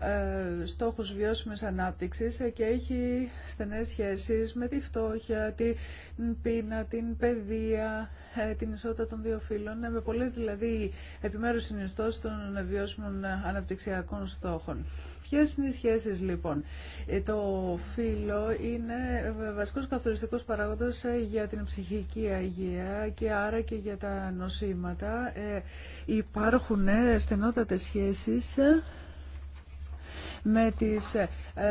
ε, στόχους βιώσιμης ανάπτυξης και έχει στενές σχέσεις με τη φτώχεια, την πείνα, την παιδεία, ε, την ισότητα των δύο φύλων, ε, με πολλές δηλαδή επιμέρους συνιστώσεις των βιώσιμων αναπτυξιακών στόχων. Ποιες είναι οι σχέσεις λοιπόν. Το φύλλο είναι βασικός καθοριστικός παράγοντας για την ψυχική υγεία και άρα και για τα νοσήματα. Υπάρχουν στενότατες σχέσεις με τις ε,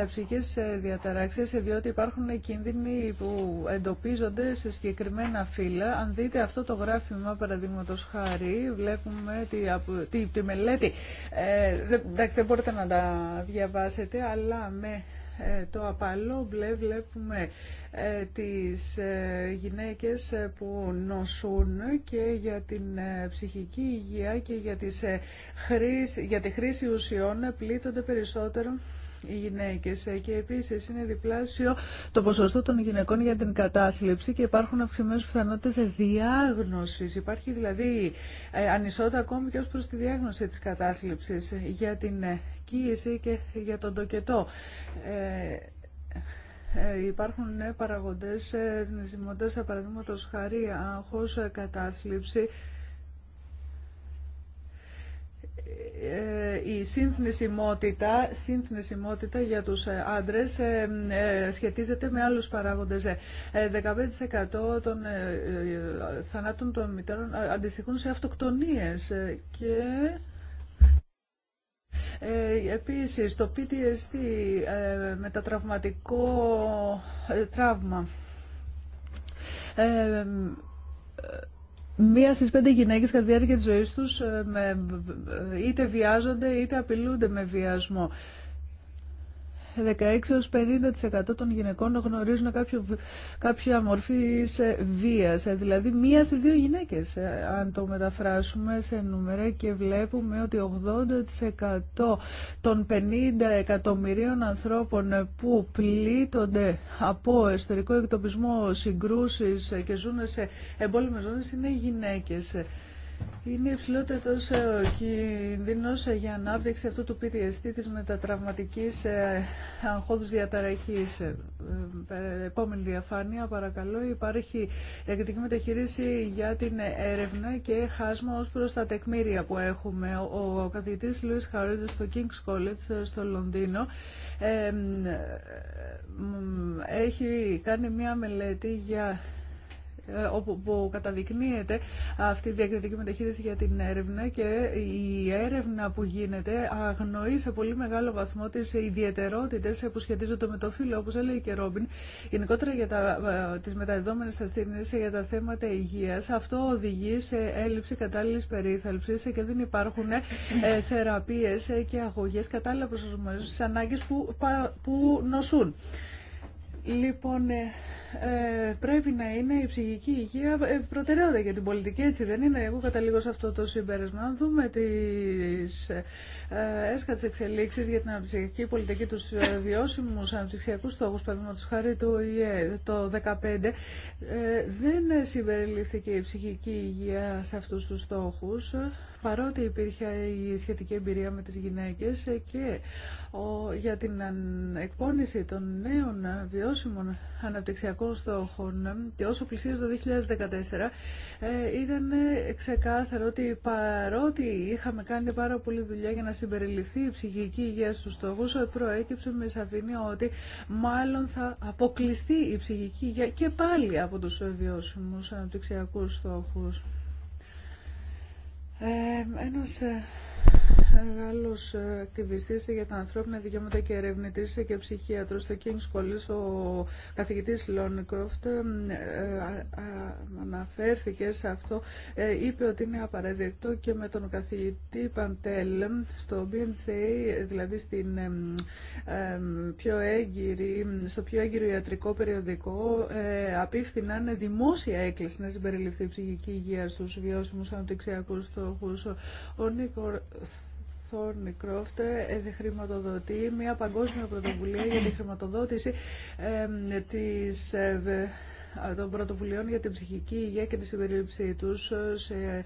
ψυχικές ε, διαταράξεις, ε, διότι υπάρχουν κίνδυνοι που εντοπίζονται σε συγκεκριμένα φύλλα. Αν δείτε αυτό το γράφημα, παραδείγματο χάρη, βλέπουμε τη, τη, τη μελέτη. Ε, εντάξει, δεν μπορείτε να τα διαβάσετε, αλλά με ε, το απαλό μπλε βλέπουμε ε, τις ε, γυναίκες που νοσούν και για την ψυχική υγεία και για, τις, για τη χρήση ουσιών πλήττονται περισσότερο οι γυναίκες και επίσης είναι διπλάσιο το ποσοστό των γυναικών για την κατάθλιψη και υπάρχουν αυξημένες πιθανότητες διάγνωσης. Υπάρχει δηλαδή ανισότητα ακόμη και ως προς τη διάγνωση της κατάθλιψης για την εσύ και για τον τοκετό. Ε, ε υπάρχουν ναι, παραγοντές, ε, συναισθηματές, ε, παραδείγματος χαρή, άγχος, κατάθλιψη, η συνθνησιμότητα, συνθνησιμότητα για τους άντρες σχετίζεται με άλλους παράγοντες. 15% των θανάτων των μητέρων αντιστοιχούν σε αυτοκτονίες και ε, επίσης, το PTSD, ε, μετατραυματικό ε, τραύμα. Μία στις πέντε γυναίκες κατά τη διάρκεια της ζωής τους είτε βιάζονται είτε απειλούνται με βιασμό. 16-50% των γυναικών γνωρίζουν κάποιο, κάποια μορφή βίας, ε, δηλαδή μία στις δύο γυναίκες, ε, αν το μεταφράσουμε σε νούμερα και βλέπουμε ότι 80% των 50 εκατομμυρίων ανθρώπων ε, που πλήττονται από εσωτερικό εκτοπισμό, συγκρούσεις και ζουν σε εμπόλεμες ζώνες είναι γυναίκες. Είναι υψηλότερο ο κίνδυνο για ανάπτυξη αυτού του PTSD τη μετατραυματική ε, αγχώδου διαταραχή. Ε, ε, επόμενη διαφάνεια, παρακαλώ. Υπάρχει διακριτική μεταχείριση για την έρευνα και χάσμα ω προ τα τεκμήρια που έχουμε. Ο καθηγητή Λουί Χαρόντε στο King's College στο Λονδίνο έχει κάνει μία μελέτη για ε, όπου καταδεικνύεται αυτή η διακριτική μεταχείριση για την έρευνα και η έρευνα που γίνεται αγνοεί σε πολύ μεγάλο βαθμό τι ιδιαίτερότητε που σχετίζονται με το φύλλο, όπως έλεγε και Ρόμπιν, γενικότερα για τι ε, τις ασθένειε ασθένειες για τα θέματα υγείας. Αυτό οδηγεί σε έλλειψη κατάλληλη περίθαλψη και δεν υπάρχουν ε, θεραπείες και αγωγέ κατάλληλα προσαρμοσμένε στις ανάγκες που, που νοσούν. Λοιπόν, ε, ε, πρέπει να είναι η ψυχική υγεία ε, προτεραιότητα για την πολιτική, έτσι δεν είναι. Εγώ καταλήγω σε αυτό το συμπέρασμα. Αν δούμε τι ε, ε έσκατε εξελίξει για την αναψυχική πολιτική, του βιώσιμου αναψυχιακού στόχου, παραδείγματο χάρη του ΙΕ το 2015, ε, δεν συμπεριληφθήκε η ψυχική υγεία σε αυτού του στόχου παρότι υπήρχε η σχετική εμπειρία με τις γυναίκες και για την εκπόνηση των νέων βιώσιμων αναπτυξιακών στόχων και όσο πλησίαζε το 2014 ε, ήταν ξεκάθαρο ότι παρότι είχαμε κάνει πάρα πολλή δουλειά για να συμπεριληφθεί η ψυχική υγεία στους στόχους προέκυψε με σαφήνεια ότι μάλλον θα αποκλειστεί η ψυχική υγεία και πάλι από τους βιώσιμους αναπτυξιακούς στόχους. Ε, ένας ε, Γάλλος ε, ακτιβιστής για τα ανθρώπινα δικαιώματα και ερευνητής και ψυχίατρος στο King's College, ο καθηγητής Λόνικροφτ ε, ε, αναφέρθηκε σε αυτό, είπε ότι είναι απαραίτητο και με τον καθηγητή Παντέλ στο BNC, δηλαδή στην πιο έγκυρη, στο πιο έγκυρο ιατρικό περιοδικό, απίφθηναν δημόσια έκκληση να συμπεριληφθεί η ψυχική υγεία στους βιώσιμους αναπτυξιακούς στόχους. Ο Νίκορ Thorne Croft ε, χρηματοδοτεί μια παγκόσμια πρωτοβουλία για τη χρηματοδότηση της ε, των πρωτοβουλειών για την ψυχική υγεία και τη συμπερίληψή του σε,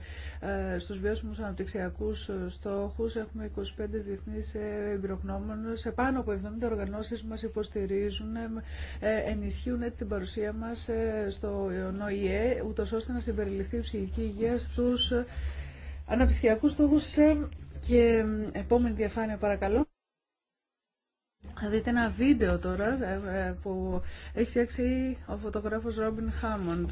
ε, στους βιώσιμους αναπτυξιακούς στόχους. Έχουμε 25 διεθνεί εμπειρογνώμονες. Σε πάνω από 70 οργανώσεις μας υποστηρίζουν, ενισχύουν έτσι την παρουσία μας στο ΝΟΗΕ, ούτω ώστε να συμπεριληφθεί η ψυχική υγεία στους αναπτυξιακούς στόχους και επόμενη διαφάνεια παρακαλώ. Θα δείτε ένα βίντεο τώρα ε, ε, που έχει φτιάξει ο φωτογράφος Ρόμπιν Χάμοντ.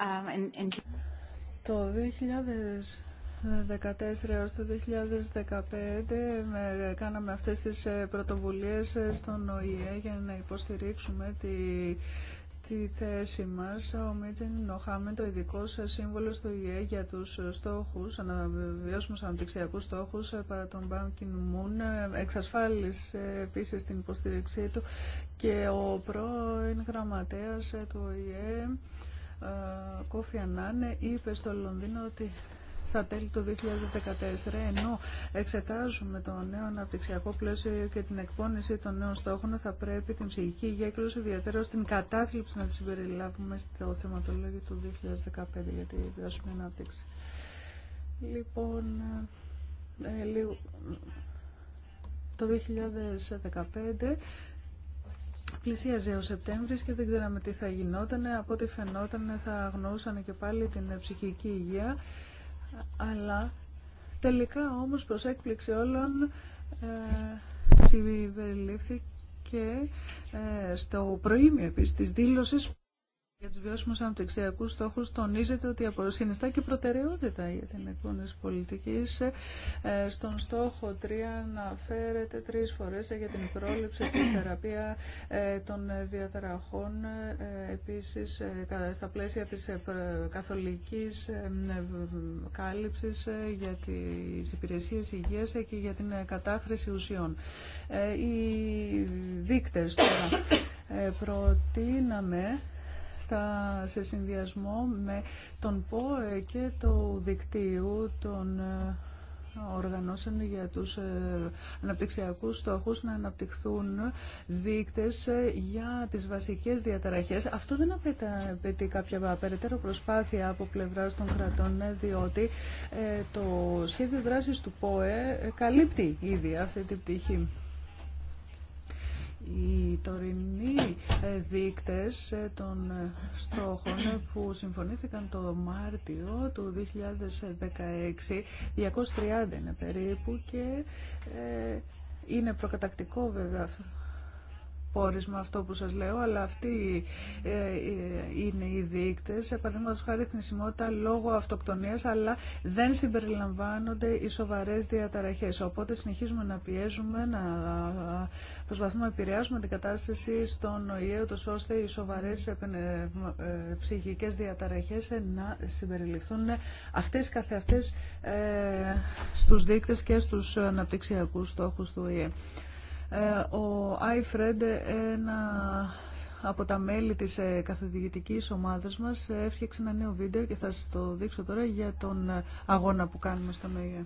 Um, το 2014 έως το 2015 κάναμε αυτές τις ε, πρωτοβουλίες ε, στον ΟΗΕ για να υποστηρίξουμε τη τη θέση μας. Ο Μίτσιν Νοχάμεν, το ειδικό σύμβολο του ΙΕ για τους στόχους, αναβιώσιμους αναπτυξιακούς στόχους ε, παρά τον Μπάνκιν Μουν, ε, εξασφάλισε επίσης την υποστήριξή του και ο πρώην γραμματέας ε, του ΙΕ, Κόφι Ανάνε, είπε στο Λονδίνο ότι στα τέλη του 2014, ενώ εξετάζουμε το νέο αναπτυξιακό πλαίσιο και την εκπόνηση των νέων στόχων, θα πρέπει την ψυχική γέκλωση, ιδιαίτερα στην κατάθλιψη, να τη συμπεριλάβουμε στο θεματολόγιο του 2015 για τη βιώσιμη ανάπτυξη. Λοιπόν, ε, το 2015 πλησίαζε ο Σεπτέμβρη και δεν ξέραμε τι θα γινόταν. Από ό,τι φαινόταν θα αγνοούσαν και πάλι την ψυχική υγεία αλλά τελικά όμως προς έκπληξη όλων ε, συμπεριλήφθηκε ε, στο προήμιο επίσης της δήλωσης για του βιώσιμου αναπτυξιακού στόχου τονίζεται ότι συνιστά και προτεραιότητα για την εκπόνηση πολιτική ε, ε, στον στόχο 3 αναφέρεται τρεις φορές ε, για την πρόληψη και θεραπεία των διαταραχών. επίσης, στα πλαίσια της καθολικής κάλυψης για τις υπηρεσίες υγείας και για την κατάχρηση ουσιών. οι δείκτε τώρα. προτείναμε στα, σε συνδυασμό με τον ΠΟΕ και το δικτύου των ε, οργανώσεων για τους ε, αναπτυξιακούς στόχους να αναπτυχθούν δείκτες ε, για τις βασικές διαταραχές. Αυτό δεν απαιτεί κάποια περαιτέρω προσπάθεια από πλευράς των κρατών, διότι το σχέδιο δράσης του ΠΟΕ καλύπτει ήδη αυτή την πτυχή. Οι τωρινοί ε, δείκτες ε, των ε, στόχων που συμφωνήθηκαν το Μάρτιο του 2016, 230 είναι περίπου και είναι προκατακτικό βέβαια αυτό πόρισμα αυτό που σας λέω, αλλά αυτοί ε, ε, είναι οι δείκτες. Ε, παραδείγματος χάρη θνησιμότητα λόγω αυτοκτονίας, αλλά δεν συμπεριλαμβάνονται οι σοβαρές διαταραχές. Οπότε συνεχίζουμε να πιέζουμε, να προσπαθούμε να επηρεάσουμε την κατάσταση στον ΟΗΕ, ώστε οι σοβαρές ψυχικές διαταραχές να συμπεριληφθούν αυτές καθεαυτές στους δείκτες και στους αναπτυξιακούς στόχους του ΟΗΕ. Ε, ο Άιφρεντ, ένα από τα μέλη της ε, καθοδηγητικής ομάδας μας, έφτιαξε ένα νέο βίντεο και θα σας το δείξω τώρα για τον ε, αγώνα που κάνουμε στα ΜΕΓΕ.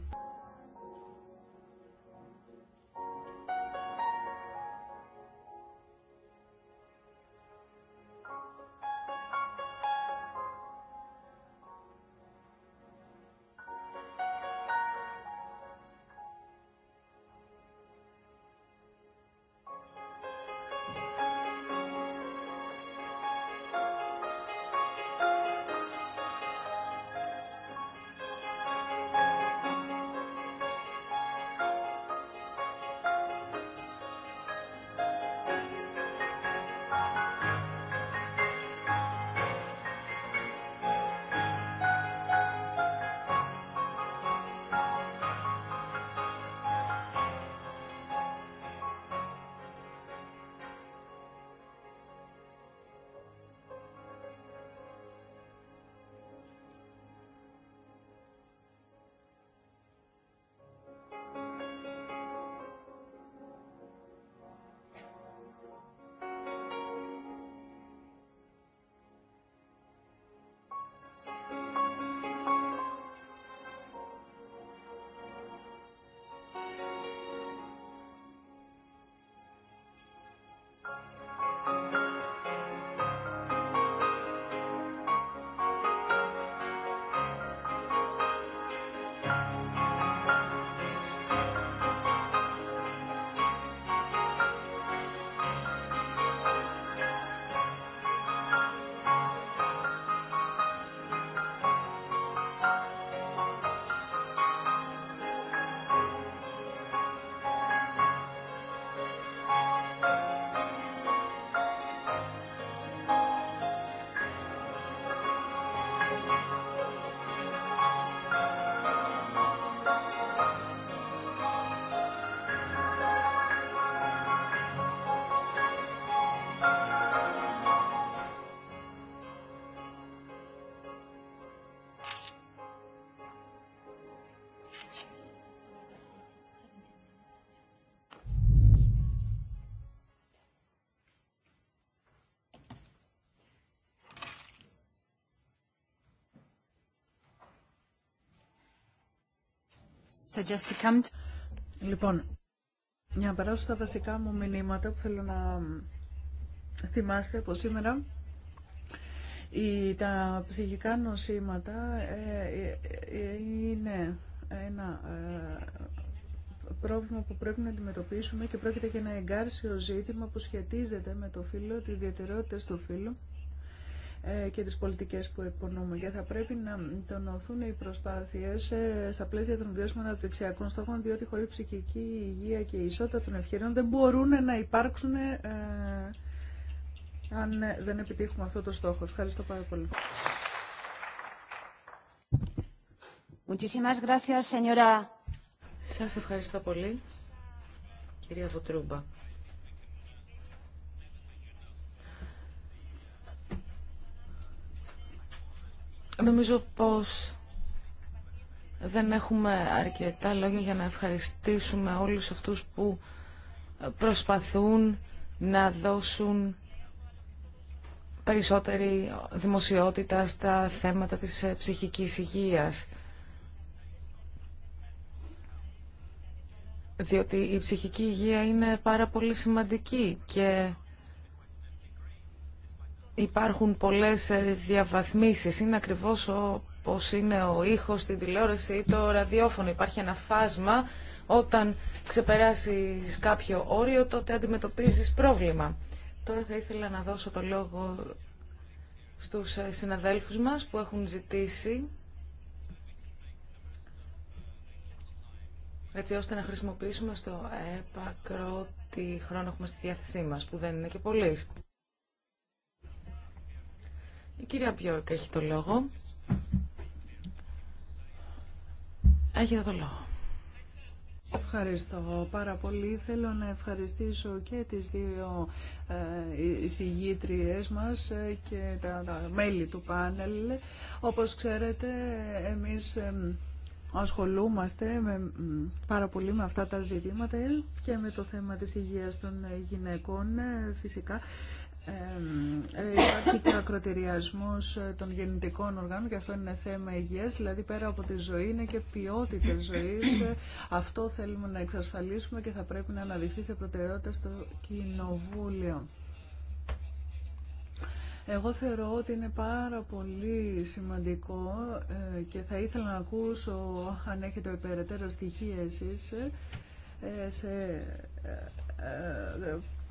Λοιπόν, για να περάσω στα βασικά μου μηνύματα που θέλω να θυμάστε από σήμερα, η, τα ψυχικά νοσήματα ε, ε, ε, είναι ένα πρόβλημα που πρέπει να αντιμετωπίσουμε και πρόκειται για ένα εγκάρσιο ζήτημα που σχετίζεται με το φύλλο, τις ιδιαιτερότητες του φύλλου. Ε, και τις πολιτικές που επονούμε Και θα πρέπει να τονωθούν οι προσπάθειες ε, στα πλαίσια των βιώσιμων αναπτυξιακών στόχων, διότι χωρίς ψυχική υγεία και ισότητα των ευκαιριών δεν μπορούν να υπάρξουν ε, αν δεν επιτύχουμε αυτό το στόχο. Ευχαριστώ πάρα πολύ. Muchísimas Σας ευχαριστώ πολύ, κυρία Βοτρούμπα. Νομίζω πως δεν έχουμε αρκετά λόγια για να ευχαριστήσουμε όλους αυτούς που προσπαθούν να δώσουν περισσότερη δημοσιότητα στα θέματα της ε, ψυχικής υγείας. Διότι η ψυχική υγεία είναι πάρα πολύ σημαντική και υπάρχουν πολλές ε, διαβαθμίσεις. Είναι ακριβώς όπως είναι ο ήχος στην τηλεόραση ή το ραδιόφωνο. Υπάρχει ένα φάσμα. Όταν ξεπεράσεις κάποιο όριο, τότε αντιμετωπίζεις πρόβλημα. Τώρα θα ήθελα να δώσω το λόγο στους ε, συναδέλφους μας που έχουν ζητήσει έτσι ώστε να χρησιμοποιήσουμε στο έπακρο τη χρόνο έχουμε στη διάθεσή μας, που δεν είναι και πολλοί. Η κυρία Μπιόρκ έχει το λόγο. Έχει το λόγο. Ευχαριστώ πάρα πολύ. Θέλω να ευχαριστήσω και τις δύο ε, εισηγήτριες μας ε, και τα, μέλη του πάνελ. Όπως ξέρετε, εμείς ε, ασχολούμαστε με, πάρα πολύ με αυτά τα ζητήματα και με το θέμα της υγείας των γυναικών φυσικά υπάρχει και ο ε, των γεννητικών οργάνων και αυτό είναι θέμα υγείας, δηλαδή πέρα από τη ζωή είναι και ποιότητα ζωής. Ε, αυτό θέλουμε να εξασφαλίσουμε και θα πρέπει να αναδειχθεί σε προτεραιότητα στο Κοινοβούλιο. Εγώ θεωρώ ότι είναι πάρα πολύ σημαντικό ε, και θα ήθελα να ακούσω αν έχετε περαιτέρω στοιχεία εσείς σε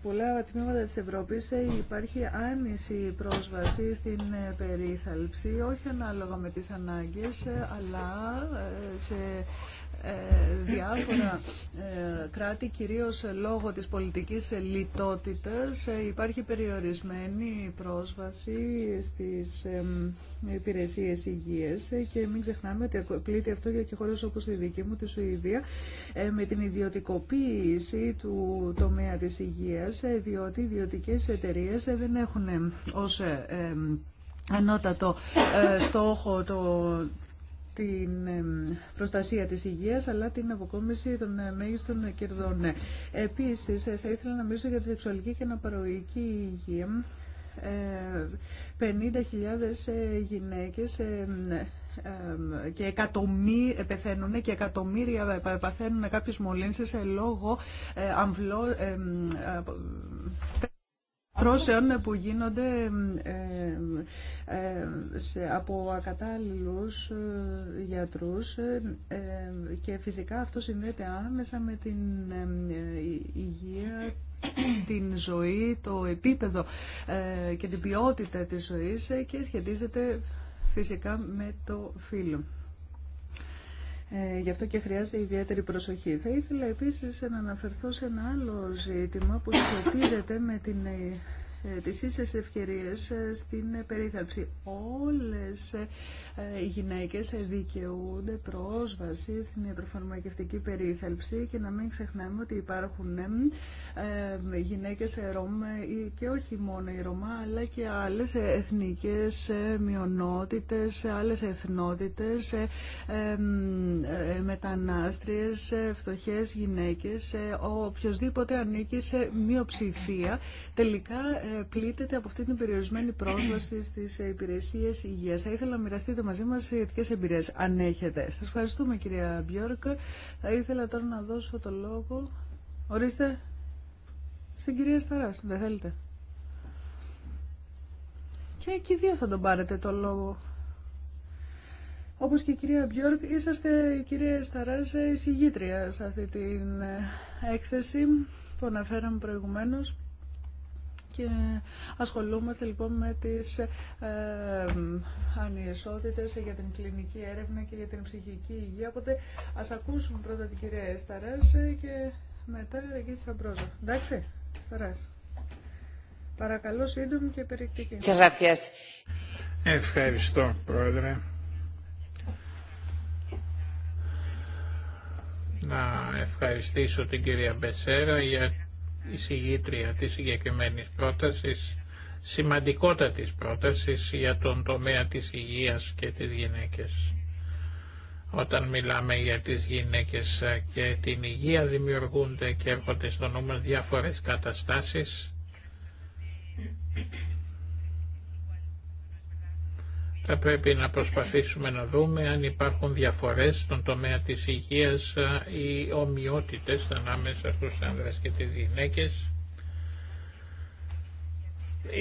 πολλά τμήματα της Ευρώπης ε, υπάρχει άνηση πρόσβαση στην ε, περίθαλψη, όχι ανάλογα με τις ανάγκες, ε, αλλά σε ε, διάφορα ε, κράτη, κυρίως λόγω της πολιτικής λιτότητας, ε, υπάρχει περιορισμένη πρόσβαση στις υπηρεσίες υγείας και μην ξεχνάμε ότι πλήττει αυτό για και χώρες όπως η δική μου, τη Σουηδία, με την ιδιωτικοποίηση του τομέα της υγείας, διότι οι ιδιωτικές εταιρείες δεν έχουν ως ανώτατο στόχο το την προστασία της υγείας αλλά την αποκόμιση των ε, μέγιστων κερδών. Επίσης, ε, θα ήθελα να μιλήσω για τη σεξουαλική και αναπαραγωγική υγεία. 50.000 ε, γυναίκες και εκατομμύρια πεθαίνουν και εκατομμύρια παθαίνουν κάποιες μολύνσεις λόγω αμβλό, εκτρώσεων που γίνονται ε, ε, από ακατάλληλους ε, γιατρούς και φυσικά αυτό συνδέεται άμεσα με την υγεία την ζωή, το επίπεδο και την ποιότητα της ζωής και σχετίζεται φυσικά με το φύλλο. Ε, γι' αυτό και χρειάζεται ιδιαίτερη προσοχή. Θα ήθελα επίσης να αναφερθώ σε ένα άλλο ζήτημα που σχετίζεται με την ε, ε, τις ίσες ευκαιρίες ε, στην περίθαλψη. Όλες ε, οι γυναίκες δικαιούνται πρόσβαση στην ιατροφαρμακευτική περίθαλψη και να μην ξεχνάμε ότι υπάρχουν γυναίκες Ρώμα και όχι μόνο οι Ρωμά αλλά και άλλες εθνικές μειονότητες, άλλες εθνότητες, μετανάστριες, φτωχές γυναίκες, οποιοδήποτε ανήκει σε μειοψηφία. Τελικά πλήττεται από αυτή την περιορισμένη πρόσβαση στις υπηρεσίες υγείας. Θα ήθελα να μοιραστείτε μαζί μας σχετικές εμπειρίες, αν έχετε. Σας ευχαριστούμε κυρία Μπιόρκ. Θα ήθελα τώρα να δώσω το λόγο. Ορίστε, στην κυρία Σταράς, δεν θέλετε. Και εκεί δύο θα τον πάρετε το λόγο. Όπως και η κυρία Μπιόρκ, είσαστε η κυρία Σταράς εισηγήτρια σε αυτή την ε, έκθεση που αναφέραμε προηγουμένως και ασχολούμαστε λοιπόν με τις ε, για την κλινική έρευνα και για την ψυχική υγεία. Οπότε ας ακούσουμε πρώτα την κυρία Έσταρας και μετά η Σαμπρόζα. Εντάξει, Έσταρας. Παρακαλώ σύντομη και περιεκτική. Ευχαριστώ Πρόεδρε. Να ευχαριστήσω την κυρία Μπεσέρα για εισηγήτρια της συγκεκριμένης πρότασης, σημαντικότατης πρότασης για τον τομέα της υγείας και τις γυναίκες. Όταν μιλάμε για τις γυναίκες και την υγεία δημιουργούνται και έρχονται στο νου διάφορες καταστάσεις θα πρέπει να προσπαθήσουμε να δούμε αν υπάρχουν διαφορές στον τομέα της υγείας ή ομοιότητες ανάμεσα στους άνδρες και τις γυναίκες.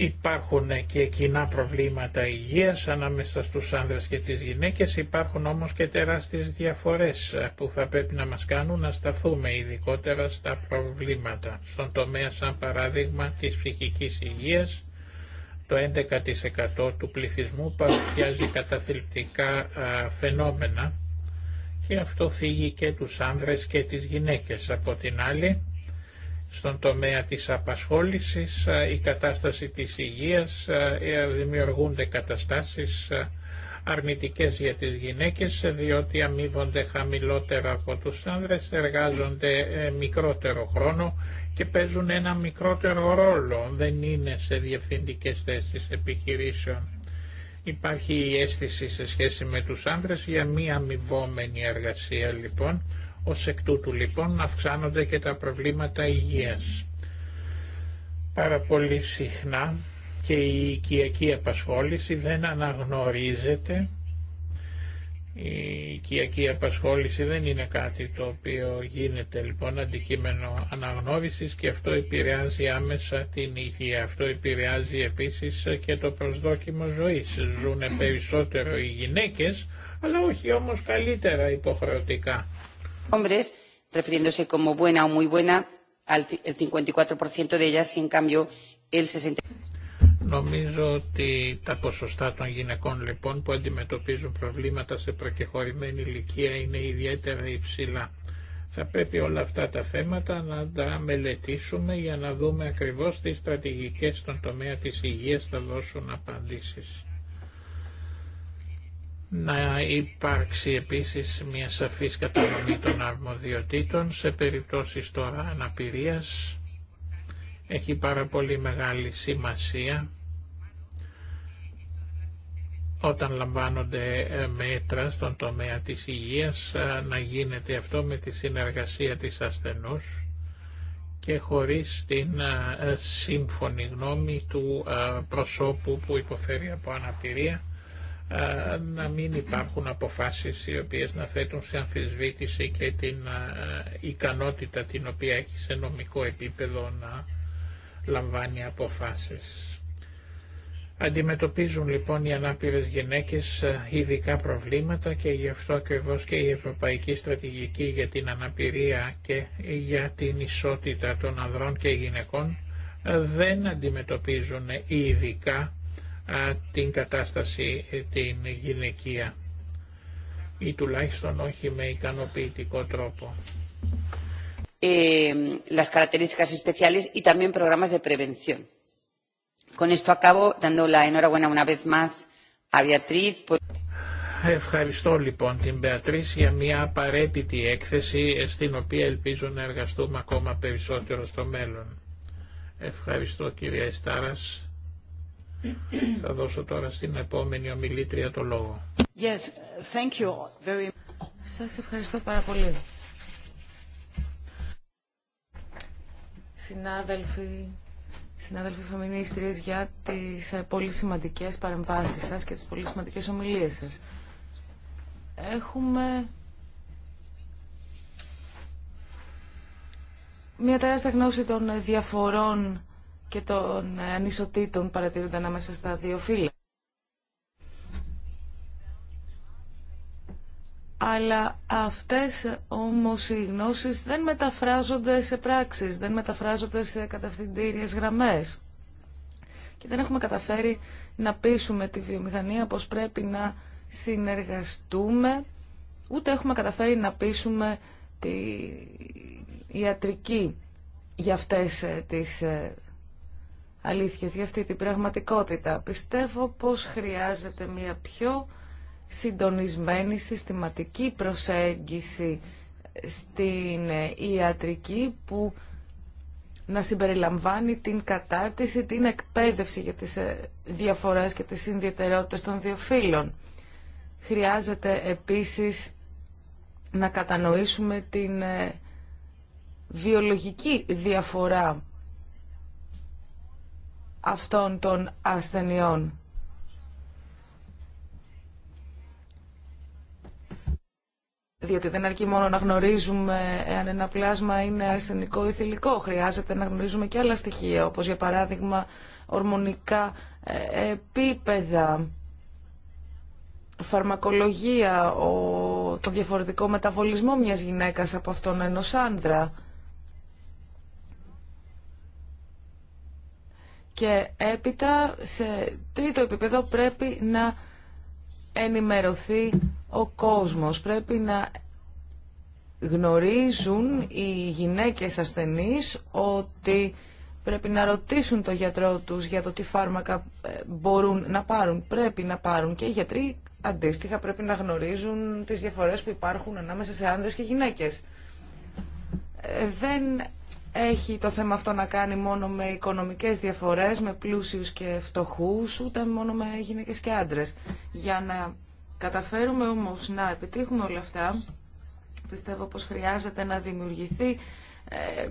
Υπάρχουν και κοινά προβλήματα υγείας ανάμεσα στους άνδρες και τις γυναίκες, υπάρχουν όμως και τεράστιες διαφορές που θα πρέπει να μας κάνουν να σταθούμε ειδικότερα στα προβλήματα. Στον τομέα σαν παράδειγμα της ψυχικής υγείας το 11% του πληθυσμού παρουσιάζει καταθλιπτικά φαινόμενα και αυτό φύγει και τους άνδρες και τις γυναίκες. Από την άλλη, στον τομέα της απασχόλησης, η κατάσταση της υγείας, ε, δημιουργούνται καταστάσεις αρνητικές για τις γυναίκες διότι αμείβονται χαμηλότερα από τους άνδρες, εργάζονται ε, μικρότερο χρόνο και παίζουν ένα μικρότερο ρόλο, δεν είναι σε διευθυντικές θέσεις επιχειρήσεων. Υπάρχει η αίσθηση σε σχέση με τους άνδρες για μη αμοιβόμενη εργασία λοιπόν, ως εκ τούτου λοιπόν αυξάνονται και τα προβλήματα υγείας. Πάρα πολύ συχνά και η οικιακή απασχόληση δεν αναγνωρίζεται η οικιακή απασχόληση δεν είναι κάτι το οποίο γίνεται λοιπόν αντικείμενο αναγνώρισης και αυτό επηρεάζει άμεσα την υγεία. Αυτό επηρεάζει επίσης και το προσδόκιμο ζωής. Ζούνε περισσότερο οι γυναίκες, αλλά όχι όμως καλύτερα υποχρεωτικά. refiriéndose como buena o muy buena, 54% de ellas, cambio, Νομίζω ότι τα ποσοστά των γυναικών λοιπόν που αντιμετωπίζουν προβλήματα σε προκεχωρημένη ηλικία είναι ιδιαίτερα υψηλά. Θα πρέπει όλα αυτά τα θέματα να τα μελετήσουμε για να δούμε ακριβώς τι στρατηγικές στον τομέα της υγείας θα δώσουν απαντήσεις. Να υπάρξει επίσης μια σαφής κατανομή των αρμοδιοτήτων σε περιπτώσεις τώρα αναπηρίας. Έχει πάρα πολύ μεγάλη σημασία όταν λαμβάνονται ε, μέτρα στον τομέα της υγείας ε, να γίνεται αυτό με τη συνεργασία της ασθενούς και χωρίς την ε, σύμφωνη γνώμη του προσώπου που υποφέρει από αναπηρία να μην υπάρχουν αποφάσεις οι οποίες να θέτουν σε αμφισβήτηση και την ικανότητα την οποία έχει σε νομικό επίπεδο να λαμβάνει αποφάσεις. Αντιμετωπίζουν λοιπόν οι ανάπηρες γυναίκες ε, ειδικά προβλήματα και γι' αυτό ακριβώ και η Ευρωπαϊκή Στρατηγική για την Αναπηρία και για την Ισότητα των Ανδρών και Γυναικών ε, δεν αντιμετωπίζουν ειδικά ε, την κατάσταση την γυναικεία ή τουλάχιστον όχι με ικανοποιητικό τρόπο. las características especiales y también programas de prevención. Ευχαριστώ λοιπόν την Μπεατρίς για μια απαραίτητη έκθεση στην οποία ελπίζω να εργαστούμε ακόμα περισσότερο στο μέλλον. Ευχαριστώ κυρία Εστάρας. Θα δώσω τώρα στην επόμενη ομιλήτρια το λόγο. Yes, thank you very... Σας ευχαριστώ πάρα πολύ. Συνάδελφοι, συνάδελφοι φεμινίστριες, για τις ε, πολύ σημαντικές παρεμβάσεις σας και τις πολύ σημαντικές ομιλίες σας. Έχουμε μια τεράστια γνώση των διαφορών και των ε, ανισοτήτων παρατηρούνται ανάμεσα στα δύο φύλλα. αλλά αυτές όμως οι γνώσεις δεν μεταφράζονται σε πράξεις, δεν μεταφράζονται σε κατευθυντήριες γραμμές. Και δεν έχουμε καταφέρει να πείσουμε τη βιομηχανία πως πρέπει να συνεργαστούμε, ούτε έχουμε καταφέρει να πείσουμε τη ιατρική για αυτές ε, τις ε, αλήθειες, για αυτή την πραγματικότητα. Πιστεύω πως χρειάζεται μια πιο συντονισμένη συστηματική προσέγγιση στην ιατρική που να συμπεριλαμβάνει την κατάρτιση, την εκπαίδευση για τις ε, διαφορές και τις συνδιαιτερότητες των δύο φύλων. Χρειάζεται επίσης να κατανοήσουμε την ε, βιολογική διαφορά αυτών των ασθενειών. Διότι δεν αρκεί μόνο να γνωρίζουμε εάν ένα πλάσμα είναι αρσενικό ή θηλυκό. Χρειάζεται να γνωρίζουμε και άλλα στοιχεία, όπως για παράδειγμα ορμονικά ε, επίπεδα, φαρμακολογία, ο, το διαφορετικό μεταβολισμό μιας γυναίκας από αυτόν ενός άντρα. Και έπειτα, σε τρίτο επίπεδο, πρέπει να ενημερωθεί ο κόσμος. Πρέπει να γνωρίζουν οι γυναίκες ασθενείς ότι πρέπει να ρωτήσουν το γιατρό τους για το τι φάρμακα ε, μπορούν να πάρουν, πρέπει να πάρουν και οι γιατροί αντίστοιχα πρέπει να γνωρίζουν τις διαφορές που υπάρχουν ανάμεσα σε άνδρες και γυναίκες. Ε, δεν έχει το θέμα αυτό να κάνει μόνο με οικονομικές διαφορές, με πλούσιους και φτωχούς, ούτε μόνο με γυναίκες και άντρες. Για καταφέρουμε όμως να επιτύχουμε όλα αυτά, πιστεύω πως χρειάζεται να δημιουργηθεί ε,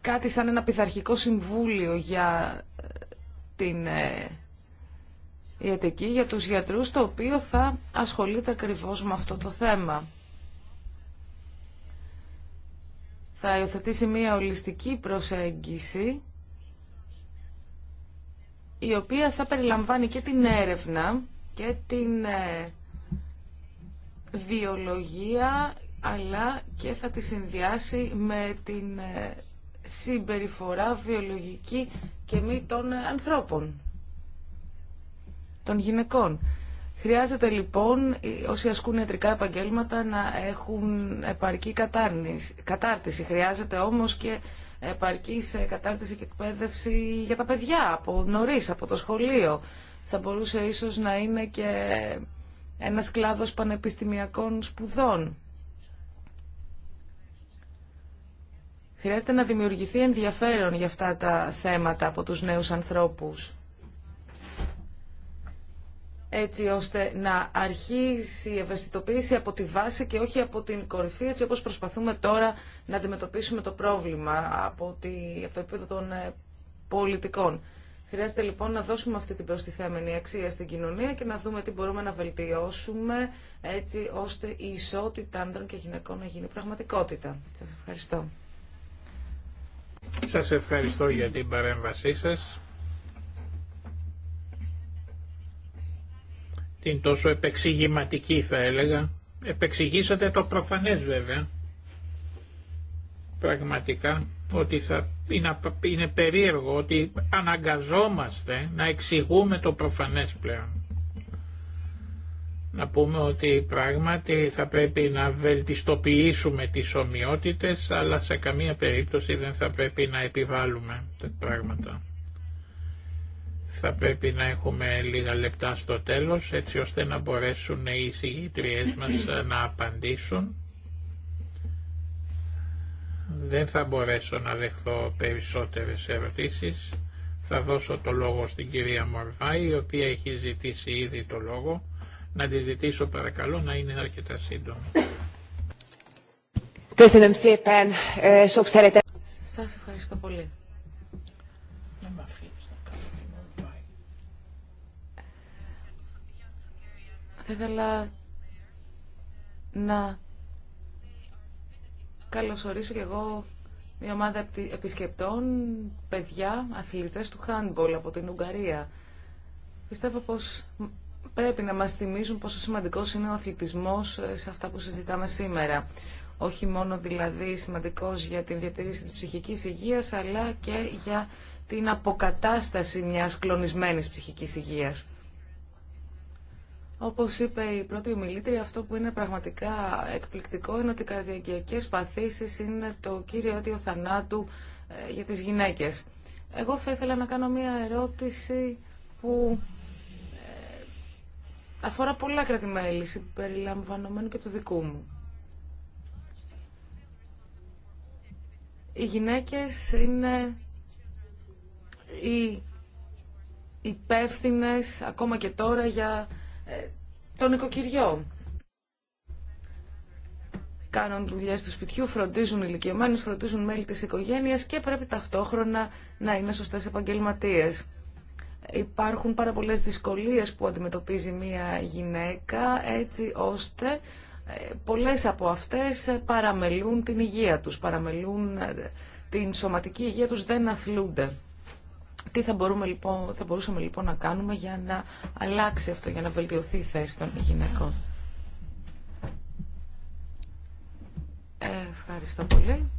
κάτι σαν ένα πειθαρχικό συμβούλιο για ε, την ε, ιατρική, για τους γιατρούς, το οποίο θα ασχολείται ακριβώς με αυτό το θέμα. Θα υιοθετήσει μία ολιστική προσέγγιση, η οποία θα περιλαμβάνει και την έρευνα, και την ε, βιολογία αλλά και θα τη συνδυάσει με την ε, συμπεριφορά βιολογική και μη των ε, ανθρώπων, των γυναικών. Χρειάζεται λοιπόν όσοι ασκούν ιατρικά επαγγέλματα να έχουν επαρκή κατάρτιση. Χρειάζεται όμως και επαρκή κατάρτιση και εκπαίδευση για τα παιδιά από νωρίς, από το σχολείο θα μπορούσε ίσως να είναι και ένας κλάδος πανεπιστημιακών σπουδών. Χρειάζεται να δημιουργηθεί ενδιαφέρον για αυτά τα θέματα από τους νέους ανθρώπους έτσι ώστε να αρχίσει η ευαισθητοποίηση από τη βάση και όχι από την κορυφή, έτσι όπως προσπαθούμε τώρα να αντιμετωπίσουμε το πρόβλημα από, τη, από το επίπεδο των ε, πολιτικών. Χρειάζεται λοιπόν να δώσουμε αυτή την προστιθέμενη αξία στην κοινωνία και να δούμε τι μπορούμε να βελτιώσουμε έτσι ώστε η ισότητα άντρων και γυναικών να γίνει πραγματικότητα. Σας ευχαριστώ. Σας ευχαριστώ για την παρέμβασή σας. Την τόσο επεξηγηματική θα έλεγα. Επεξηγήσατε το προφανές βέβαια. Πραγματικά ότι θα είναι, είναι περίεργο ότι αναγκαζόμαστε να εξηγούμε το προφανές πλέον. Να πούμε ότι πράγματι θα πρέπει να βελτιστοποιήσουμε τις ομοιότητες, αλλά σε καμία περίπτωση δεν θα πρέπει να επιβάλλουμε τα πράγματα. Θα πρέπει να έχουμε λίγα λεπτά στο τέλος, έτσι ώστε να μπορέσουν οι συγκεκριές μας να απαντήσουν δεν θα μπορέσω να δεχθώ περισσότερες ερωτήσεις. Θα δώσω το λόγο στην κυρία Μορβάη, η οποία έχει ζητήσει ήδη το λόγο. Να τη ζητήσω παρακαλώ να είναι αρκετά σύντομη. Σας ευχαριστώ πολύ. Θα ήθελα να καλωσορίσω και εγώ μια ομάδα επισκεπτών, παιδιά, αθλητές του handball από την Ουγγαρία. Πιστεύω πως πρέπει να μας θυμίζουν πόσο σημαντικός είναι ο αθλητισμός ε, σε αυτά που συζητάμε σήμερα. Όχι μόνο δηλαδή σημαντικός για την διατήρηση της ψυχικής υγείας, αλλά και για την αποκατάσταση μιας κλονισμένης ψυχικής υγείας. Όπω είπε η πρώτη ομιλήτρια, αυτό που είναι πραγματικά εκπληκτικό είναι ότι οι καρδιακιακέ παθήσει είναι το κύριο αίτιο θανάτου ε, για τις γυναίκες. Εγώ θα ήθελα να κάνω μία ερώτηση που ε, αφορά πολλά κρατημέλη, συμπεριλαμβανομένου και του δικού μου. Οι γυναίκες είναι οι υπεύθυνε ακόμα και τώρα για ε, των οικοκυριών. Κάνουν δουλειέ του σπιτιού, φροντίζουν ηλικιωμένου, φροντίζουν μέλη της οικογένεια και πρέπει ταυτόχρονα να είναι σωστέ επαγγελματίε. Υπάρχουν πάρα πολλέ δυσκολίε που αντιμετωπίζει μία γυναίκα έτσι ώστε ε, πολλές από αυτές παραμελούν την υγεία τους, παραμελούν ε, την σωματική υγεία τους, δεν αθλούνται. Τι θα, μπορούμε, λοιπόν, θα μπορούσαμε λοιπόν να κάνουμε για να αλλάξει αυτό, για να βελτιωθεί η θέση των γυναικών. Ευχαριστώ πολύ.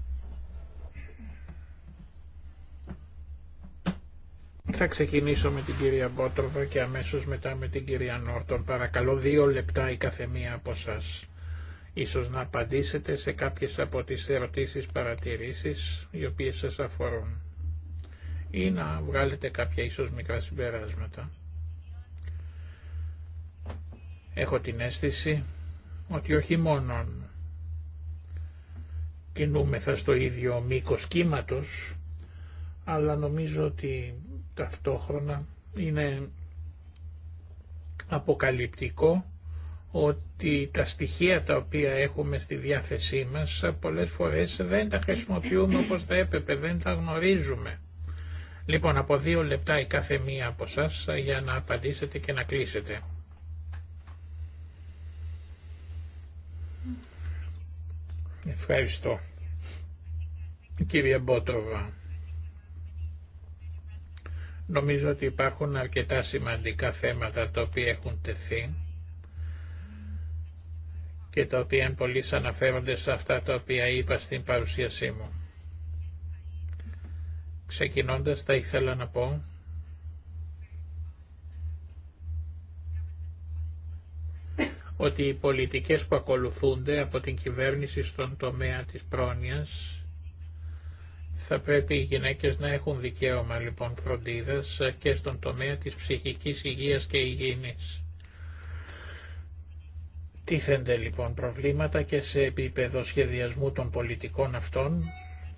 Θα ξεκινήσω με την κυρία Μπότροβα και αμέσως μετά με την κυρία Νόρτον. Παρακαλώ δύο λεπτά η καθεμία από σας. Ίσως να απαντήσετε σε κάποιες από τις ερωτήσεις παρατηρήσεις οι οποίες σας αφορούν ή να βγάλετε κάποια ίσως μικρά συμπεράσματα. Έχω την αίσθηση ότι όχι μόνο κινούμεθα στο ίδιο μήκος κύματος, αλλά νομίζω ότι ταυτόχρονα είναι αποκαλυπτικό ότι τα στοιχεία τα οποία έχουμε στη διάθεσή μας πολλές φορές δεν τα χρησιμοποιούμε όπως θα έπρεπε, δεν τα γνωρίζουμε. Λοιπόν, από δύο λεπτά η κάθε μία από εσά για να απαντήσετε και να κλείσετε. Ευχαριστώ. Κύριε Μπότοβα, νομίζω ότι υπάρχουν αρκετά σημαντικά θέματα τα οποία έχουν τεθεί και τα οποία πολλοί αναφέρονται σε αυτά τα οποία είπα στην παρουσίασή μου. Ξεκινώντας θα ήθελα να πω ότι οι πολιτικές που ακολουθούνται από την κυβέρνηση στον τομέα της πρόνοιας θα πρέπει οι γυναίκες να έχουν δικαίωμα λοιπόν φροντίδας και στον τομέα της ψυχικής υγείας και υγιεινής. Τίθενται λοιπόν προβλήματα και σε επίπεδο σχεδιασμού των πολιτικών αυτών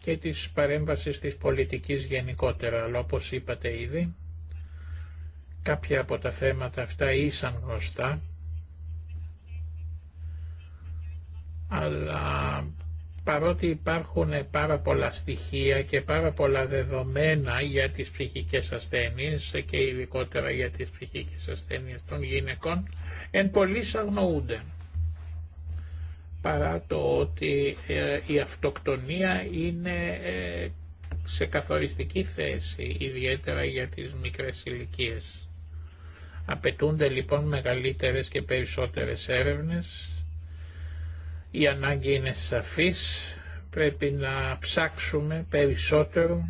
και της παρέμβασης της πολιτικής γενικότερα, αλλά όπως είπατε ήδη, κάποια από τα θέματα αυτά ήσαν γνωστά, αλλά παρότι υπάρχουν πάρα πολλά στοιχεία και πάρα πολλά δεδομένα για τις ψυχικές ασθένειες και ειδικότερα για τις ψυχικές ασθένειες των γυναικών, εν πολύ αγνοούνται παρά το ότι ε, η αυτοκτονία είναι ε, σε καθοριστική θέση, ιδιαίτερα για τις μικρές ηλικίε. Απαιτούνται λοιπόν μεγαλύτερες και περισσότερες έρευνες, η ανάγκη είναι σαφής, πρέπει να ψάξουμε περισσότερο,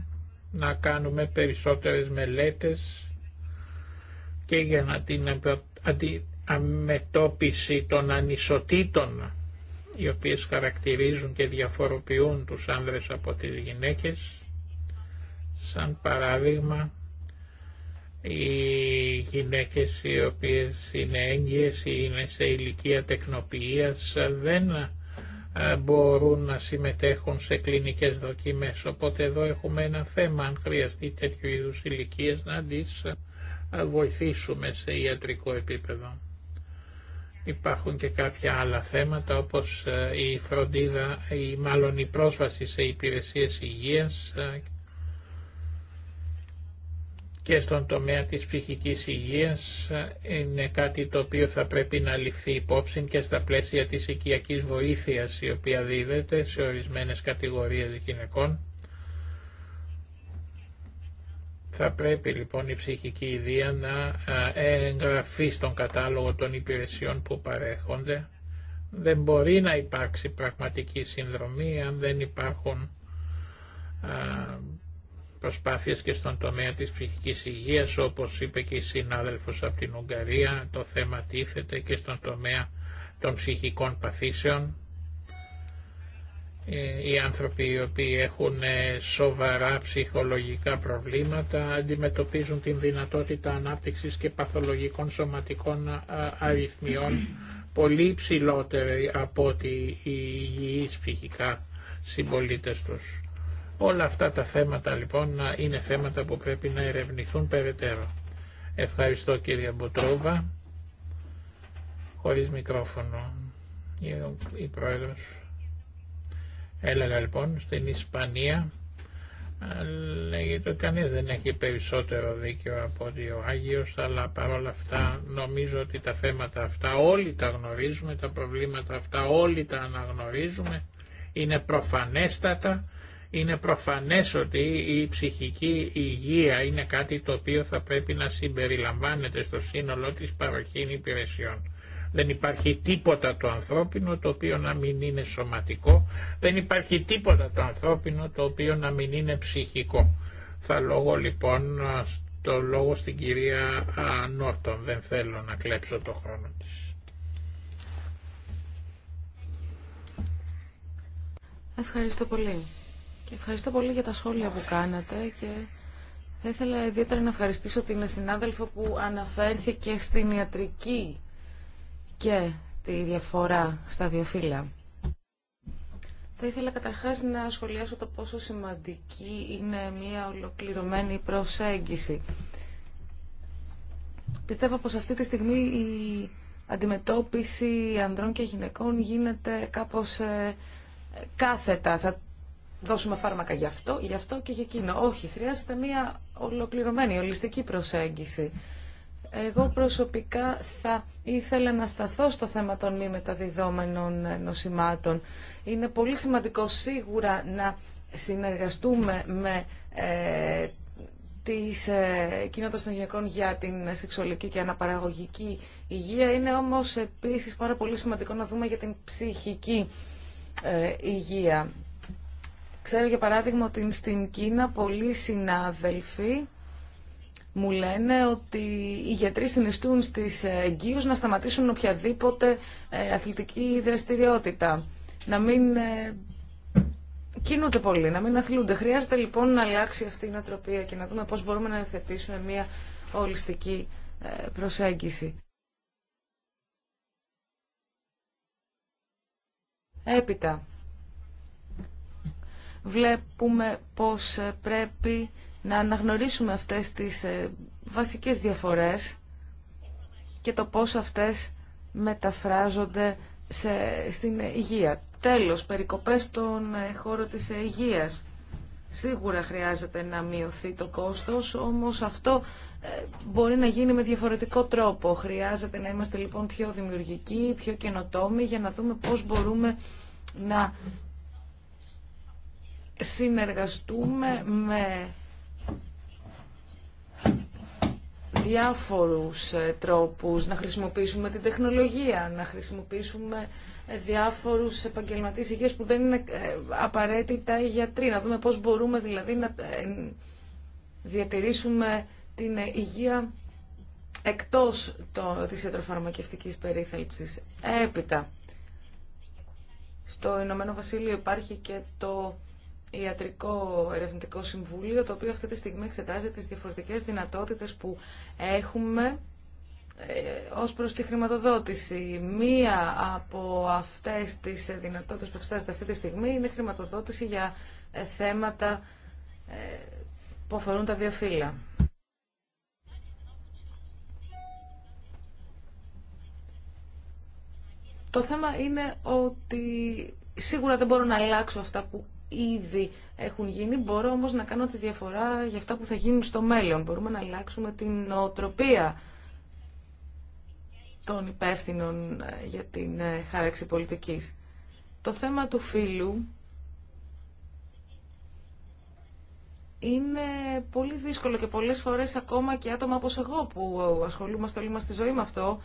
να κάνουμε περισσότερες μελέτες και για να την αντιμετώπιση των ανισοτήτων οι οποίες χαρακτηρίζουν και διαφοροποιούν τους άνδρες από τις γυναίκες, σαν παράδειγμα οι γυναίκες οι οποίες είναι έγκυες ή είναι σε ηλικία τεκνοποιίας δεν ε, μπορούν να συμμετέχουν σε κλινικές δοκιμές. Οπότε εδώ έχουμε ένα θέμα αν χρειαστεί τέτοιου είδους ηλικίες να τις ε, βοηθήσουμε σε ιατρικό επίπεδο. Υπάρχουν και κάποια άλλα θέματα όπως ε, η φροντίδα ή μάλλον η πρόσβαση σε υπηρεσίες υγείας ε, και στον τομέα της ψυχικής υγείας ε, είναι κάτι το οποίο θα πρέπει να ληφθεί υπόψη και στα πλαίσια της οικιακής βοήθειας η οποία δίδεται σε ορισμένες κατηγορίες γυναικών Θα πρέπει λοιπόν η ψυχική ιδία να εγγραφεί στον κατάλογο των υπηρεσιών που παρέχονται. Δεν μπορεί να υπάρξει πραγματική συνδρομή αν δεν υπάρχουν προσπάθειες και στον τομέα της ψυχικής υγείας, όπως είπε και η συνάδελφος από την Ουγγαρία, το θέμα τίθεται και στον τομέα των ψυχικών παθήσεων. Ε, οι άνθρωποι οι οποίοι έχουν ε, σοβαρά ψυχολογικά προβλήματα αντιμετωπίζουν την δυνατότητα ανάπτυξης και παθολογικών σωματικών αριθμιών πολύ υψηλότερη από ότι οι υγιείς ψυχικά συμπολίτες τους. Όλα αυτά τα θέματα λοιπόν είναι θέματα που πρέπει να ερευνηθούν περαιτέρω. Ευχαριστώ κύριε Μποτρόβα. Χωρίς μικρόφωνο η Πρόεδρος. Έλεγα λοιπόν στην Ισπανία ε, λέγεται ότι κανείς δεν έχει περισσότερο δίκαιο από ότι ο Άγιος αλλά παρόλα αυτά νομίζω ότι τα θέματα αυτά όλοι τα γνωρίζουμε τα προβλήματα αυτά όλοι τα αναγνωρίζουμε είναι προφανέστατα είναι προφανές ότι η ψυχική υγεία είναι κάτι το οποίο θα πρέπει να συμπεριλαμβάνεται στο σύνολο της παροχήν υπηρεσιών. Δεν υπάρχει τίποτα το ανθρώπινο το οποίο να μην είναι σωματικό. Δεν υπάρχει τίποτα το ανθρώπινο το οποίο να μην είναι ψυχικό. Θα λόγω λοιπόν το λόγο στην κυρία Νόρτον. Δεν θέλω να κλέψω το χρόνο της. Ευχαριστώ πολύ. Και ευχαριστώ πολύ για τα σχόλια που κάνατε και θα ήθελα ιδιαίτερα να ευχαριστήσω την συνάδελφο που αναφέρθηκε στην ιατρική και τη διαφορά στα δύο φύλλα. Θα ήθελα καταρχάς να σχολιάσω το πόσο σημαντική είναι μια ολοκληρωμένη προσέγγιση. Πιστεύω πως αυτή τη στιγμή η αντιμετώπιση ανδρών και γυναικών γίνεται κάπως ε, κάθετα. Θα δώσουμε φάρμακα γι' αυτό, γι' αυτό και γι' εκείνο. Όχι, χρειάζεται μια ολοκληρωμένη, ολιστική προσέγγιση. Εγώ προσωπικά θα ήθελα να σταθώ στο θέμα των μη μεταδιδόμενων νοσημάτων. Είναι πολύ σημαντικό σίγουρα να συνεργαστούμε με ε, της ε, των γυναικών για την σεξουαλική και αναπαραγωγική υγεία. Είναι όμως επίσης πάρα πολύ σημαντικό να δούμε για την ψυχική ε, υγεία. Ξέρω για παράδειγμα ότι στην Κίνα πολλοί συνάδελφοι μου λένε ότι οι γιατροί συνιστούν στις εγγύους να σταματήσουν οποιαδήποτε ε, αθλητική δραστηριότητα. Να μην ε, κινούνται πολύ, να μην αθλούνται. Χρειάζεται λοιπόν να αλλάξει αυτή η νοοτροπία και να δούμε πώς μπορούμε να εθετήσουμε μια ολιστική ε, προσέγγιση. Έπειτα, βλέπουμε πώς πρέπει να αναγνωρίσουμε αυτές τις ε, βασικές διαφορές και το πώς αυτές μεταφράζονται σε, στην υγεία. Τέλος, περικοπές στον ε, χώρο της υγείας. Σίγουρα χρειάζεται να μειωθεί το κόστος, όμως αυτό ε, μπορεί να γίνει με διαφορετικό τρόπο. Χρειάζεται να είμαστε λοιπόν πιο δημιουργικοί, πιο καινοτόμοι για να δούμε πώς μπορούμε να συνεργαστούμε με διάφορους ε, τρόπους, να χρησιμοποιήσουμε την τεχνολογία, να χρησιμοποιήσουμε ε, διάφορους επαγγελματίες υγείας που δεν είναι ε, απαραίτητα οι γιατροί, να δούμε πώς μπορούμε δηλαδή να διατηρήσουμε την υγεία εκτός το, της ιατροφαρμακευτικής περίθαλψης. Έπειτα, στο Ηνωμένο Βασίλειο υπάρχει και το ιατρικό ερευνητικό συμβούλιο, το οποίο αυτή τη στιγμή εξετάζει τις διαφορετικές δυνατότητες που έχουμε ε, ως προς τη χρηματοδότηση. Μία από αυτές τις δυνατότητες που εξετάζεται αυτή τη στιγμή είναι χρηματοδότηση για ε, θέματα ε, που αφορούν τα δύο φύλλα. Το θέμα είναι ότι σίγουρα δεν μπορώ να αλλάξω αυτά που ήδη έχουν γίνει. Μπορώ όμως να κάνω τη διαφορά για αυτά που θα γίνουν στο μέλλον. Μπορούμε να αλλάξουμε την νοοτροπία των υπεύθυνων ε, για την ε, χάραξη πολιτικής. Το θέμα του φίλου είναι πολύ δύσκολο και πολλές φορές ακόμα και άτομα όπως εγώ που ασχολούμαστε όλοι μας στη ζωή με αυτό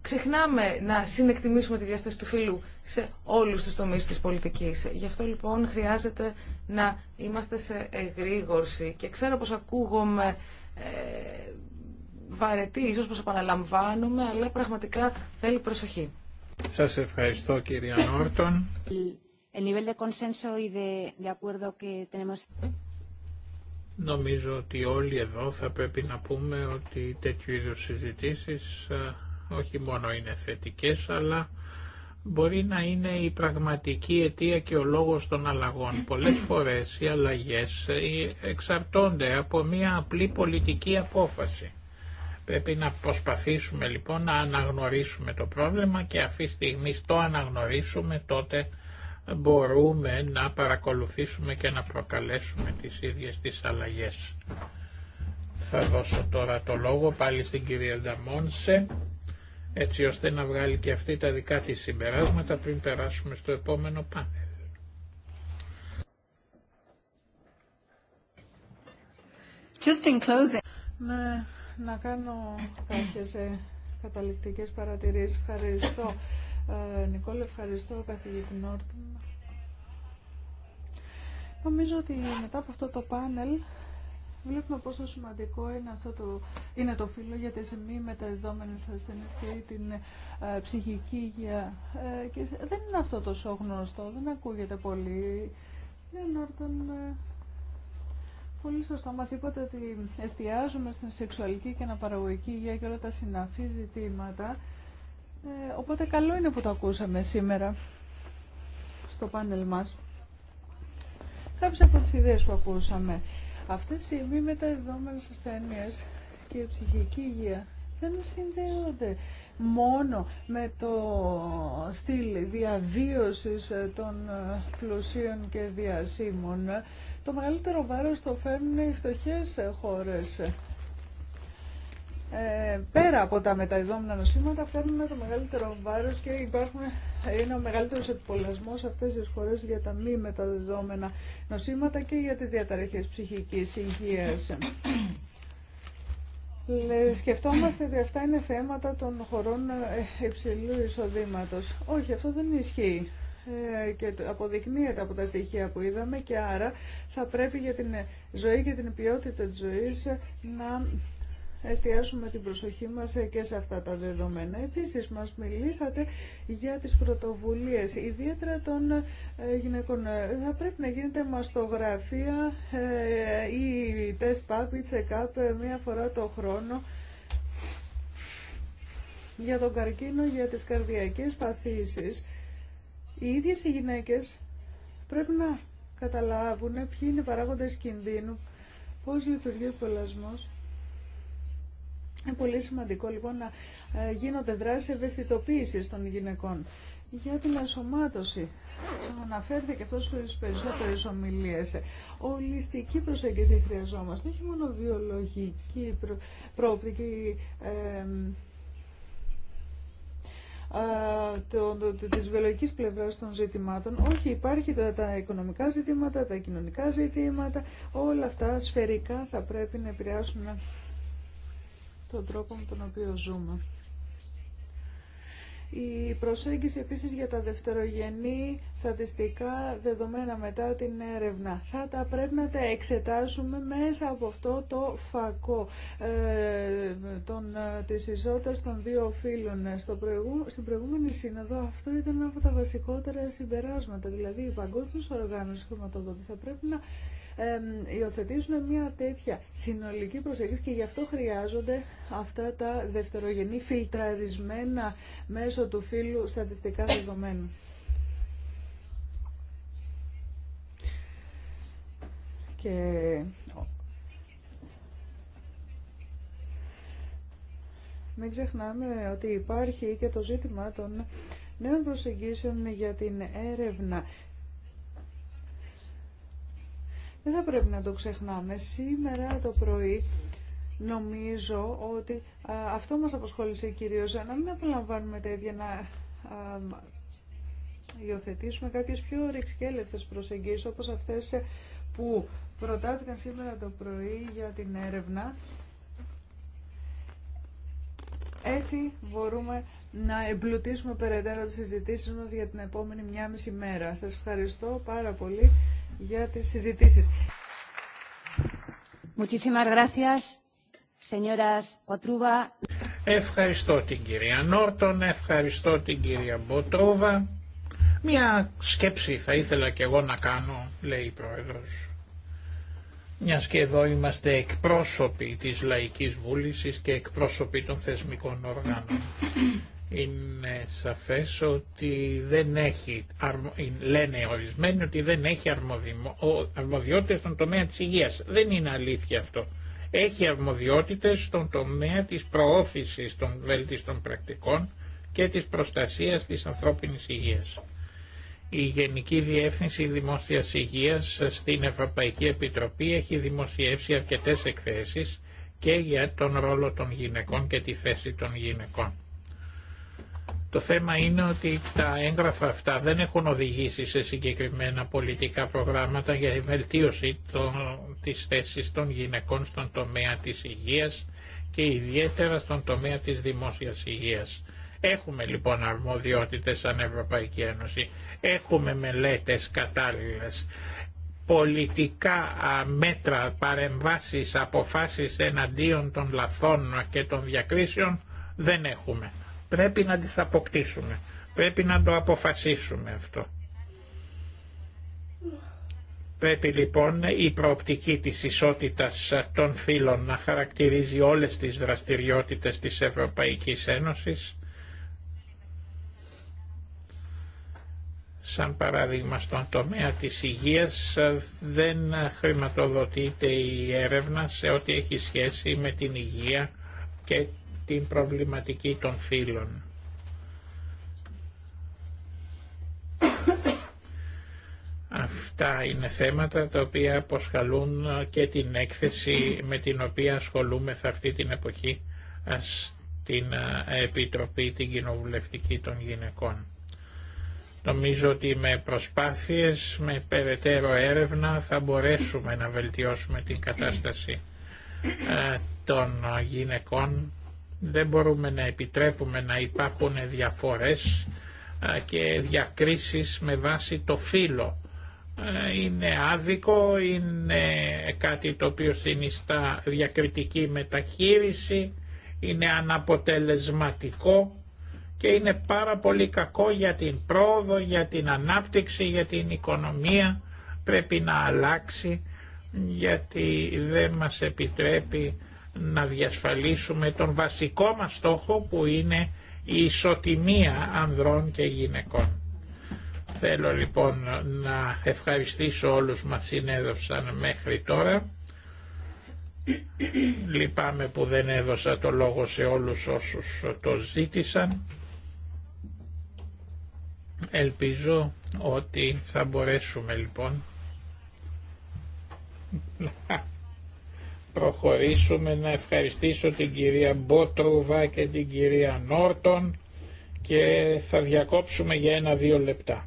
ξεχνάμε να συνεκτιμήσουμε τη διάσταση του φίλου σε όλους τους τομείς της πολιτικής. Γι' αυτό λοιπόν χρειάζεται να είμαστε σε εγρήγορση και ξέρω πως ακούγομαι ε, βαρετή, ίσως πως επαναλαμβάνομαι, αλλά πραγματικά θέλει προσοχή. Σας ευχαριστώ κυρία Νόρτον. Νομίζω ότι όλοι εδώ θα πρέπει να πούμε ότι τέτοιου είδους συζητήσεις ε, όχι μόνο είναι θετικές αλλά μπορεί να είναι η πραγματική αιτία και ο λόγος των αλλαγών. Πολλές φορές οι αλλαγές ε, εξαρτώνται από μια απλή πολιτική απόφαση. Πρέπει να προσπαθήσουμε λοιπόν να αναγνωρίσουμε το πρόβλημα και αυτή τη στιγμή το αναγνωρίσουμε τότε μπορούμε να παρακολουθήσουμε και να προκαλέσουμε τις ίδιες τις αλλαγές. Θα δώσω τώρα το λόγο πάλι στην κυρία Νταμόνσε έτσι ώστε να βγάλει και αυτή τα δικά της συμπεράσματα πριν περάσουμε στο επόμενο πάνελ. Just in closing. Ναι, να κάνω κάποιες ε, καταληκτικές παρατηρήσεις. Ευχαριστώ. Ε, Νικόλ, ευχαριστώ καθηγητή Νόρτον. Νομίζω ότι μετά από αυτό το πάνελ Βλέπουμε πόσο σημαντικό είναι αυτό το, είναι το φύλλο για τις μη μεταδεδόμενες ασθένειες και την ε, ψυχική υγεία. Ε, και δεν είναι αυτό τόσο γνωστό, δεν ακούγεται πολύ. Ε, Νόρτον, ε, πολύ σωστά μας είπατε ότι εστιάζουμε στην σεξουαλική και αναπαραγωγική υγεία και όλα τα συναφή ζητήματα. οπότε καλό είναι που το ακούσαμε σήμερα στο πάνελ μας. Κάποιες από τις ιδέες που ακούσαμε. Αυτές οι μη μεταδεδόμενες ασθένειες και η ψυχική υγεία δεν συνδέονται μόνο με το στυλ διαβίωσης των ε, πλουσίων και διασύμων. Το μεγαλύτερο βάρος το φέρνουν οι φτωχές χώρες ε, πέρα από τα μεταδιδόμενα νοσήματα φέρνουν το μεγαλύτερο βάρος και υπάρχουν, είναι ο μεγαλύτερος επιπολασμός σε αυτές τις χώρες για τα μη μεταδιδόμενα νοσήματα και για τις διαταραχές ψυχικής υγείας. Σκεφτόμαστε ότι αυτά είναι θέματα των χωρών ε, υψηλού εισοδήματος. Όχι, αυτό δεν ισχύει ε, και αποδεικνύεται από τα στοιχεία που είδαμε και άρα θα πρέπει για την ζωή και την ποιότητα της ζωής να εστιάσουμε την προσοχή μας και σε αυτά τα δεδομένα. Επίσης, μας μιλήσατε για τις πρωτοβουλίες, ιδιαίτερα των ε, γυναικών. Θα πρέπει να γίνεται μαστογραφία ε, ή τεστ παπ ή τσεκάπ μία φορά το χρόνο για τον καρκίνο, για τις καρδιακές παθήσεις. Οι ίδιες οι γυναίκες πρέπει να καταλάβουν ποιοι είναι οι παράγοντες κινδύνου, πώς λειτουργεί ο είναι πολύ σημαντικό λοιπόν να ε, γίνονται δράσεις ευαισθητοποίησης των γυναικών. Για την ενσωμάτωση, αναφέρθηκε αυτό στις περισσότερες ομιλίες. Ολιστική προσέγγιση χρειαζόμαστε, όχι μόνο βιολογική, πρόπτικη, προοπτική, ε, το, των ζητημάτων. Όχι, υπάρχει τα, τα οικονομικά ζητήματα, τα κοινωνικά ζητήματα, όλα αυτά σφαιρικά θα πρέπει να επηρεάσουν τον τρόπο με τον οποίο ζούμε. Η προσέγγιση επίσης για τα δευτερογενή στατιστικά δεδομένα μετά την έρευνα. Θα τα πρέπει να τα εξετάσουμε μέσα από αυτό το φακό ε, των, ε, της ισότητας των δύο φύλων. Στο προηγού, στην προηγούμενη σύνοδο αυτό ήταν από τα βασικότερα συμπεράσματα. Δηλαδή η Παγκόσμια Οργάνωση Χρηματοδότη θα πρέπει να υιοθετήσουν μια τέτοια συνολική προσέγγιση και γι' αυτό χρειάζονται αυτά τα δευτερογενή φιλτραρισμένα μέσω του φύλου στατιστικά δεδομένα. Και μην ξεχνάμε ότι υπάρχει και το ζήτημα των νέων προσεγγίσεων για την έρευνα δεν θα πρέπει να το ξεχνάμε. Σήμερα το πρωί νομίζω ότι αυτό μας αποσχόλησε κυρίως, να μην απολαμβάνουμε τα ίδια, να υιοθετήσουμε κάποιες πιο ρηξικέλευτες προσεγγίσεις όπως αυτές που προτάθηκαν σήμερα το πρωί για την έρευνα. Έτσι μπορούμε να εμπλουτίσουμε περαιτέρω τις συζητήσεις μας για την επόμενη μια μισή μέρα. Σας ευχαριστώ πάρα πολύ συζητήσεις. Ευχαριστώ την κυρία Νόρτον, ευχαριστώ την κυρία Μποτρούβα. Μια σκέψη θα ήθελα και εγώ να κάνω, λέει η Πρόεδρος. Μια και εδώ είμαστε εκπρόσωποι της Λαϊκής Βούλησης και εκπρόσωποι των θεσμικών οργάνων είναι σαφές ότι δεν έχει, λένε ορισμένοι ότι δεν έχει αρμοδιότητες στον τομέα της υγείας. Δεν είναι αλήθεια αυτό. Έχει αρμοδιότητες στον τομέα της προώθησης των βέλτιστων πρακτικών και της προστασίας της ανθρώπινης υγείας. Η Γενική Διεύθυνση Δημόσιας Υγείας στην Ευρωπαϊκή Επιτροπή έχει δημοσιεύσει αρκετές εκθέσεις και για τον ρόλο των γυναικών και τη θέση των γυναικών. Το θέμα είναι ότι τα έγγραφα αυτά δεν έχουν οδηγήσει σε συγκεκριμένα πολιτικά προγράμματα για βελτίωση των, της θέσης των γυναικών στον τομέα της υγείας και ιδιαίτερα στον τομέα της δημόσιας υγείας. Έχουμε λοιπόν αρμοδιότητες σαν Ευρωπαϊκή Ένωση, έχουμε μελέτες κατάλληλες, πολιτικά μέτρα, παρεμβάσεις, αποφάσεις εναντίον των λαθών και των διακρίσεων δεν έχουμε. Πρέπει να τις αποκτήσουμε. Πρέπει να το αποφασίσουμε αυτό. Πρέπει λοιπόν η προοπτική της ισότητας των φύλων να χαρακτηρίζει όλες τις δραστηριότητες της Ευρωπαϊκής Ένωσης, σαν παράδειγμα στον τομέα της υγείας δεν χρηματοδοτείται η έρευνα σε ό,τι έχει σχέση με την υγεία και την προβληματική των φύλων. Αυτά είναι θέματα τα οποία αποσχαλούν και την έκθεση με την οποία σε αυτή την εποχή στην Επιτροπή την Κοινοβουλευτική των Γυναικών. Νομίζω ότι με προσπάθειες, με περαιτέρω έρευνα θα μπορέσουμε να βελτιώσουμε την κατάσταση των γυναικών δεν μπορούμε να επιτρέπουμε να υπάρχουν διαφορές και διακρίσεις με βάση το φύλλο. Είναι άδικο, είναι κάτι το οποίο συνιστά διακριτική μεταχείριση, είναι αναποτελεσματικό και είναι πάρα πολύ κακό για την πρόοδο, για την ανάπτυξη, για την οικονομία. Πρέπει να αλλάξει γιατί δεν μας επιτρέπει να διασφαλίσουμε τον βασικό μας στόχο που είναι η ισοτιμία ανδρών και γυναικών. Θέλω λοιπόν να ευχαριστήσω όλους που μας συνέδωσαν μέχρι τώρα. Λυπάμαι που δεν έδωσα το λόγο σε όλους όσους το ζήτησαν. Ελπίζω ότι θα μπορέσουμε λοιπόν προχωρήσουμε να ευχαριστήσω την κυρία Μπότρουβα και την κυρία Νόρτον και θα διακόψουμε για ένα-δύο λεπτά.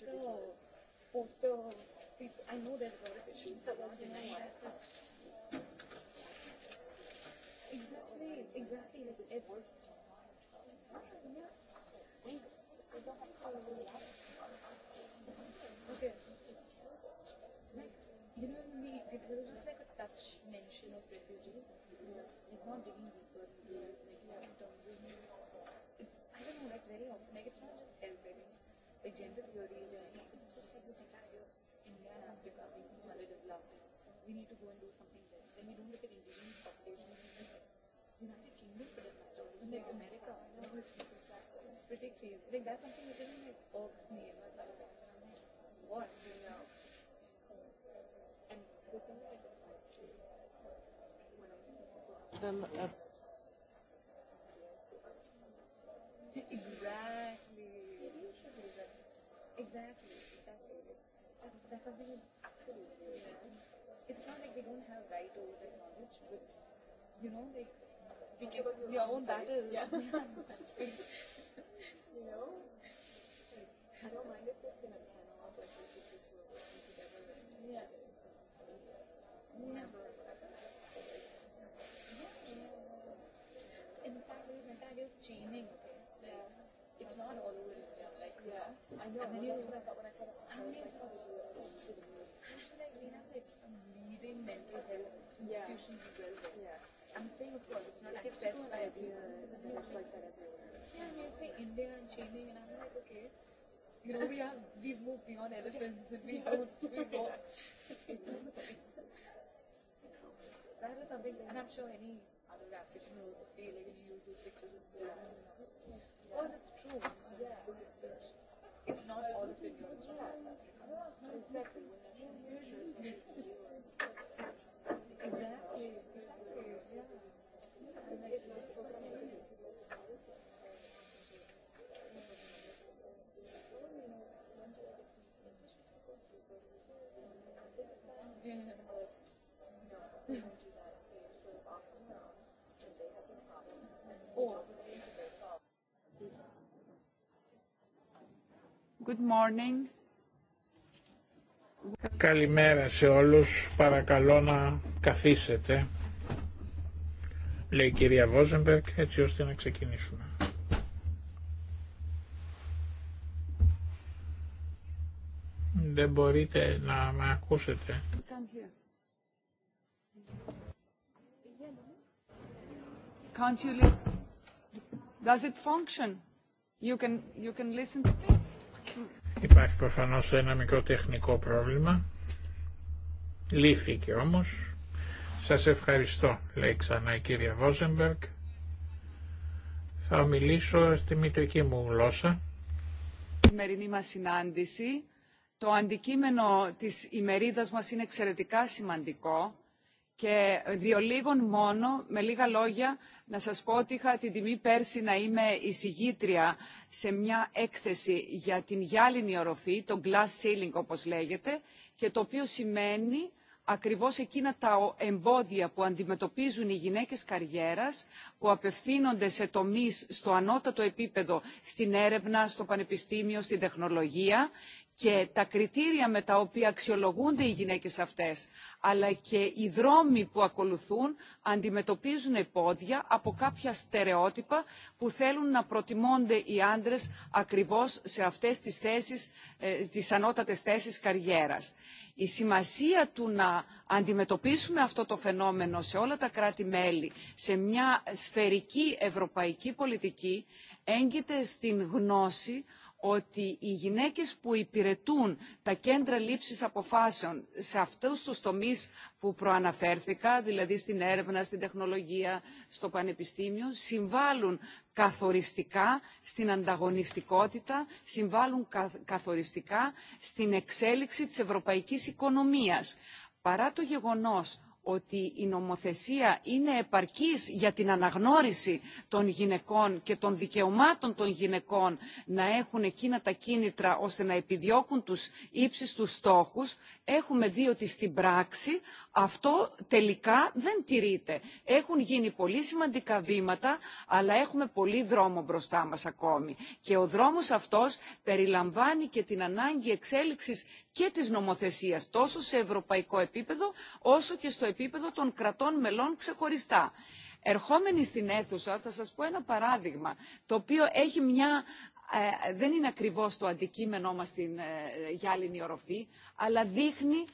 to go or still I know there's a lot of issues, but like you know Exactly, exactly. It works. Okay. Like, you know, we, there was just like a touch mention of refugees. Like, not digging agenda theory is it's just like this entire India and Africa being so underdeveloped. We need to go and do something there. Then we don't look at indigenous populations. United Kingdom for that matter, even like America. It's pretty crazy. Like that's something which really like irks me. And what's like, what? And the thing that I actually, when I see Exactly, exactly. That's, that's something absolutely. It's not like they don't have right over that knowledge, but you know, like you give up your, own battles. Yeah. you know, I don't mind if it's in a panel of like these teachers who are working together. Yeah. Never. In fact, there's an entire chaining It's not all like yeah. I know. And then you when I said I was like, oh, like we have like some leading mental health institutions as well. Yeah. I'm saying, of course, it's not accessed by everyone. like that everywhere. Yeah, and you say India and Chile, and I'm like, okay. You know, we have, we've moved beyond elephants and we have, we've got, that is something, and I'm sure any other rap will also feel like uses pictures of this. Yeah. Because it's true. Yeah. It's not all the Yeah. Exactly. Exactly. Exactly. Yeah. so Good morning. Καλημέρα σε όλους. Παρακαλώ να καθίσετε, λέει η κυρία Βόζεμπερκ, έτσι ώστε να ξεκινήσουμε. Δεν μπορείτε να με ακούσετε. Can't you listen? Does it function? You can, you can listen to me. Υπάρχει προφανώς ένα μικρό τεχνικό πρόβλημα. Λύθηκε όμως. Σας ευχαριστώ, λέει ξανά η κυρία Βόζεμπερκ. Θα μιλήσω στη μητρική μου γλώσσα. Η σημερινή μας συνάντηση. Το αντικείμενο της ημερίδας μας είναι εξαιρετικά σημαντικό και λίγων μόνο, με λίγα λόγια, να σας πω ότι είχα την τιμή πέρσι να είμαι εισηγήτρια σε μια έκθεση για την γυάλινη οροφή, το glass ceiling όπως λέγεται, και το οποίο σημαίνει ακριβώς εκείνα τα εμπόδια που αντιμετωπίζουν οι γυναίκες καριέρας που απευθύνονται σε τομείς στο ανώτατο επίπεδο στην έρευνα στο πανεπιστήμιο στην τεχνολογία και τα κριτήρια με τα οποία αξιολογούνται οι γυναίκες αυτές, αλλά και οι δρόμοι που ακολουθούν αντιμετωπίζουν πόδια από κάποια στερεότυπα που θέλουν να προτιμώνται οι άντρες ακριβώς σε αυτές τις, θέσεις, ε, τις ανώτατες θέσεις καριέρας. Η σημασία του να αντιμετωπίσουμε αυτό το φαινόμενο σε όλα τα κράτη-μέλη, σε μια σφαιρική ευρωπαϊκή πολιτική, έγκυται στην γνώση ότι οι γυναίκες που υπηρετούν τα κέντρα λήψης αποφάσεων σε αυτούς τους τομείς που προαναφέρθηκα, δηλαδή στην έρευνα, στην τεχνολογία, στο πανεπιστήμιο, συμβάλλουν καθοριστικά στην ανταγωνιστικότητα, συμβάλλουν καθοριστικά στην εξέλιξη της ευρωπαϊκής οικονομίας. Παρά το γεγονός ότι η νομοθεσία είναι επαρκής για την αναγνώριση των γυναικών και των δικαιωμάτων των γυναικών να έχουν εκείνα τα κίνητρα ώστε να επιδιώκουν τους ύψιστους στόχους, έχουμε δει ότι στην πράξη αυτό τελικά δεν τηρείται. Έχουν γίνει πολύ σημαντικά βήματα, αλλά έχουμε πολύ δρόμο μπροστά μας ακόμη. Και ο δρόμος αυτός περιλαμβάνει και την ανάγκη εξέλιξης και της νομοθεσίας, τόσο σε ευρωπαϊκό επίπεδο, όσο και στο επίπεδο των κρατών μελών ξεχωριστά. Ερχόμενοι στην αίθουσα θα σας πω ένα παράδειγμα, το οποίο έχει μια ε, δεν είναι ακριβώς το αντικείμενό μας στην ε, γυάλινη οροφή, αλλά δείχνει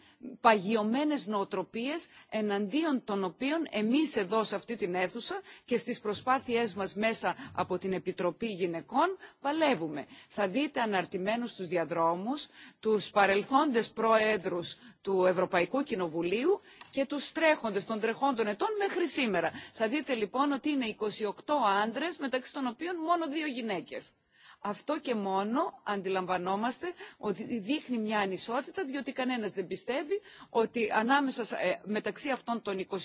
παγιωμένες νοοτροπίες εναντίον των οποίων εμείς εδώ σε αυτή την αίθουσα και στις προσπάθειές μας μέσα από την Επιτροπή Γυναικών παλεύουμε. Θα δείτε αναρτημένους τους διαδρόμους τους παρελθόντες προέδρους του Ευρωπαϊκού Κοινοβουλίου και τους τρέχοντες των τρεχόντων ετών μέχρι σήμερα. Θα δείτε λοιπόν ότι είναι 28 άντρες μεταξύ των οποίων μόνο δύο γυναίκες. Αυτό και μόνο αντιλαμβανόμαστε ότι δείχνει μια ανισότητα, διότι κανένας δεν πιστεύει ότι ανάμεσα ε, μεταξύ αυτών των 28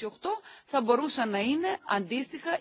θα μπορούσαν να είναι αντίστοιχα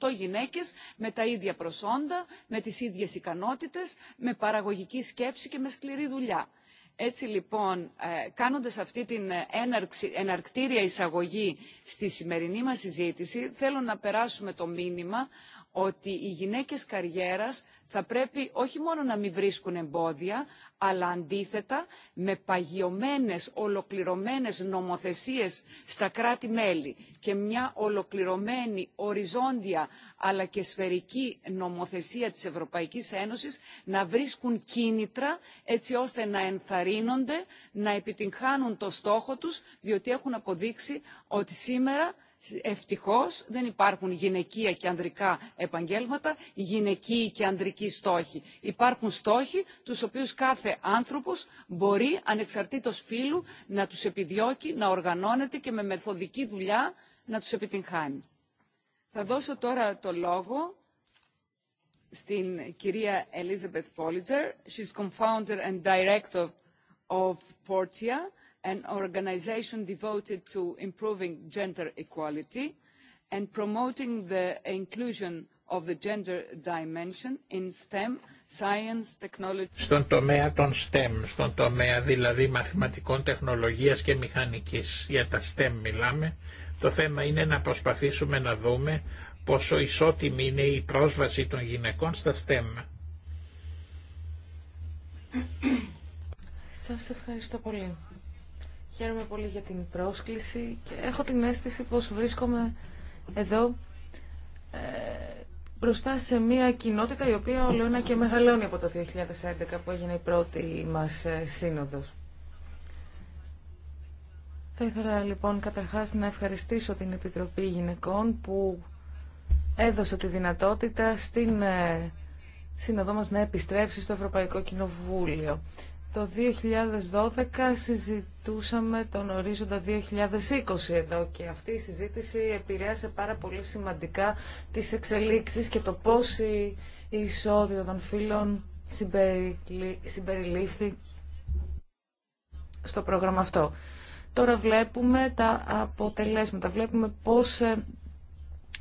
28 γυναίκες με τα ίδια προσόντα, με τις ίδιες ικανότητες, με παραγωγική σκέψη και με σκληρή δουλειά. Έτσι λοιπόν, ε, κάνοντας αυτή την ε, έναρξη, εναρκτήρια εισαγωγή στη σημερινή μας συζήτηση, θέλω να περάσουμε το μήνυμα ότι οι γυναίκες καριέρας θα πρέπει όχι μόνο να μην βρίσκουν εμπόδια, αλλά αντίθετα με παγιωμένες, ολοκληρωμένες νομοθεσίες στα κράτη-μέλη και μια ολοκληρωμένη, οριζόντια αλλά και σφαιρική νομοθεσία της Ευρωπαϊκής Ένωσης να βρίσκουν κίνητρα έτσι ώστε να ενθαρρύνονται, να επιτυγχάνουν το στόχο τους, διότι έχουν αποδείξει ότι σήμερα Ευτυχώς δεν υπάρχουν γυναικεία και ανδρικά επαγγέλματα, γυναικοί και ανδρικοί στόχοι. Υπάρχουν στόχοι τους οποίους κάθε άνθρωπος μπορεί ανεξαρτήτως φύλου να τους επιδιώκει, να οργανώνεται και με μεθοδική δουλειά να τους επιτυγχάνει. Θα δώσω τώρα το λόγο στην κυρία Elizabeth Πόλιτζερ. She's co-founder and director of Portia στον τομέα των STEM, στον τομέα δηλαδή μαθηματικών τεχνολογίας και μηχανικής, για τα STEM μιλάμε, το θέμα είναι να προσπαθήσουμε να δούμε πόσο ισότιμη είναι η πρόσβαση των γυναικών στα STEM. Σας ευχαριστώ πολύ. Χαίρομαι πολύ για την πρόσκληση και έχω την αίσθηση πως βρίσκομαι εδώ ε, μπροστά σε μια κοινότητα η οποία ολοένα και μεγαλώνει από το 2011 που έγινε η πρώτη μας ε, σύνοδος. Θα ήθελα λοιπόν καταρχάς να ευχαριστήσω την Επιτροπή Γυναικών που έδωσε τη δυνατότητα στην ε, σύνοδό μας να επιστρέψει στο Ευρωπαϊκό Κοινοβούλιο. Το 2012 συζητούσαμε τον ορίζοντα 2020 εδώ και αυτή η συζήτηση επηρέασε πάρα πολύ σημαντικά τις εξελίξεις και το πώς η ισότητα των φύλων συμπεριλήφθη στο πρόγραμμα αυτό. Τώρα βλέπουμε τα αποτελέσματα, βλέπουμε πώς ε,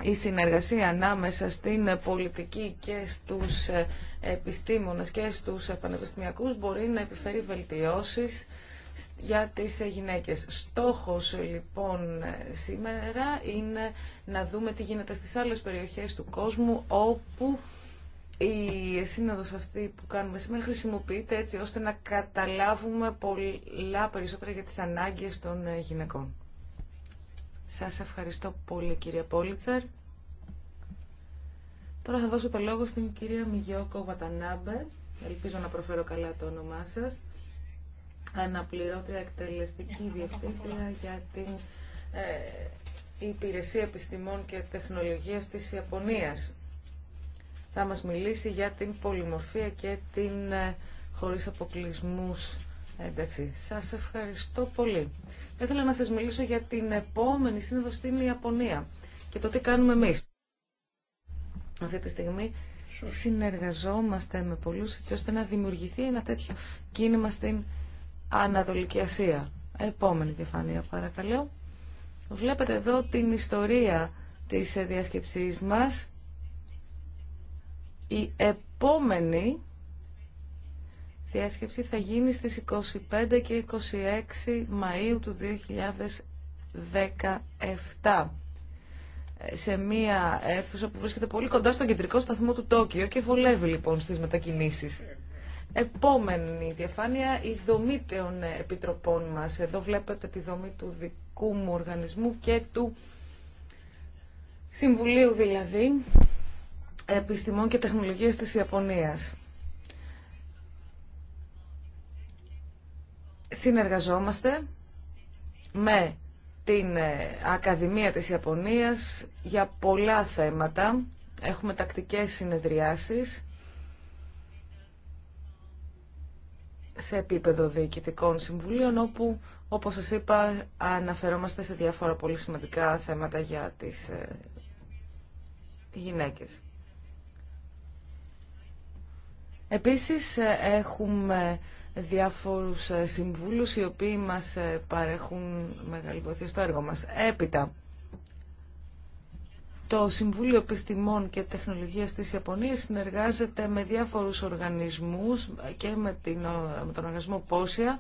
η συνεργασία ανάμεσα στην πολιτική και στους ε, επιστήμονες και στους πανεπιστημιακούς μπορεί να επιφέρει βελτιώσεις για τις ε, γυναίκες. Στόχος ε, λοιπόν σήμερα είναι να δούμε τι γίνεται στις άλλες περιοχές του κόσμου όπου η σύνοδος αυτή που κάνουμε σήμερα χρησιμοποιείται έτσι ώστε να καταλάβουμε πολλά περισσότερα για τις ανάγκες των γυναικών. Σας ευχαριστώ πολύ κυρία Πόλιτσαρ. Τώρα θα δώσω το λόγο στην κυρία Μιγιώκο Βατανάμπε. Ελπίζω να προφέρω καλά το όνομά σας. Αναπληρώτρια εκτελεστική διευθύντρια για την ε, Υπηρεσία Επιστημών και Τεχνολογίας της Ιαπωνίας. Θα μας μιλήσει για την πολυμορφία και την ε, χωρίς αποκλεισμούς Εντάξει, σας ευχαριστώ πολύ. Θα ήθελα να σα μιλήσω για την επόμενη σύνοδο στην Ιαπωνία και το τι κάνουμε εμεί. Αυτή τη στιγμή συνεργαζόμαστε με πολλού έτσι ώστε να δημιουργηθεί ένα τέτοιο κίνημα στην Ανατολική Ασία. Επόμενη διαφάνεια παρακαλώ. Βλέπετε εδώ την ιστορία της διασκεψής μας. Η επόμενη διάσκεψη θα γίνει στις 25 και 26 Μαΐου του 2017 ε, σε μία αίθουσα που βρίσκεται πολύ κοντά στον κεντρικό σταθμό του Τόκιο και βολεύει λοιπόν στις μετακινήσεις. Επόμενη διαφάνεια, η δομή των επιτροπών μας. Εδώ βλέπετε τη δομή του δικού μου οργανισμού και του Συμβουλίου δηλαδή Επιστημών και Τεχνολογίας της Ιαπωνίας. συνεργαζόμαστε με την ε, Ακαδημία της Ιαπωνίας για πολλά θέματα. Έχουμε τακτικές συνεδριάσεις σε επίπεδο διοικητικών συμβουλίων όπου, όπως σας είπα, αναφερόμαστε σε διάφορα πολύ σημαντικά θέματα για τις ε, γυναίκες. Επίσης, ε, έχουμε διάφορους ε, συμβούλους οι οποίοι μας ε, παρέχουν μεγάλη βοήθεια στο έργο μας. Έπειτα, το Συμβούλιο Επιστημών και Τεχνολογίας της Ιαπωνίας συνεργάζεται με διάφορους οργανισμούς και με, την, με τον οργανισμό Πόσια,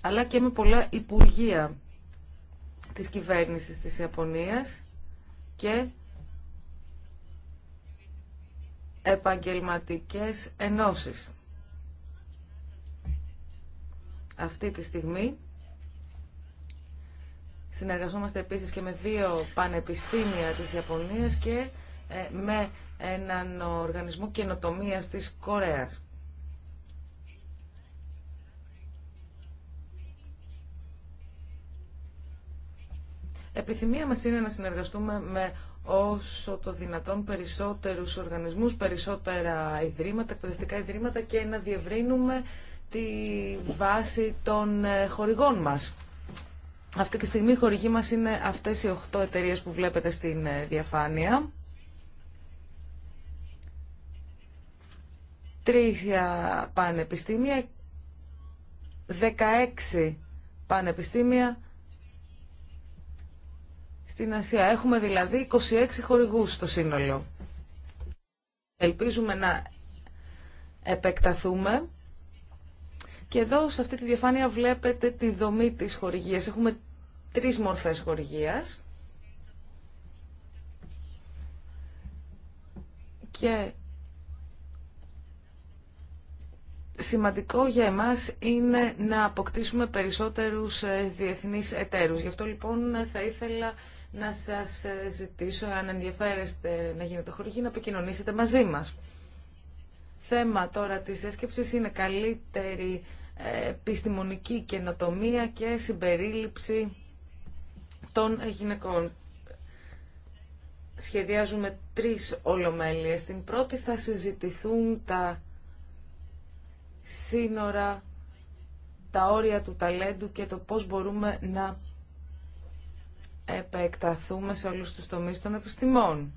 αλλά και με πολλά υπουργεία της κυβέρνησης της Ιαπωνίας και επαγγελματικές ενώσεις. Αυτή τη στιγμή συνεργαζόμαστε επίσης και με δύο πανεπιστήμια της Ιαπωνίας και ε, με έναν οργανισμό καινοτομίας της Κορέας. Επιθυμία μας είναι να συνεργαστούμε με όσο το δυνατόν περισσότερους οργανισμούς, περισσότερα ιδρύματα, εκπαιδευτικά ιδρύματα και να διευρύνουμε τη βάση των ε, χορηγών μας. Αυτή τη στιγμή οι χορηγοί μας είναι αυτές οι 8 εταιρείες που βλέπετε στην ε, διαφάνεια. Τρία πανεπιστήμια, 16 πανεπιστήμια στην Ασία. Έχουμε δηλαδή 26 χορηγούς στο σύνολο. Ελπίζουμε να επεκταθούμε και εδώ σε αυτή τη διαφάνεια βλέπετε τη δομή της χορηγίας. Έχουμε τρεις μορφές χορηγίας. Και σημαντικό για εμάς είναι να αποκτήσουμε περισσότερους ε, διεθνείς εταίρους. Γι' αυτό λοιπόν θα ήθελα να σας ε, ζητήσω, αν ενδιαφέρεστε να γίνετε χορηγοί, να επικοινωνήσετε μαζί μας. Θέμα τώρα της έσκεψης είναι καλύτερη επιστημονική καινοτομία και συμπερίληψη των γυναικών. Σχεδιάζουμε τρεις ολομέλειες. Στην πρώτη θα συζητηθούν τα σύνορα, τα όρια του ταλέντου και το πώς μπορούμε να επεκταθούμε σε όλους τους τομείς των επιστημών.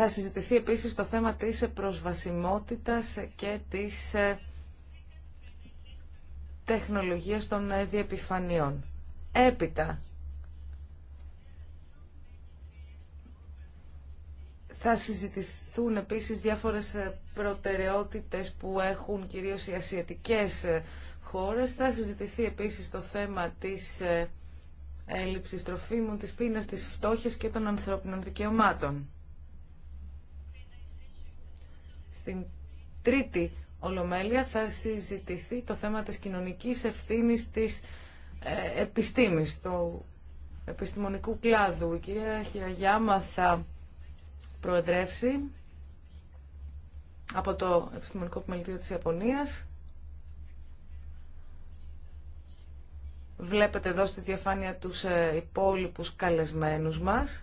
Θα συζητηθεί επίσης το θέμα της προσβασιμότητας και της ε, τεχνολογίας των ε, διεπιφανειών. Έπειτα, θα συζητηθούν επίσης διάφορες ε, προτεραιότητες που έχουν κυρίως οι ασιατικές χώρες. Θα συζητηθεί επίσης το θέμα της έλλειψης τροφίμων, της πείνας, της φτώχειας και των ανθρώπινων δικαιωμάτων. Στην τρίτη Ολομέλεια θα συζητηθεί το θέμα της κοινωνικής ευθύνης της ε, επιστήμης, του επιστημονικού κλάδου. Η κυρία Χιαγιάμα θα προεδρεύσει από το Επιστημονικό Επιμελητήριο της Ιαπωνίας. Βλέπετε εδώ στη διαφάνεια τους ε, υπόλοιπους καλεσμένους μας.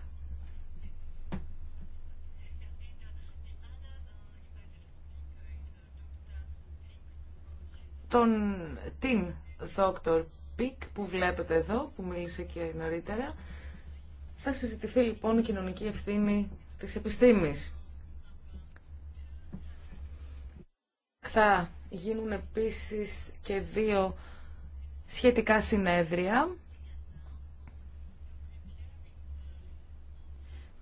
τον, την Dr. Πικ που βλέπετε εδώ, που μίλησε και νωρίτερα. Θα συζητηθεί λοιπόν η κοινωνική ευθύνη της επιστήμης. Θα γίνουν επίσης και δύο σχετικά συνέδρια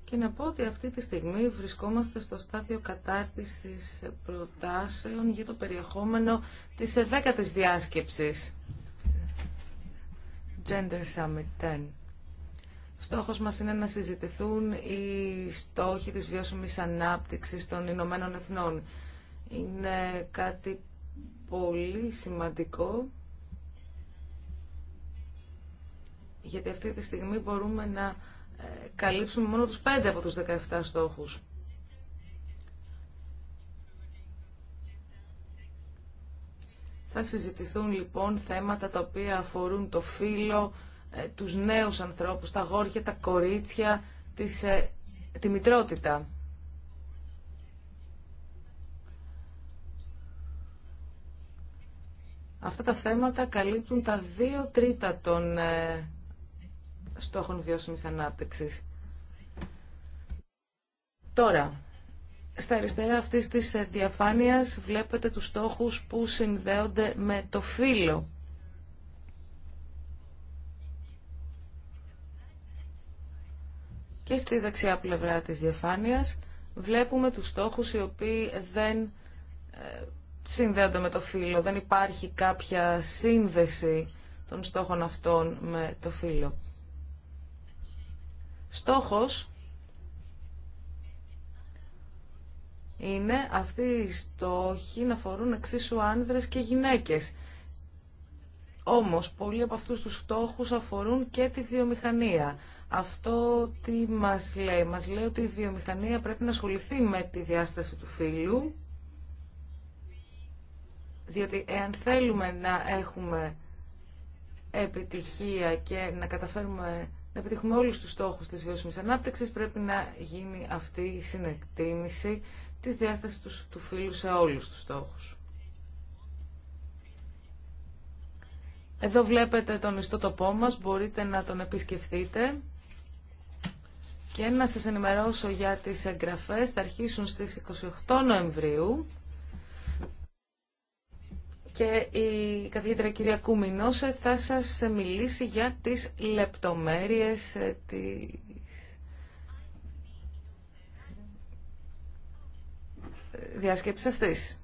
και να πω ότι αυτή τη στιγμή βρισκόμαστε στο στάδιο κατάρτισης προτάσεων για το περιεχόμενο της 10ης διάσκεψης Gender Summit 10. Στόχος μας είναι να συζητηθούν οι στόχοι της βιώσιμης ανάπτυξης των Ηνωμένων Εθνών. Είναι κάτι πολύ σημαντικό γιατί αυτή τη στιγμή μπορούμε να καλύψουμε μόνο τους 5 από τους 17 στόχους. Θα συζητηθούν λοιπόν θέματα τα οποία αφορούν το φύλλο, ε, τους νέους ανθρώπους, τα γόρια, τα κορίτσια, της, ε, τη μητρότητα. Αυτά τα θέματα καλύπτουν τα δύο τρίτα των ε, στόχων βιώσιμης ανάπτυξης. Τώρα, στα αριστερά αυτής της διαφάνειας βλέπετε τους στόχους που συνδέονται με το φύλλο. Και στη δεξιά πλευρά της διαφάνειας βλέπουμε τους στόχους οι οποίοι δεν ε, συνδέονται με το φύλλο, δεν υπάρχει κάποια σύνδεση των στόχων αυτών με το φύλλο. Στόχος είναι αυτοί οι στόχοι να φορούν εξίσου άνδρες και γυναίκες. Όμως, πολλοί από αυτούς τους στόχους αφορούν και τη βιομηχανία. Αυτό τι μας λέει. Μας λέει ότι η βιομηχανία πρέπει να ασχοληθεί με τη διάσταση του φύλου, διότι εάν θέλουμε να έχουμε επιτυχία και να καταφέρουμε να επιτύχουμε όλους τους στόχους της βιώσιμης ανάπτυξης πρέπει να γίνει αυτή η συνεκτίμηση της διάστασης του, του φύλου σε όλους τους στόχους. Εδώ βλέπετε τον ιστότοπό μας, μπορείτε να τον επισκεφθείτε και να σας ενημερώσω για τις εγγραφές. Θα αρχίσουν στις 28 Νοεμβρίου και η καθηγήτρια κυρία Κουμινόσε θα σας μιλήσει για τις λεπτομέρειες ε, της... Ε, διάσκεψης αυτής.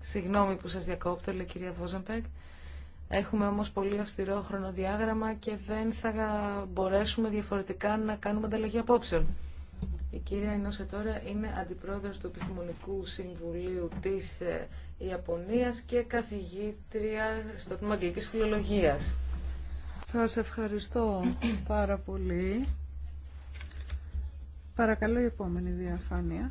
Συγγνώμη που σας διακόπτω, λέει κυρία Βοζενπέκ. Έχουμε όμως πολύ αυστηρό χρονοδιάγραμμα και δεν θα μπορέσουμε διαφορετικά να κάνουμε ανταλλαγή απόψεων. Η κυρία Ινώσε τώρα είναι αντιπρόεδρος του Επιστημονικού Συμβουλίου της ε, Ιαπωνίας και καθηγήτρια στο τμήμα Αγγλικής Φιλολογίας. Σας ευχαριστώ πάρα πολύ. Παρακαλώ η επόμενη διαφάνεια.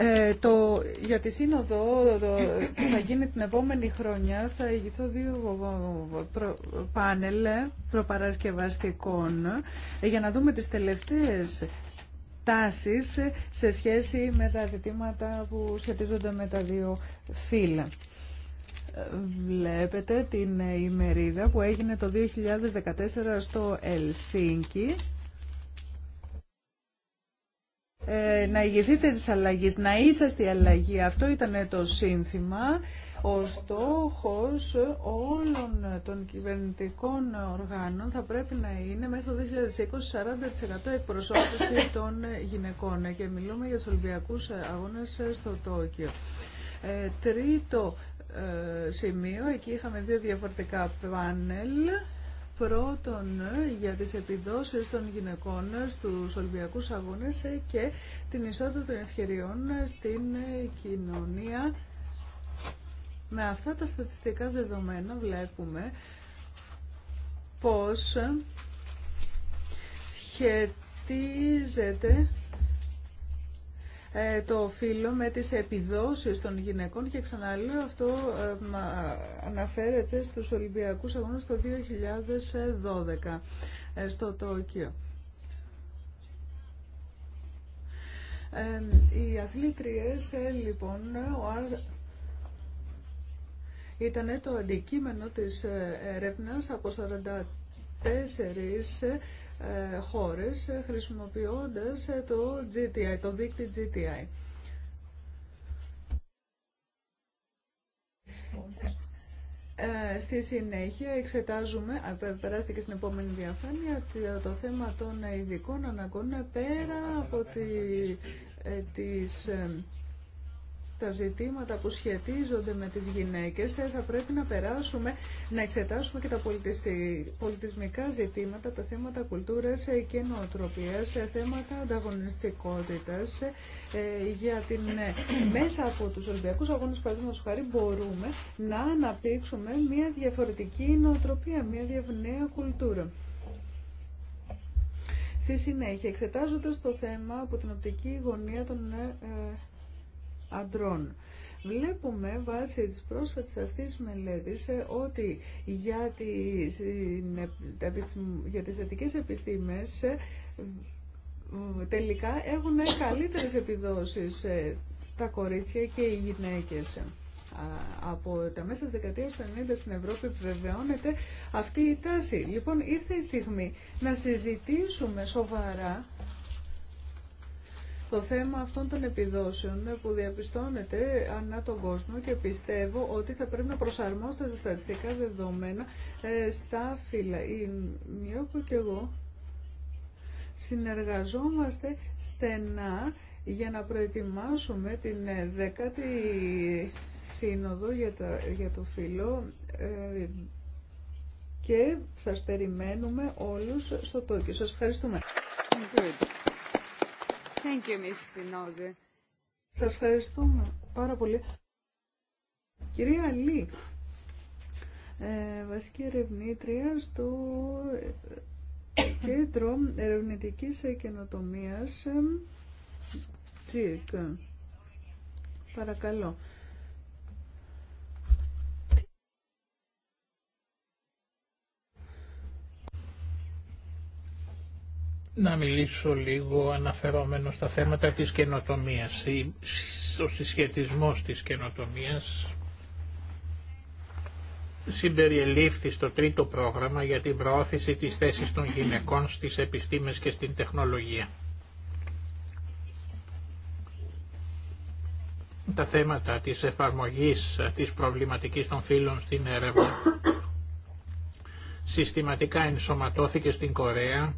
Ε, το, για τη σύνοδο που θα γίνει την επόμενη χρονιά θα ηγηθώ δύο ε, προ, πάνελ ε, προπαρασκευαστικών για να δούμε τις τελευταίες τάσεις σε σχέση με τα ζητήματα που σχετίζονται με τα δύο φύλλα. Βλέπετε την ημερίδα που έγινε το 2014 στο Ελσίνκι ε, να ηγηθείτε της αλλαγής, να είσαστε η αλλαγή. Αυτό ήταν το σύνθημα. Ο στόχος όλων των κυβερνητικών οργάνων θα πρέπει να είναι μέχρι το 2020 40% εκπροσώπηση των γυναικών και μιλούμε για τους Ολυμπιακούς Αγώνες στο Τόκιο. Ε, τρίτο ε, σημείο, εκεί είχαμε δύο διαφορετικά πάνελ πρώτον για τις επιδόσεις των γυναικών στους Ολυμπιακούς Αγώνες και την ισότητα των ευκαιριών στην κοινωνία. Με αυτά τα στατιστικά δεδομένα βλέπουμε πως σχετίζεται ε, το φύλλο με τις επιδόσεις των γυναικών και ξαναλέω αυτό ε, αναφέρεται στους Ολυμπιακούς Αγώνες το 2012 ε, στο Τόκιο. οι αθλήτριες λοιπόν ήταν το αντικείμενο της έρευνας από 44 ε, χώρες ε, χρησιμοποιώντας ε, το GTI, το δίκτυ GTI. στη συνέχεια εξετάζουμε, περάστηκε στην επόμενη διαφάνεια, το, θέμα των ειδικών αναγκών πέρα από τη, τις τα ζητήματα που σχετίζονται με τις γυναίκες ε, θα πρέπει να περάσουμε, να εξετάσουμε και τα πολιτισμικά ζητήματα, τα θέματα κουλτούρας ε, και νοοτροπίας, ε, θέματα ανταγωνιστικότητας για την, μέσα από τους Ολυμπιακούς Αγώνες παραδείγματος χάρη μπορούμε να αναπτύξουμε μια διαφορετική νοοτροπία, μια νέα κουλτούρα. Στη συνέχεια, εξετάζοντας το θέμα από την οπτική γωνία των αντρών. Βλέπουμε βάσει της πρόσφατης αυτής μελέτης ε, ότι για τις, ε, για τις επιστήμες ε, τελικά έχουν καλύτερες επιδόσεις τα κορίτσια και οι γυναίκες. Από τα μέσα της δεκαετίας του 90 στην Ευρώπη βεβαιώνεται αυτή η τάση. Λοιπόν, ήρθε η στιγμή να συζητήσουμε σοβαρά το θέμα αυτών των επιδόσεων που διαπιστώνεται ανά τον κόσμο και πιστεύω ότι θα πρέπει να προσαρμόσετε τα στατιστικά δεδομένα ε, στα φύλλα. Η Μιώκο και εγώ συνεργαζόμαστε στενά για να προετοιμάσουμε την ε, δέκατη σύνοδο για, για το φύλλο ε, και σας περιμένουμε όλους στο Τόκιο. Σας ευχαριστούμε. Thank Σας ευχαριστούμε πάρα πολύ. Κυρία Λή, ε, βασική ερευνήτρια στο ε, Κέντρο Ερευνητικής Καινοτομίας ε, Τσίρκ. Παρακαλώ. να μιλήσω λίγο αναφερόμενο στα θέματα της καινοτομίας. Ο συσχετισμός της καινοτομίας συμπεριελήφθη στο τρίτο πρόγραμμα για την προώθηση της θέσης των γυναικών στις επιστήμες και στην τεχνολογία. Τα θέματα της εφαρμογής της προβληματικής των φύλων στην έρευνα συστηματικά ενσωματώθηκε στην Κορέα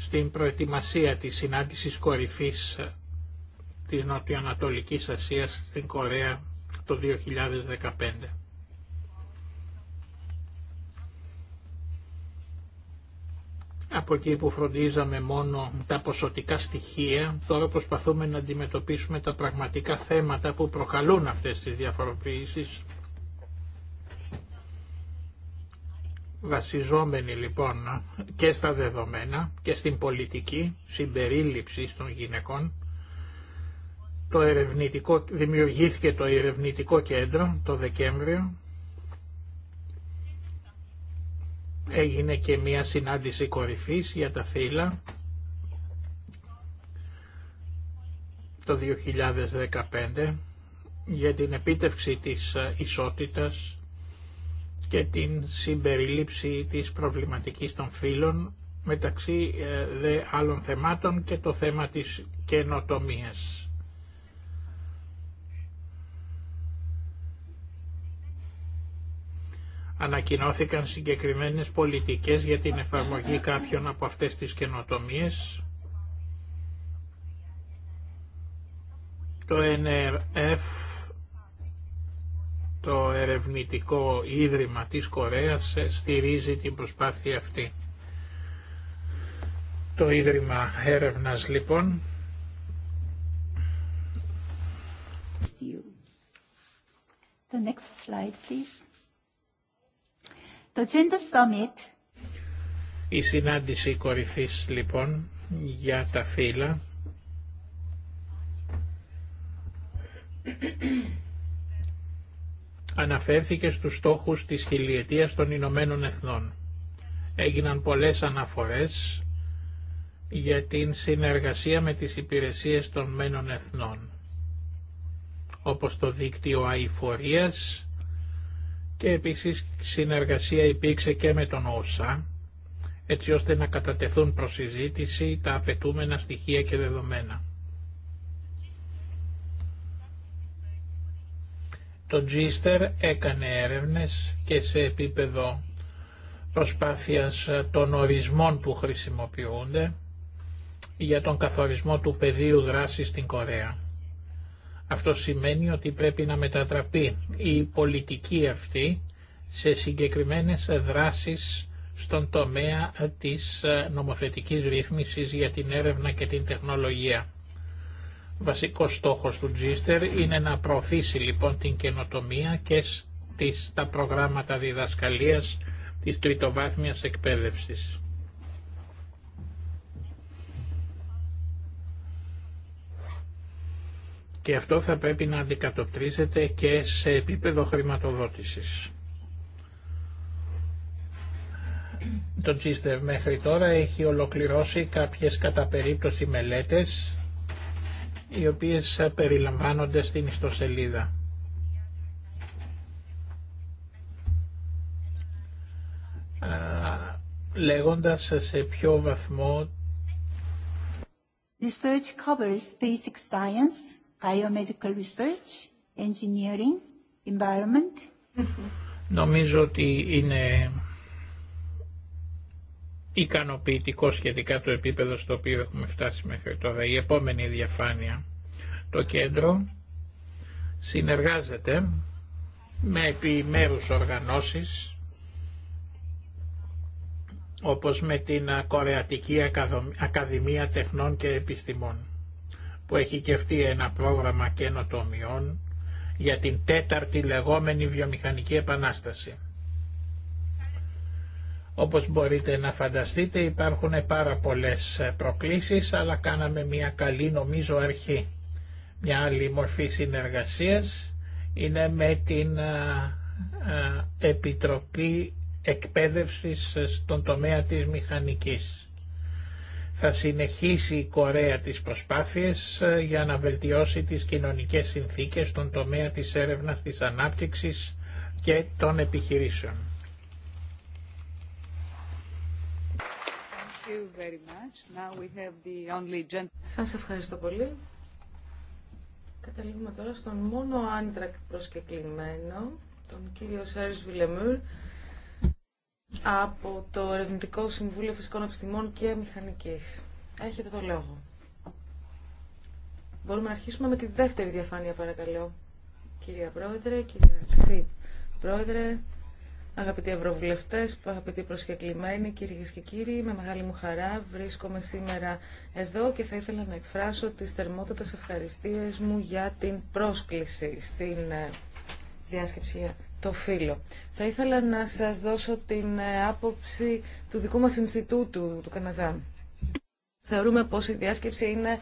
στην προετοιμασία της συνάντησης κορυφής ε, της Νοτιοανατολικής Ασίας στην Κορέα το 2015. Από εκεί που φροντίζαμε μόνο τα ποσοτικά στοιχεία, τώρα προσπαθούμε να αντιμετωπίσουμε τα πραγματικά θέματα που προκαλούν αυτές τις διαφοροποιήσεις Βασιζόμενοι λοιπόν και στα δεδομένα και στην πολιτική συμπερίληψη των γυναικών, το ερευνητικό, δημιουργήθηκε το ερευνητικό κέντρο το Δεκέμβριο. Έγινε και μία συνάντηση κορυφής για τα φύλλα το 2015 για την επίτευξη της ισότητας και την συμπερίληψη της προβληματικής των φύλων μεταξύ ε, δε άλλων θεμάτων και το θέμα της καινοτομίας. Ανακοινώθηκαν συγκεκριμένες πολιτικές για την εφαρμογή κάποιων από αυτές τις καινοτομίες. Το NRF το ερευνητικό ίδρυμα της Κορέας στηρίζει την προσπάθεια αυτή. Το Ίδρυμα Έρευνας λοιπόν The next slide, please. The Gender Summit. Η συνάντηση κορυφής λοιπόν για τα φύλλα αναφέρθηκε στους στόχους της χιλιετίας των Ηνωμένων Εθνών. Έγιναν πολλές αναφορές για την συνεργασία με τις υπηρεσίες των Μένων Εθνών, όπως το δίκτυο αηφορίας και επίσης συνεργασία υπήρξε και με τον ΩΣΑ, έτσι ώστε να κατατεθούν προς τα απαιτούμενα στοιχεία και δεδομένα. Το Τζίστερ έκανε έρευνες και σε επίπεδο προσπάθειας των ορισμών που χρησιμοποιούνται για τον καθορισμό του πεδίου δράσης στην Κορέα. Αυτό σημαίνει ότι πρέπει να μετατραπεί η πολιτική αυτή σε συγκεκριμένες δράσεις στον τομέα της νομοθετικής ρύθμισης για την έρευνα και την τεχνολογία βασικός στόχος του Τζίστερ είναι να προωθήσει λοιπόν την καινοτομία και στις, τα προγράμματα διδασκαλίας της τριτοβάθμιας εκπαίδευσης. Και αυτό θα πρέπει να αντικατοπτρίζεται και σε επίπεδο χρηματοδότησης. Το Τζίστερ μέχρι τώρα έχει ολοκληρώσει κάποιες κατά περίπτωση μελέτες οι οποίες περιλαμβάνονται στην ιστοσελίδα. Λέγοντας σε ποιο βαθμό Research covers basic science, biomedical research, engineering, environment. Νομίζω ότι είναι ικανοποιητικό σχετικά το επίπεδο στο οποίο έχουμε φτάσει μέχρι τώρα. Η επόμενη διαφάνεια. Το κέντρο συνεργάζεται με επιμέρους οργανώσεις όπως με την Κορεατική Ακαδημία Τεχνών και Επιστημών που έχει κεφτεί ένα πρόγραμμα καινοτομιών για την τέταρτη λεγόμενη βιομηχανική επανάσταση. Όπως μπορείτε να φανταστείτε υπάρχουν πάρα πολλές ε, προκλήσεις αλλά κάναμε μια καλή νομίζω αρχή. Μια άλλη μορφή συνεργασίας είναι με την ε, ε, Επιτροπή Εκπαίδευσης στον τομέα της μηχανικής. Θα συνεχίσει η Κορέα τις προσπάθειες για να βελτιώσει τις κοινωνικές συνθήκες στον τομέα της έρευνας, της ανάπτυξης και των επιχειρήσεων. you Σας ευχαριστώ πολύ. Καταλήγουμε τώρα στον μόνο άντρα προσκεκλημένο, τον κύριο Σέρις Βιλεμούρ, από το Ερευνητικό Συμβούλιο Φυσικών Επιστημών και Μηχανικής. Έχετε το λόγο. Μπορούμε να αρχίσουμε με τη δεύτερη διαφάνεια, παρακαλώ. Κυρία Πρόεδρε, κύριε Ξύπ, Πρόεδρε, Αγαπητοί Ευρωβουλευτέ, αγαπητοί προσκεκλημένοι, κυρίε και κύριοι, με μεγάλη μου χαρά βρίσκομαι σήμερα εδώ και θα ήθελα να εκφράσω τι θερμότατε ευχαριστίε μου για την πρόσκληση στην ε, διάσκεψη για το φύλλο. Θα ήθελα να σα δώσω την ε, άποψη του δικού μα Ινστιτούτου του Καναδά. Θεωρούμε πως η διάσκεψη είναι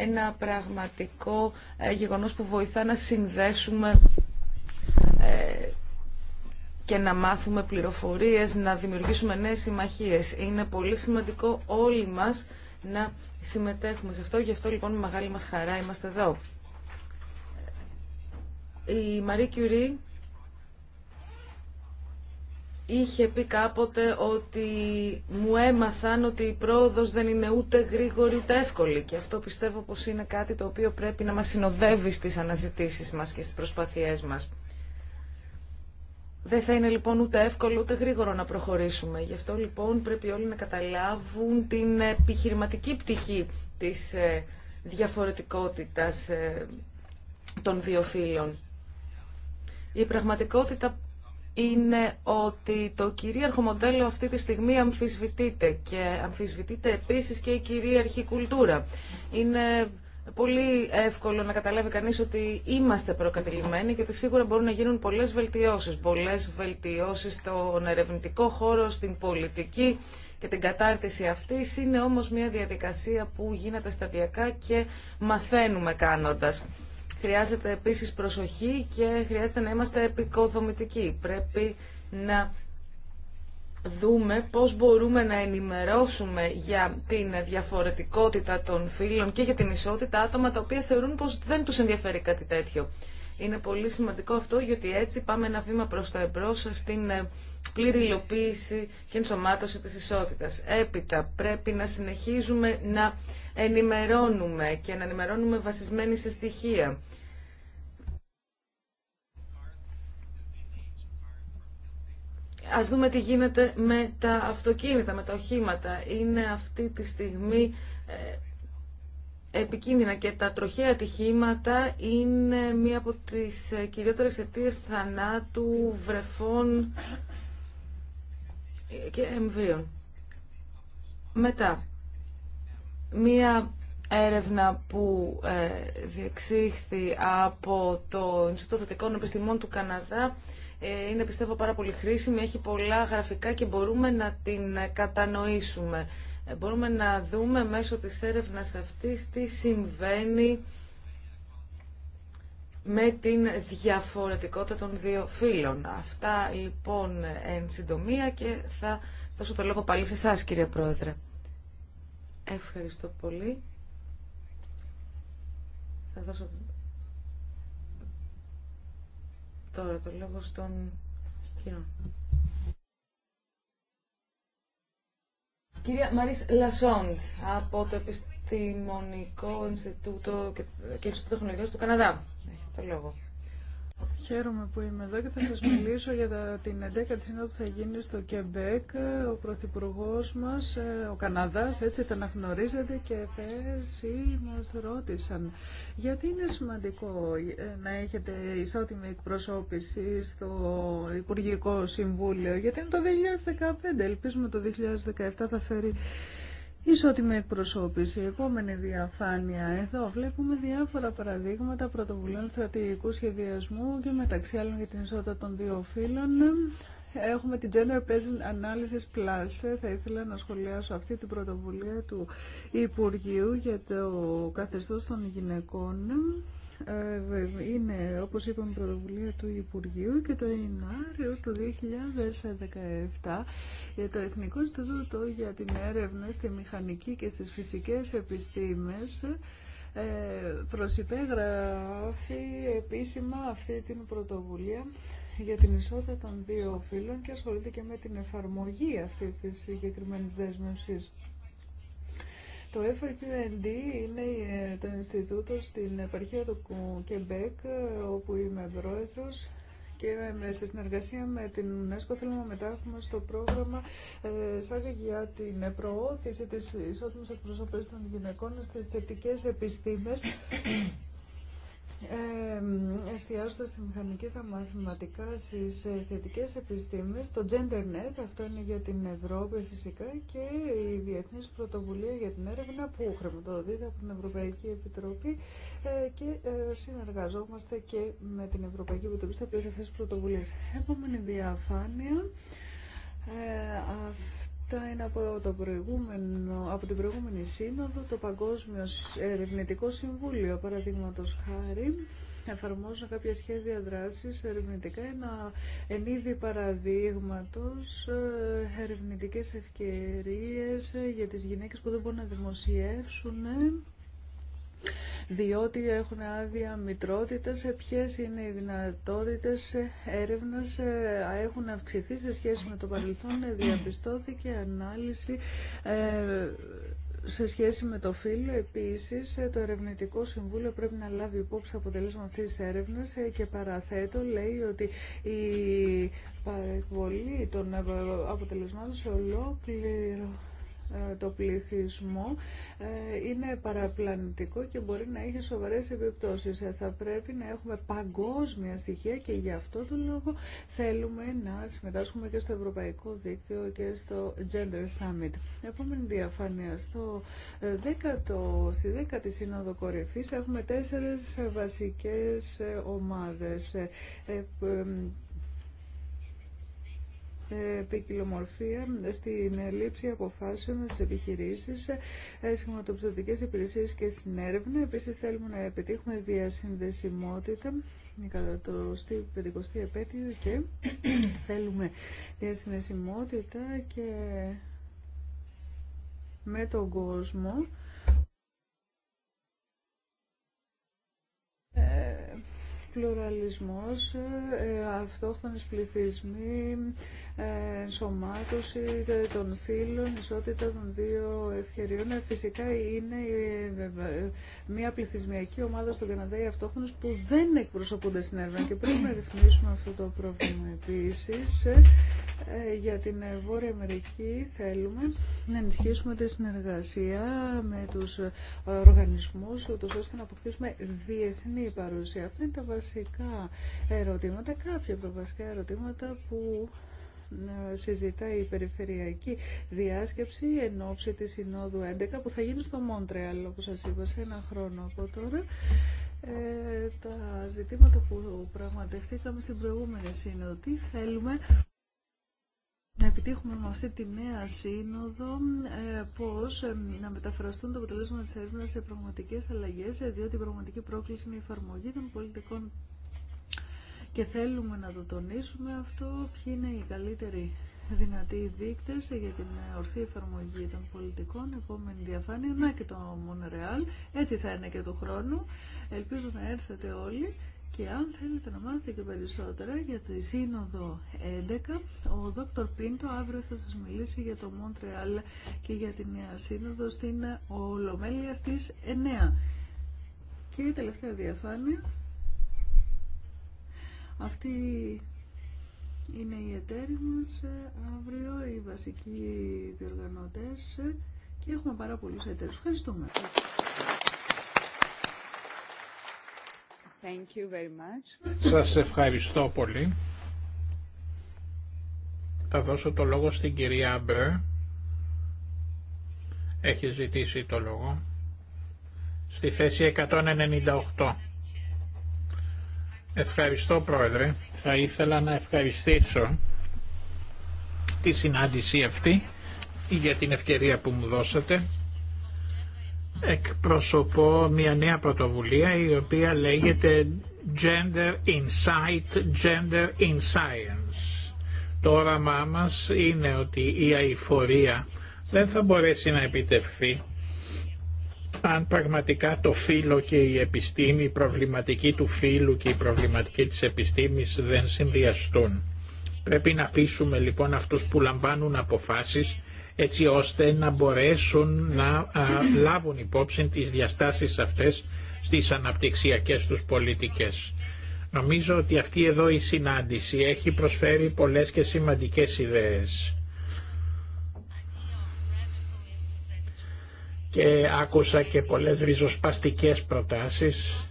ένα πραγματικό ε, γεγονός που βοηθά να συνδέσουμε και να μάθουμε πληροφορίες, να δημιουργήσουμε νέες συμμαχίες. Είναι πολύ σημαντικό όλοι μας να συμμετέχουμε σε αυτό. Γι' αυτό λοιπόν με μεγάλη μας χαρά είμαστε εδώ. Η Μαρή Κιουρί είχε πει κάποτε ότι μου έμαθαν ότι η πρόοδος δεν είναι ούτε γρήγορη ούτε εύκολη και αυτό πιστεύω πως είναι κάτι το οποίο πρέπει να μας συνοδεύει στις αναζητήσεις μας και στις προσπάθειές μας. Δεν θα είναι λοιπόν ούτε εύκολο ούτε γρήγορο να προχωρήσουμε. Γι' αυτό λοιπόν πρέπει όλοι να καταλάβουν την επιχειρηματική πτυχή της ε, διαφορετικότητας ε, των δύο φύλων. Η πραγματικότητα είναι ότι το κυρίαρχο μοντέλο αυτή τη στιγμή αμφισβητείται και αμφισβητείται επίσης και η κυρίαρχη κουλτούρα. Είναι πολύ εύκολο να καταλάβει κανείς ότι είμαστε προκατηλημένοι και ότι σίγουρα μπορούν να γίνουν πολλές βελτιώσεις. Πολλές βελτιώσεις στον ερευνητικό χώρο, στην πολιτική και την κατάρτιση αυτής. Είναι όμως μια διαδικασία που γίνεται σταδιακά και μαθαίνουμε κάνοντας. Χρειάζεται επίσης προσοχή και χρειάζεται να είμαστε επικοδομητικοί. Πρέπει να δούμε πώς μπορούμε να ενημερώσουμε για την διαφορετικότητα των φίλων και για την ισότητα άτομα τα οποία θεωρούν πως δεν τους ενδιαφέρει κάτι τέτοιο. Είναι πολύ σημαντικό αυτό γιατί έτσι πάμε ένα βήμα προς τα εμπρός στην ε, πλήρη υλοποίηση και ενσωμάτωση της ισότητας. Έπειτα πρέπει να συνεχίζουμε να ενημερώνουμε και να ενημερώνουμε βασισμένοι σε στοιχεία. Ας δούμε τι γίνεται με τα αυτοκίνητα, με τα οχήματα. Είναι αυτή τη στιγμή ε, επικίνδυνα και τα τροχαία ατυχήματα είναι μία από τις ε, κυριότερες αιτίες θανάτου βρεφών και εμβρίων. Μετά, μία έρευνα που ε, διεξήχθη από το Ινστιτούτο Θετικών Επιστημών του Καναδά ε, είναι πιστεύω πάρα πολύ χρήσιμη, έχει πολλά γραφικά και μπορούμε να την κατανοήσουμε. Ε, μπορούμε να δούμε μέσω της έρευνας αυτής τι συμβαίνει με την διαφορετικότητα των δύο φύλων. Αυτά λοιπόν εν συντομία και θα δώσω το λόγο πάλι σε εσά, κύριε Πρόεδρε. Ευχαριστώ πολύ. Θα τώρα το λόγο στον κύριο. Κυρία Μαρίς Λασόντ από το Επιστημονικό Ινστιτούτο και Ινστιτούτο Τεχνολογίας του Καναδά. Έχετε το λόγο. Χαίρομαι που είμαι εδώ και θα σας μιλήσω για την 11η σύνοδο που θα γίνει στο Κεμπέκ. Ο Πρωθυπουργό μας, ε, ο Καναδάς, έτσι τα αναγνωρίζετε και πέρσι μας ρώτησαν γιατί είναι σημαντικό ε, να έχετε ισότιμη εκπροσώπηση στο Υπουργικό Συμβούλιο, γιατί είναι το 2015, ελπίζουμε το 2017 θα φέρει Ισότιμη εκπροσώπηση. επόμενη διαφάνεια. Εδώ βλέπουμε διάφορα παραδείγματα πρωτοβουλίων στρατηγικού σχεδιασμού και μεταξύ άλλων για την ισότητα των δύο φύλων. Έχουμε την Gender Present Analysis Plus. Θα ήθελα να σχολιάσω αυτή την πρωτοβουλία του Υπουργείου για το καθεστώς των γυναικών. Ε, είναι, όπως είπαμε, πρωτοβουλία του Υπουργείου και το Ινάριο του 2017 για ε, το Εθνικό Ινστιτούτο για την έρευνα στη μηχανική και στις φυσικές επιστήμες ε, προσυπέγραφει επίσημα αυτή την πρωτοβουλία για την ισότητα των δύο φύλων και ασχολείται και με την εφαρμογή αυτής της συγκεκριμένης δέσμευσης. Το FRQND είναι ε, το Ινστιτούτο στην επαρχία του Κεμπέκ, ε, όπου είμαι πρόεδρος και σε συνεργασία με την UNESCO θέλουμε να μετάχουμε στο πρόγραμμα ε, για την προώθηση της ισότιμης εκπροσωπής των γυναικών στις θετικές επιστήμες ε, εστιάζοντας στη μηχανική στα μαθηματικά στις ε, θετικέ επιστήμες, το GenderNet, αυτό είναι για την Ευρώπη φυσικά και η διεθνή Πρωτοβουλία για την Έρευνα που χρηματοδοτείται από την Ευρωπαϊκή Επιτροπή ε, και ε, συνεργαζόμαστε και με την Ευρωπαϊκή Επιτροπή στα πλαίσια αυτή τη πρωτοβουλία. Επόμενη διαφάνεια. Ε, Αυτά είναι από, το προηγούμενο, από την προηγούμενη σύνοδο, το Παγκόσμιο Ερευνητικό Συμβούλιο, παραδείγματο χάρη. Εφαρμόζουν κάποια σχέδια δράσης ερευνητικά, ένα εν είδη παραδείγματος, ε, ερευνητικές ευκαιρίες ε, για τις γυναίκες που δεν μπορούν να δημοσιεύσουν διότι έχουν άδεια σε ποιε είναι οι δυνατότητε έρευνα, ε, έχουν αυξηθεί σε σχέση με το παρελθόν, διαπιστώθηκε ανάλυση ε, σε σχέση με το φύλλο, επίσης, ε, το Ερευνητικό Συμβούλιο πρέπει να λάβει υπόψη τα αποτελέσματα αυτής της έρευνας και παραθέτω λέει ότι η παρεκβολή των αποτελεσμάτων σε ολόκληρο ε, το πληθυσμό ε, είναι παραπλανητικό και μπορεί να έχει σοβαρές επιπτώσεις. Ε, θα πρέπει να έχουμε παγκόσμια στοιχεία και γι' αυτό το λόγο θέλουμε να συμμετάσχουμε και στο Ευρωπαϊκό Δίκτυο και στο Gender Summit. Επόμενη διαφάνεια. Στο 10ο, στη δέκατη Σύνοδο Κορυφής έχουμε τέσσερες βασικές ομάδες ποικιλομορφία στην λήψη αποφάσεων στις επιχειρήσεις, ε, στι χρηματοπιστωτικέ υπηρεσίε και στην έρευνα. Επίση θέλουμε να επιτύχουμε διασυνδεσιμότητα κατά το στήριο 50 επέτειο και θέλουμε διασυνδεσιμότητα και με τον κόσμο πλουραλισμός, ε, ε, αυτόχθονες πληθυσμοί, ε, ενσωμάτωση των φύλων, ισότητα των δύο ευκαιριών. Φυσικά είναι μια πληθυσμιακή ομάδα στον Καναδά οι αυτόχθονες που δεν εκπροσωπούνται στην έρευνα και πρέπει να ρυθμίσουμε αυτό το πρόβλημα. Επίσης, για την Βόρεια Αμερική θέλουμε να ενισχύσουμε τη συνεργασία με τους οργανισμούς, ώστε να αποκτήσουμε διεθνή παρουσία. αυτή. είναι βασικά ερωτήματα, κάποια από τα βασικά ερωτήματα που ε, συζητάει η περιφερειακή διάσκεψη εν ώψη της Συνόδου 11 που θα γίνει στο Μόντρεαλ όπως σας είπα σε ένα χρόνο από τώρα ε, τα ζητήματα που πραγματευτήκαμε στην προηγούμενη σύνοδο τι θέλουμε να επιτύχουμε με αυτή τη νέα σύνοδο ε, πώς ε, να μεταφραστούν το αποτελέσμα της έρευνας σε πραγματικές αλλαγές, ε, διότι η πραγματική πρόκληση είναι η εφαρμογή των πολιτικών και θέλουμε να το τονίσουμε αυτό, ποιοι είναι οι καλύτεροι δυνατοί δείκτες ε, για την ε, ορθή εφαρμογή των πολιτικών, επόμενη διαφάνεια, να και το Μονρεάλ, έτσι θα είναι και του χρόνο ελπίζω να έρθετε όλοι. Και αν θέλετε να μάθετε και περισσότερα για τη Σύνοδο 11, ο Δόκτωρ Πίντο αύριο θα σας μιλήσει για το Μόντρεαλ και για τη Νέα Σύνοδο στην Ολομέλεια στις 9. Και η τελευταία διαφάνεια. Αυτή είναι η εταίροι μας ε, αύριο, οι βασικοί διοργανωτές ε, και έχουμε πάρα πολλούς εταίρους. Ευχαριστούμε. Thank you very much. Σας ευχαριστώ πολύ. Θα δώσω το λόγο στην κυρία Μπρε. Έχει ζητήσει το λόγο. Στη θέση 198. Ευχαριστώ Πρόεδρε. Θα ήθελα να ευχαριστήσω τη συνάντηση αυτή για την ευκαιρία που μου δώσατε εκπροσωπώ μια νέα πρωτοβουλία η οποία λέγεται Gender Insight, Gender in Science. Το όραμά μας είναι ότι η αηφορία δεν θα μπορέσει να επιτευχθεί αν πραγματικά το φύλλο και η επιστήμη, η προβληματική του φύλλου και η προβληματική της επιστήμης δεν συνδυαστούν. Πρέπει να πείσουμε λοιπόν αυτούς που λαμβάνουν αποφάσεις έτσι ώστε να μπορέσουν να λάβουν υπόψη τις διαστάσεις αυτές στις αναπτυξιακές τους πολιτικές. Νομίζω ότι αυτή εδώ η συνάντηση έχει προσφέρει πολλές και σημαντικές ιδέες. Και άκουσα και πολλές ριζοσπαστικές προτάσεις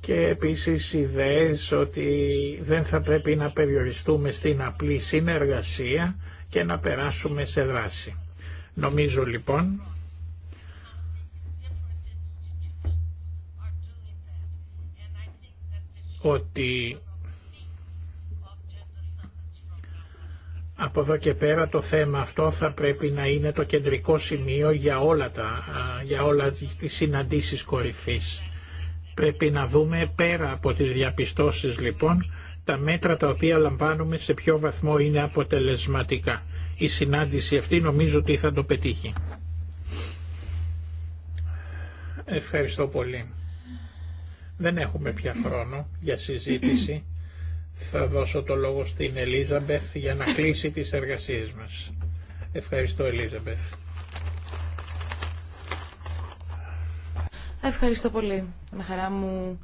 και επίσης ιδέες ότι δεν θα πρέπει να περιοριστούμε στην απλή συνεργασία και να περάσουμε σε δράση. Νομίζω λοιπόν ότι από εδώ και πέρα το θέμα αυτό θα πρέπει να είναι το κεντρικό σημείο για όλα, τα, για όλα τις συναντήσεις κορυφής. Πρέπει να δούμε πέρα από τις διαπιστώσεις λοιπόν τα μέτρα τα οποία λαμβάνουμε σε ποιο βαθμό είναι αποτελεσματικά. Η συνάντηση αυτή νομίζω ότι θα το πετύχει. Ευχαριστώ πολύ. Δεν έχουμε πια χρόνο για συζήτηση. Θα δώσω το λόγο στην Ελίζαμπεθ για να κλείσει τις εργασίες μας. Ευχαριστώ Ελίζαμπεθ. Ευχαριστώ πολύ. Με χαρά μου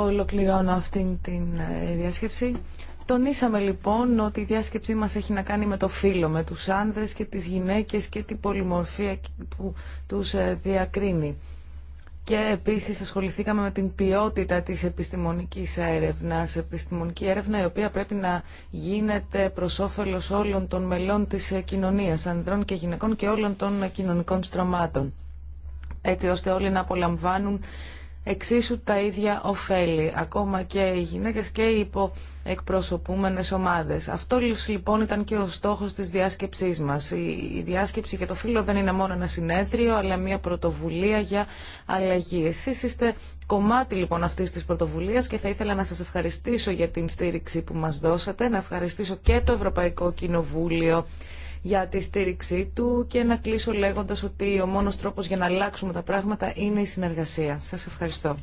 Ολοκληρώνω αυτήν την ε, διάσκεψη. Τονίσαμε λοιπόν ότι η διάσκεψή μας έχει να κάνει με το φίλο με τους άνδρες και τις γυναίκες και την πολυμορφία που τους ε, διακρίνει. Και επίσης ασχοληθήκαμε με την ποιότητα της επιστημονικής έρευνας, επιστημονική έρευνα η οποία πρέπει να γίνεται προς όφελος όλων των μελών της ε, κοινωνίας, ανδρών και γυναικών και όλων των κοινωνικών στρωμάτων, έτσι ώστε όλοι να απολαμβάνουν εξίσου τα ίδια ωφέλη, ακόμα και οι γυναίκες και οι υποεκπροσωπούμενες ομάδες. Αυτό λοιπόν ήταν και ο στόχος της διάσκεψής μας. Η διάσκεψη για το φύλλο δεν είναι μόνο ένα συνέδριο, αλλά μια πρωτοβουλία για αλλαγή. Εσείς είστε κομμάτι λοιπόν αυτής της πρωτοβουλίας και θα ήθελα να σας ευχαριστήσω για την στήριξη που μας δώσατε, να ευχαριστήσω και το Ευρωπαϊκό Κοινοβούλιο για τη στήριξή του και να κλείσω λέγοντας ότι ο μόνος τρόπος για να αλλάξουμε τα πράγματα είναι η συνεργασία. Σας ευχαριστώ.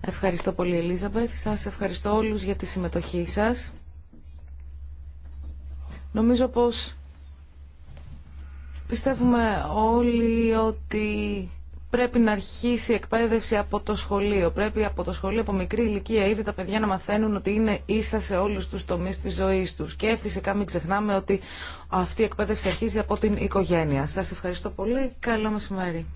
Ευχαριστώ πολύ Ελίζαμπεθ. Σας ευχαριστώ όλους για τη συμμετοχή σας. Νομίζω πως πιστεύουμε όλοι ότι πρέπει να αρχίσει η εκπαίδευση από το σχολείο. Πρέπει από το σχολείο, από μικρή ηλικία ήδη τα παιδιά να μαθαίνουν ότι είναι ίσα σε όλους του τομείς της ζωής τους. Και φυσικά μην ξεχνάμε ότι αυτή η εκπαίδευση αρχίζει από την οικογένεια. Σας ευχαριστώ πολύ. Καλό μεσημέρι.